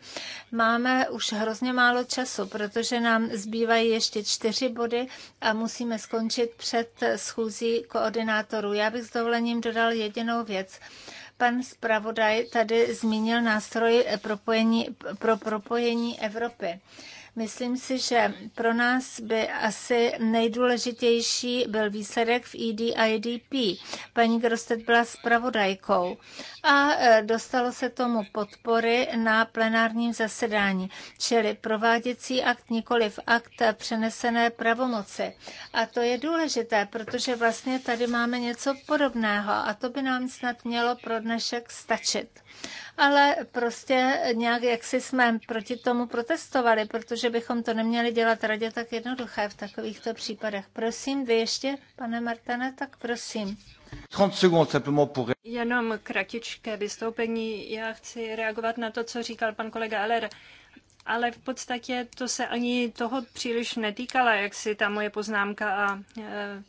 Máme už hrozně málo času, protože nám zbývají ještě čtyři body a musíme skončit před schůzí koordinátorů. Já bych s dovolením dodal jedinou věc pan zpravodaj tady zmínil nástroj propojení, pro propojení Evropy. Myslím si, že pro nás by asi nejdůležitější byl výsledek v EDIDP. Paní Grostet byla spravodajkou a e, dostalo se tomu podpory na plenárním zasedání, čili prováděcí akt, nikoli v akt přenesené pravomoci. A to je důležité, protože vlastně tady máme něco podobného a to by nám snad mělo pro dnešek stačit ale prostě nějak jak si jsme proti tomu protestovali, protože bychom to neměli dělat radě tak jednoduché v takovýchto případech. Prosím, vy ještě, pane Martane, tak prosím. 30 sekund simplement pour... Jenom kratičké vystoupení. Já chci reagovat na to, co říkal pan kolega Eller. Ale v podstatě to se ani toho příliš netýkala, jak si ta moje poznámka a e,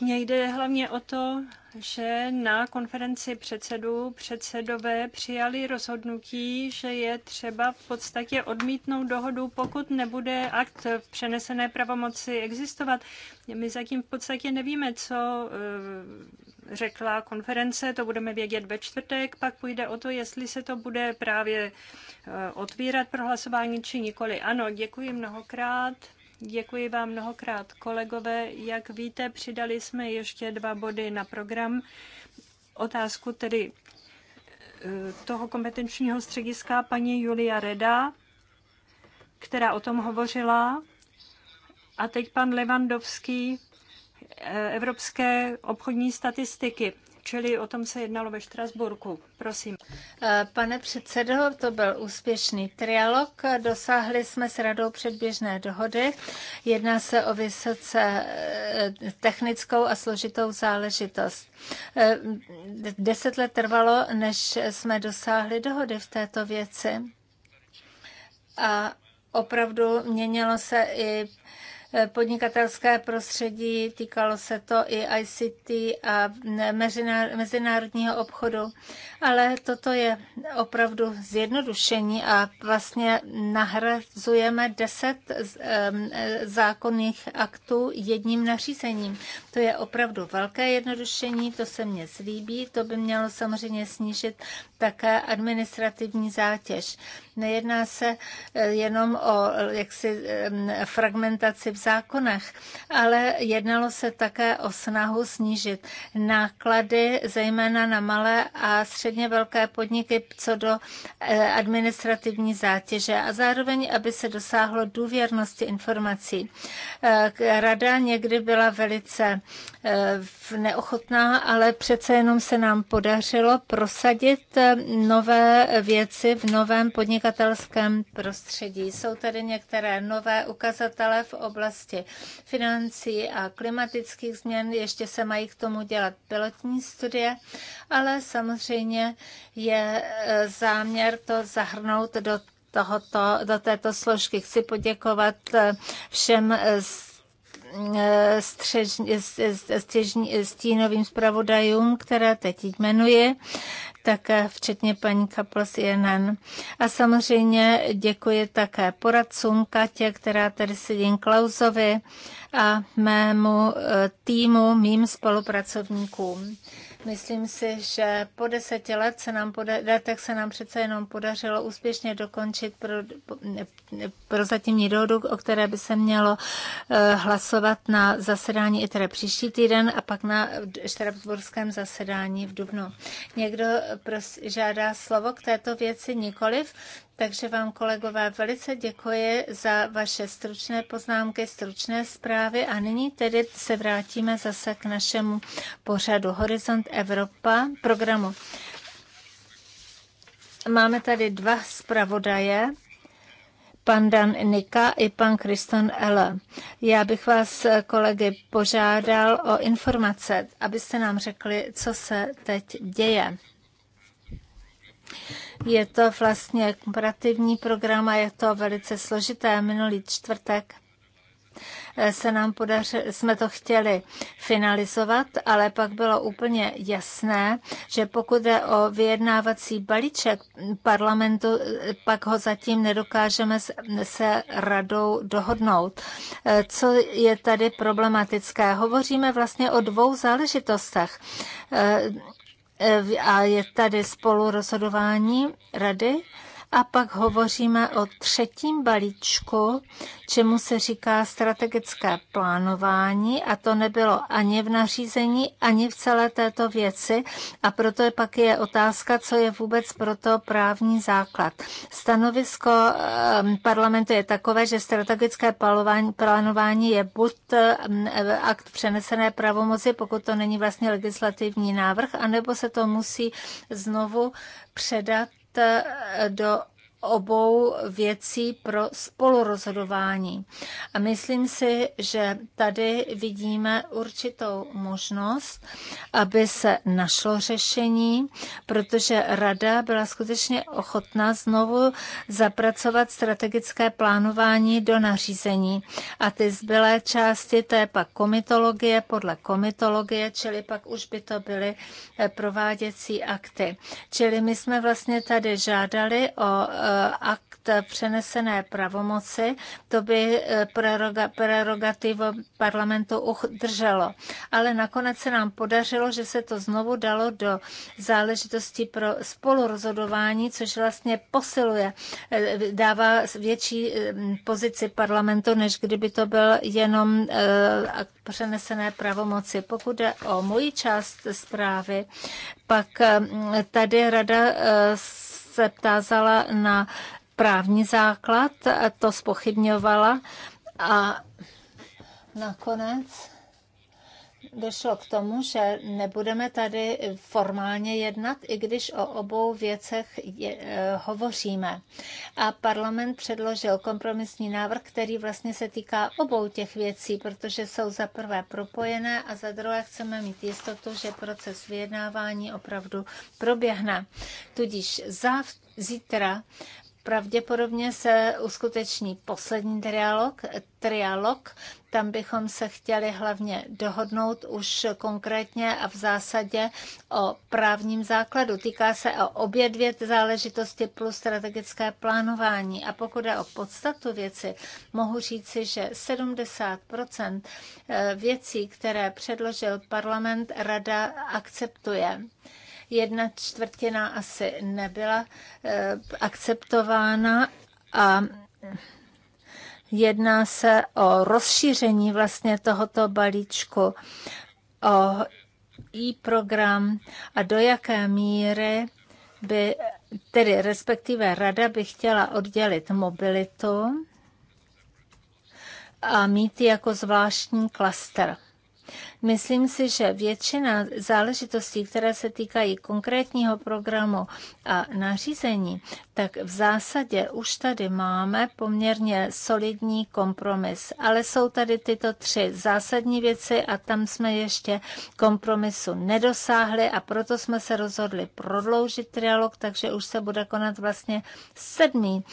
mně jde hlavně o to, že na konferenci předsedů předsedové přijali rozhodnutí, že je třeba v podstatě odmítnout dohodu, pokud nebude akt v přenesené pravomoci existovat. My zatím v podstatě nevíme, co eh, řekla konference, to budeme vědět ve čtvrtek, pak půjde o to, jestli se to bude právě eh, otvírat pro hlasování či nikoli. Ano, děkuji mnohokrát. Děkuji vám mnohokrát, kolegové. Jak víte, přidali jsme ještě dva body na program. Otázku tedy eh, toho kompetenčního střediska paní Julia Reda, která o tom hovořila. A teď pan Levandovský, eh, evropské obchodní statistiky čili o tom se jednalo ve Štrasburku. Prosím. Eh, pane předsedo, to byl úspěšný trialog. Dosáhli jsme s radou předběžné dohody. Jedná se o vysoce eh, technickou a složitou záležitost. Eh, deset let trvalo, než jsme dosáhli dohody v této věci. A opravdu měnilo se i Eh, podnikatelské prostředí, týkalo se to i ICT a mezinárodního obchodu, ale toto je opravdu zjednodušení a vlastně nahrazujeme deset eh, zákonných aktů jedním nařízením. To je opravdu velké jednodušení, to se mně zlíbí, to by mělo samozřejmě snížit také administrativní zátěž. Nejedná se eh, jenom o jaksi fragmentaci v zákonech, ale jednalo se také o snahu snížit náklady, zejména na malé a středně velké podniky, co do eh, administrativní zátěže a zároveň, aby se dosáhlo důvěrnosti informací. Eh, rada někdy byla velice eh, neochotná, ale přece jenom se nám podařilo prosadit nové věci v novém podnikatelském prostředí. Jsou tady některé nové ukazatele v oblasti oblasti financí a klimatických změn. Ještě se mají k tomu dělat pilotní studie, ale samozřejmě je e, záměr to zahrnout do tohoto, do této složky. Chci poděkovat e, všem e, střežní, stínovým zpravodajům, které teď jmenuji také včetně paní Kaplas Jenen. A samozřejmě děkuji také poradcům Katě, která tady sedí Klausovi a mému e, týmu, mým spolupracovníkům. Myslím si, že po deseti let se nám poda- letech se nám přece jenom podařilo úspěšně dokončit pro, zatímní dohodu, o které by se mělo eh, hlasovat na zasedání i tedy příští týden a pak na štrasburském zasedání v Dubnu. Někdo pros- žádá slovo k této věci nikoliv, takže vám, kolegové, velice děkuji za vaše stručné poznámky, stručné zprávy a nyní tedy se vrátíme zase k našemu pořadu Horizont Evropa programu. Máme tady dva zpravodaje, pan Dan Nika i pan Kriston L. Já bych vás, kolegy, požádal o informace, abyste nám řekli, co se teď děje. Je to vlastně komparativní program a je to velice složité. Minulý čtvrtek eh, se nám podařilo, jsme to chtěli finalizovat, ale pak bylo úplně jasné, že pokud je o vyjednávací balíček parlamentu, eh, pak ho zatím nedokážeme se radou dohodnout. Eh, co je tady problematické? Hovoříme vlastně o dvou záležitostech Eh, a je tady spolu rozhodování rady a pak hovoříme o třetím balíčku, čemu se říká strategické plánování a to nebylo ani v nařízení, ani v celé této věci a proto je pak je otázka, co je vůbec proto právní základ. Stanovisko ehm, parlamentu je takové, že strategické plánování je buď ehm, akt přenesené pravomoci, pokud to není vlastně legislativní návrh, anebo se to musí znovu předat Eh, do obou věcí pro spolurozhodování. A myslím si, že tady vidíme určitou možnost, aby se našlo řešení, protože rada byla skutečně ochotná znovu zapracovat strategické plánování do nařízení. A ty zbylé části, to je pak komitologie podle komitologie, čili pak už by to byly eh, prováděcí akty. Čili my jsme vlastně tady žádali o eh, Eh, akt přenesené pravomoci, to by eh, preroga, prerogativu parlamentu udrželo. Ale nakonec se nám podařilo, že se to znovu dalo do záležitosti pro spolurozhodování, což vlastně posiluje, eh, dává větší pozici parlamentu, než kdyby to byl jenom akt přenesené pravomoci. Pokud jde o moji část zprávy, pak tady rada se ptázala na právní základ, to spochybňovala a nakonec došlo k tomu, že nebudeme tady formálně jednat, i když o obou věcech je, eh, hovoříme. A parlament předložil kompromisní návrh, který vlastně se týká obou těch věcí, protože jsou za prvé propojené a za druhé chceme mít jistotu, že proces vyjednávání opravdu proběhne. Tudíž za, zítra Pravděpodobně se uskuteční poslední trialog, trialog. Tam bychom se chtěli hlavně dohodnout už konkrétně a v zásadě o právním základu. Týká se o obě dvě záležitosti plus strategické plánování. A pokud je o podstatu věci, mohu říci, že 70 eh, věcí, které předložil parlament, rada akceptuje jedna čtvrtina asi nebyla eh, akceptována a jedná se o rozšíření vlastně tohoto balíčku, o e-program a do jaké míry by, tedy respektive rada by chtěla oddělit mobilitu a mít jako zvláštní klaster. Myslím si, že většina záležitostí, které se týkají konkrétního programu a nařízení, tak v zásadě už tady máme poměrně solidní kompromis. Ale jsou tady tyto tři zásadní věci a tam jsme ještě kompromisu nedosáhli a proto jsme se rozhodli prodloužit trialog, takže už se bude konat vlastně sedmý.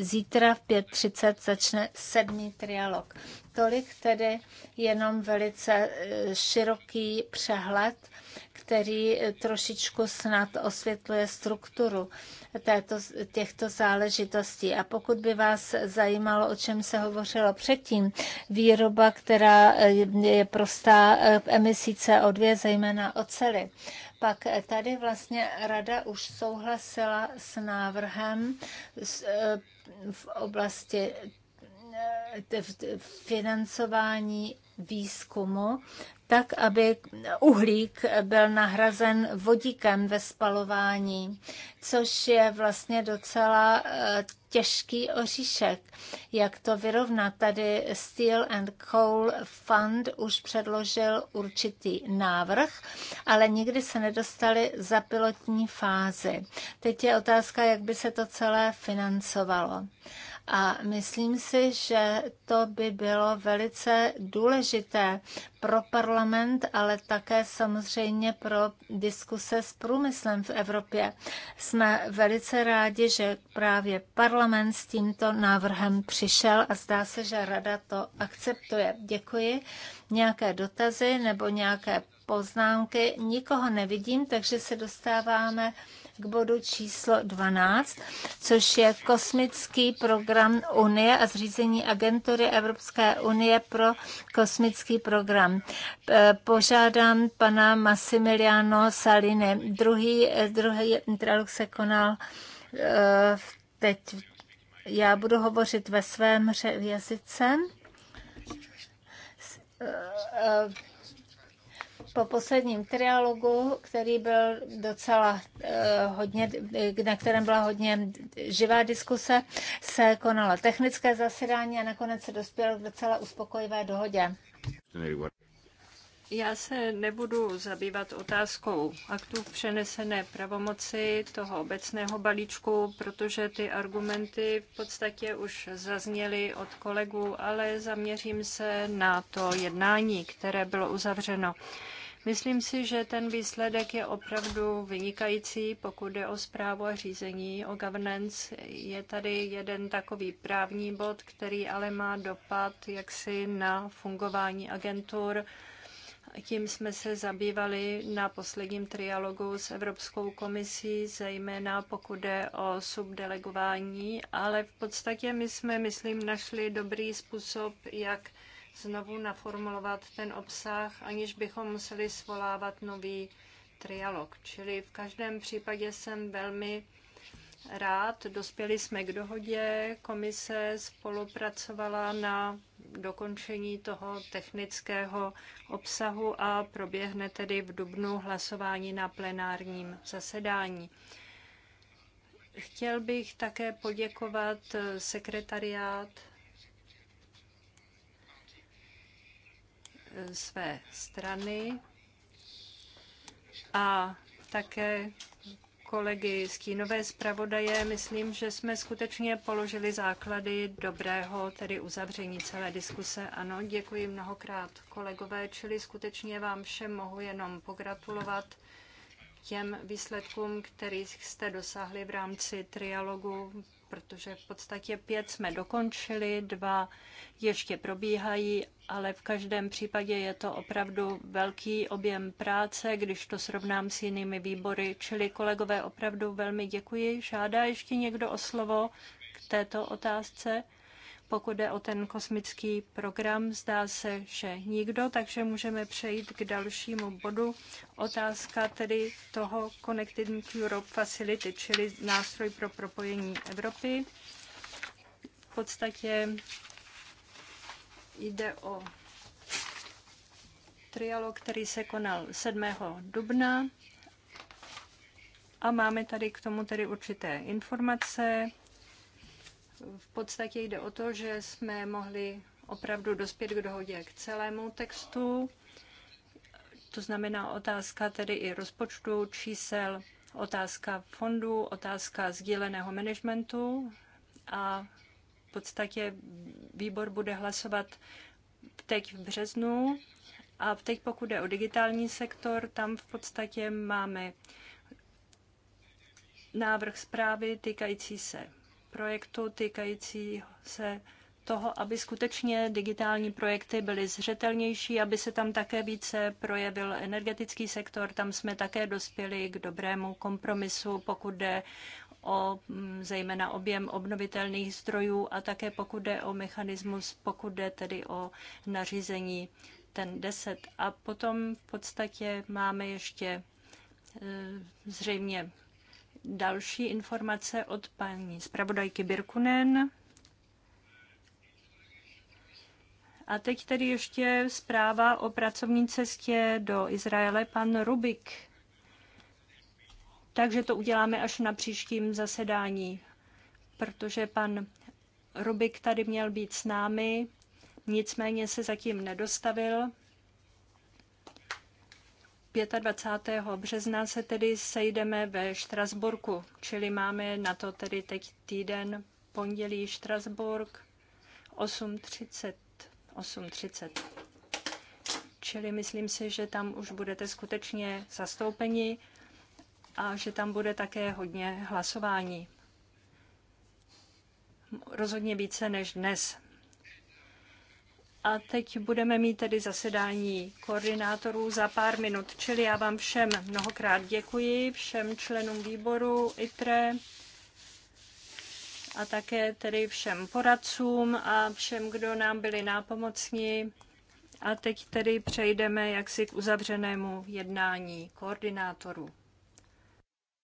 Zítra v 5.30 začne sedmý trialog. Tolik tedy jenom velice široký přehled, který trošičku snad osvětluje strukturu této, těchto záležitostí. A pokud by vás zajímalo, o čem se hovořilo předtím, výroba, která eh, je prostá v eh, emisí CO2, zejména ocely, pak tady vlastně rada už souhlasila s návrhem eh, v oblasti financování výzkumu, tak, aby uhlík byl nahrazen vodíkem ve spalování, což je vlastně docela eh, těžký oříšek. Jak to vyrovnat? Tady Steel and Coal Fund už předložil určitý návrh, ale nikdy se nedostali za pilotní fázi. Teď je otázka, jak by se to celé financovalo. A myslím si, že to by bylo velice důležité pro parlament, ale také samozřejmě pro diskuse s průmyslem v Evropě. Jsme velice rádi, že právě parlament s tímto návrhem přišel a zdá se, že rada to akceptuje. Děkuji. Nějaké dotazy nebo nějaké poznámky? Nikoho nevidím, takže se dostáváme k bodu číslo 12, což je kosmický program Unie a zřízení agentury Evropské unie pro kosmický program. Požádám pana Massimiliano Saline. Druhý, druhý dialog se konal e, teď. Já budu hovořit ve svém jazyce. Uh, uh po posledním trialogu, který byl docela eh, hodně, eh, na kterém byla hodně živá diskuse, se konalo technické zasedání a nakonec se dospělo k docela uspokojivé dohodě. Já se nebudu zabývat otázkou aktů přenesené pravomoci toho obecného balíčku, protože ty argumenty v podstatě už zazněly od kolegů, ale zaměřím se na to jednání, které bylo uzavřeno. Myslím si, že ten výsledek je opravdu vynikající, pokud jde o zprávu a řízení, o governance. Je tady jeden takový právní bod, který ale má dopad jaksi na fungování agentur. Tím jsme se zabývali na posledním trialogu s Evropskou komisí, zejména pokud jde o subdelegování, ale v podstatě my jsme, myslím, našli dobrý způsob, jak znovu naformulovat ten obsah, aniž bychom museli svolávat nový trialog. Čili v každém případě jsem velmi rád. Dospěli jsme k dohodě. Komise spolupracovala na dokončení toho technického obsahu a proběhne tedy v dubnu hlasování na plenárním zasedání. Chtěl bych také poděkovat sekretariát své strany a také kolegy Kínové zpravodaje. Myslím, že jsme skutečně položili základy dobrého, tedy uzavření celé diskuse. Ano, děkuji mnohokrát kolegové, čili skutečně vám všem mohu jenom pogratulovat těm výsledkům, kterých jste dosáhli v rámci trialogu protože v podstatě pět jsme dokončili, dva ještě probíhají, ale v každém případě je to opravdu velký objem práce, když to srovnám s jinými výbory. Čili kolegové, opravdu velmi děkuji. Žádá ještě někdo o slovo k této otázce? Pokud jde o ten kosmický program, zdá se, že nikdo, takže můžeme přejít k dalšímu bodu. Otázka tedy toho Connecting Europe Facility, čili nástroj pro propojení Evropy. V podstatě jde o trialog, který se konal 7. dubna a máme tady k tomu tedy určité informace. V podstatě jde o to, že jsme mohli opravdu dospět k dohodě k celému textu. To znamená otázka tedy i rozpočtu, čísel, otázka fondů, otázka sdíleného managementu a v podstatě výbor bude hlasovat teď v březnu. A teď pokud jde o digitální sektor, tam v podstatě máme návrh zprávy týkající se projektu týkající se toho, aby skutečně digitální projekty byly zřetelnější, aby se tam také více projevil energetický sektor. Tam jsme také dospěli k dobrému kompromisu, pokud jde o mm, zejména objem obnovitelných zdrojů a také pokud jde o mechanismus, pokud jde tedy o nařízení ten 10. A potom v podstatě máme ještě e, zřejmě další informace od paní zpravodajky Birkunen. A teď tedy ještě zpráva o pracovní cestě do Izraele, pan Rubik. Takže to uděláme až na příštím zasedání, protože pan Rubik tady měl být s námi, nicméně se zatím nedostavil. 25. března se tedy sejdeme ve Štrasburku, čili máme na to tedy teď týden pondělí Štrasburg 8.30. 8.30. Čili myslím si, že tam už budete skutečně zastoupeni a že tam bude také hodně hlasování. Rozhodně více než dnes. A teď budeme mít tedy zasedání koordinátorů za pár minut. Čili já vám všem mnohokrát děkuji, všem členům výboru ITRE a také tedy všem poradcům a všem, kdo nám byli nápomocní. A teď tedy přejdeme jaksi k uzavřenému jednání koordinátorů.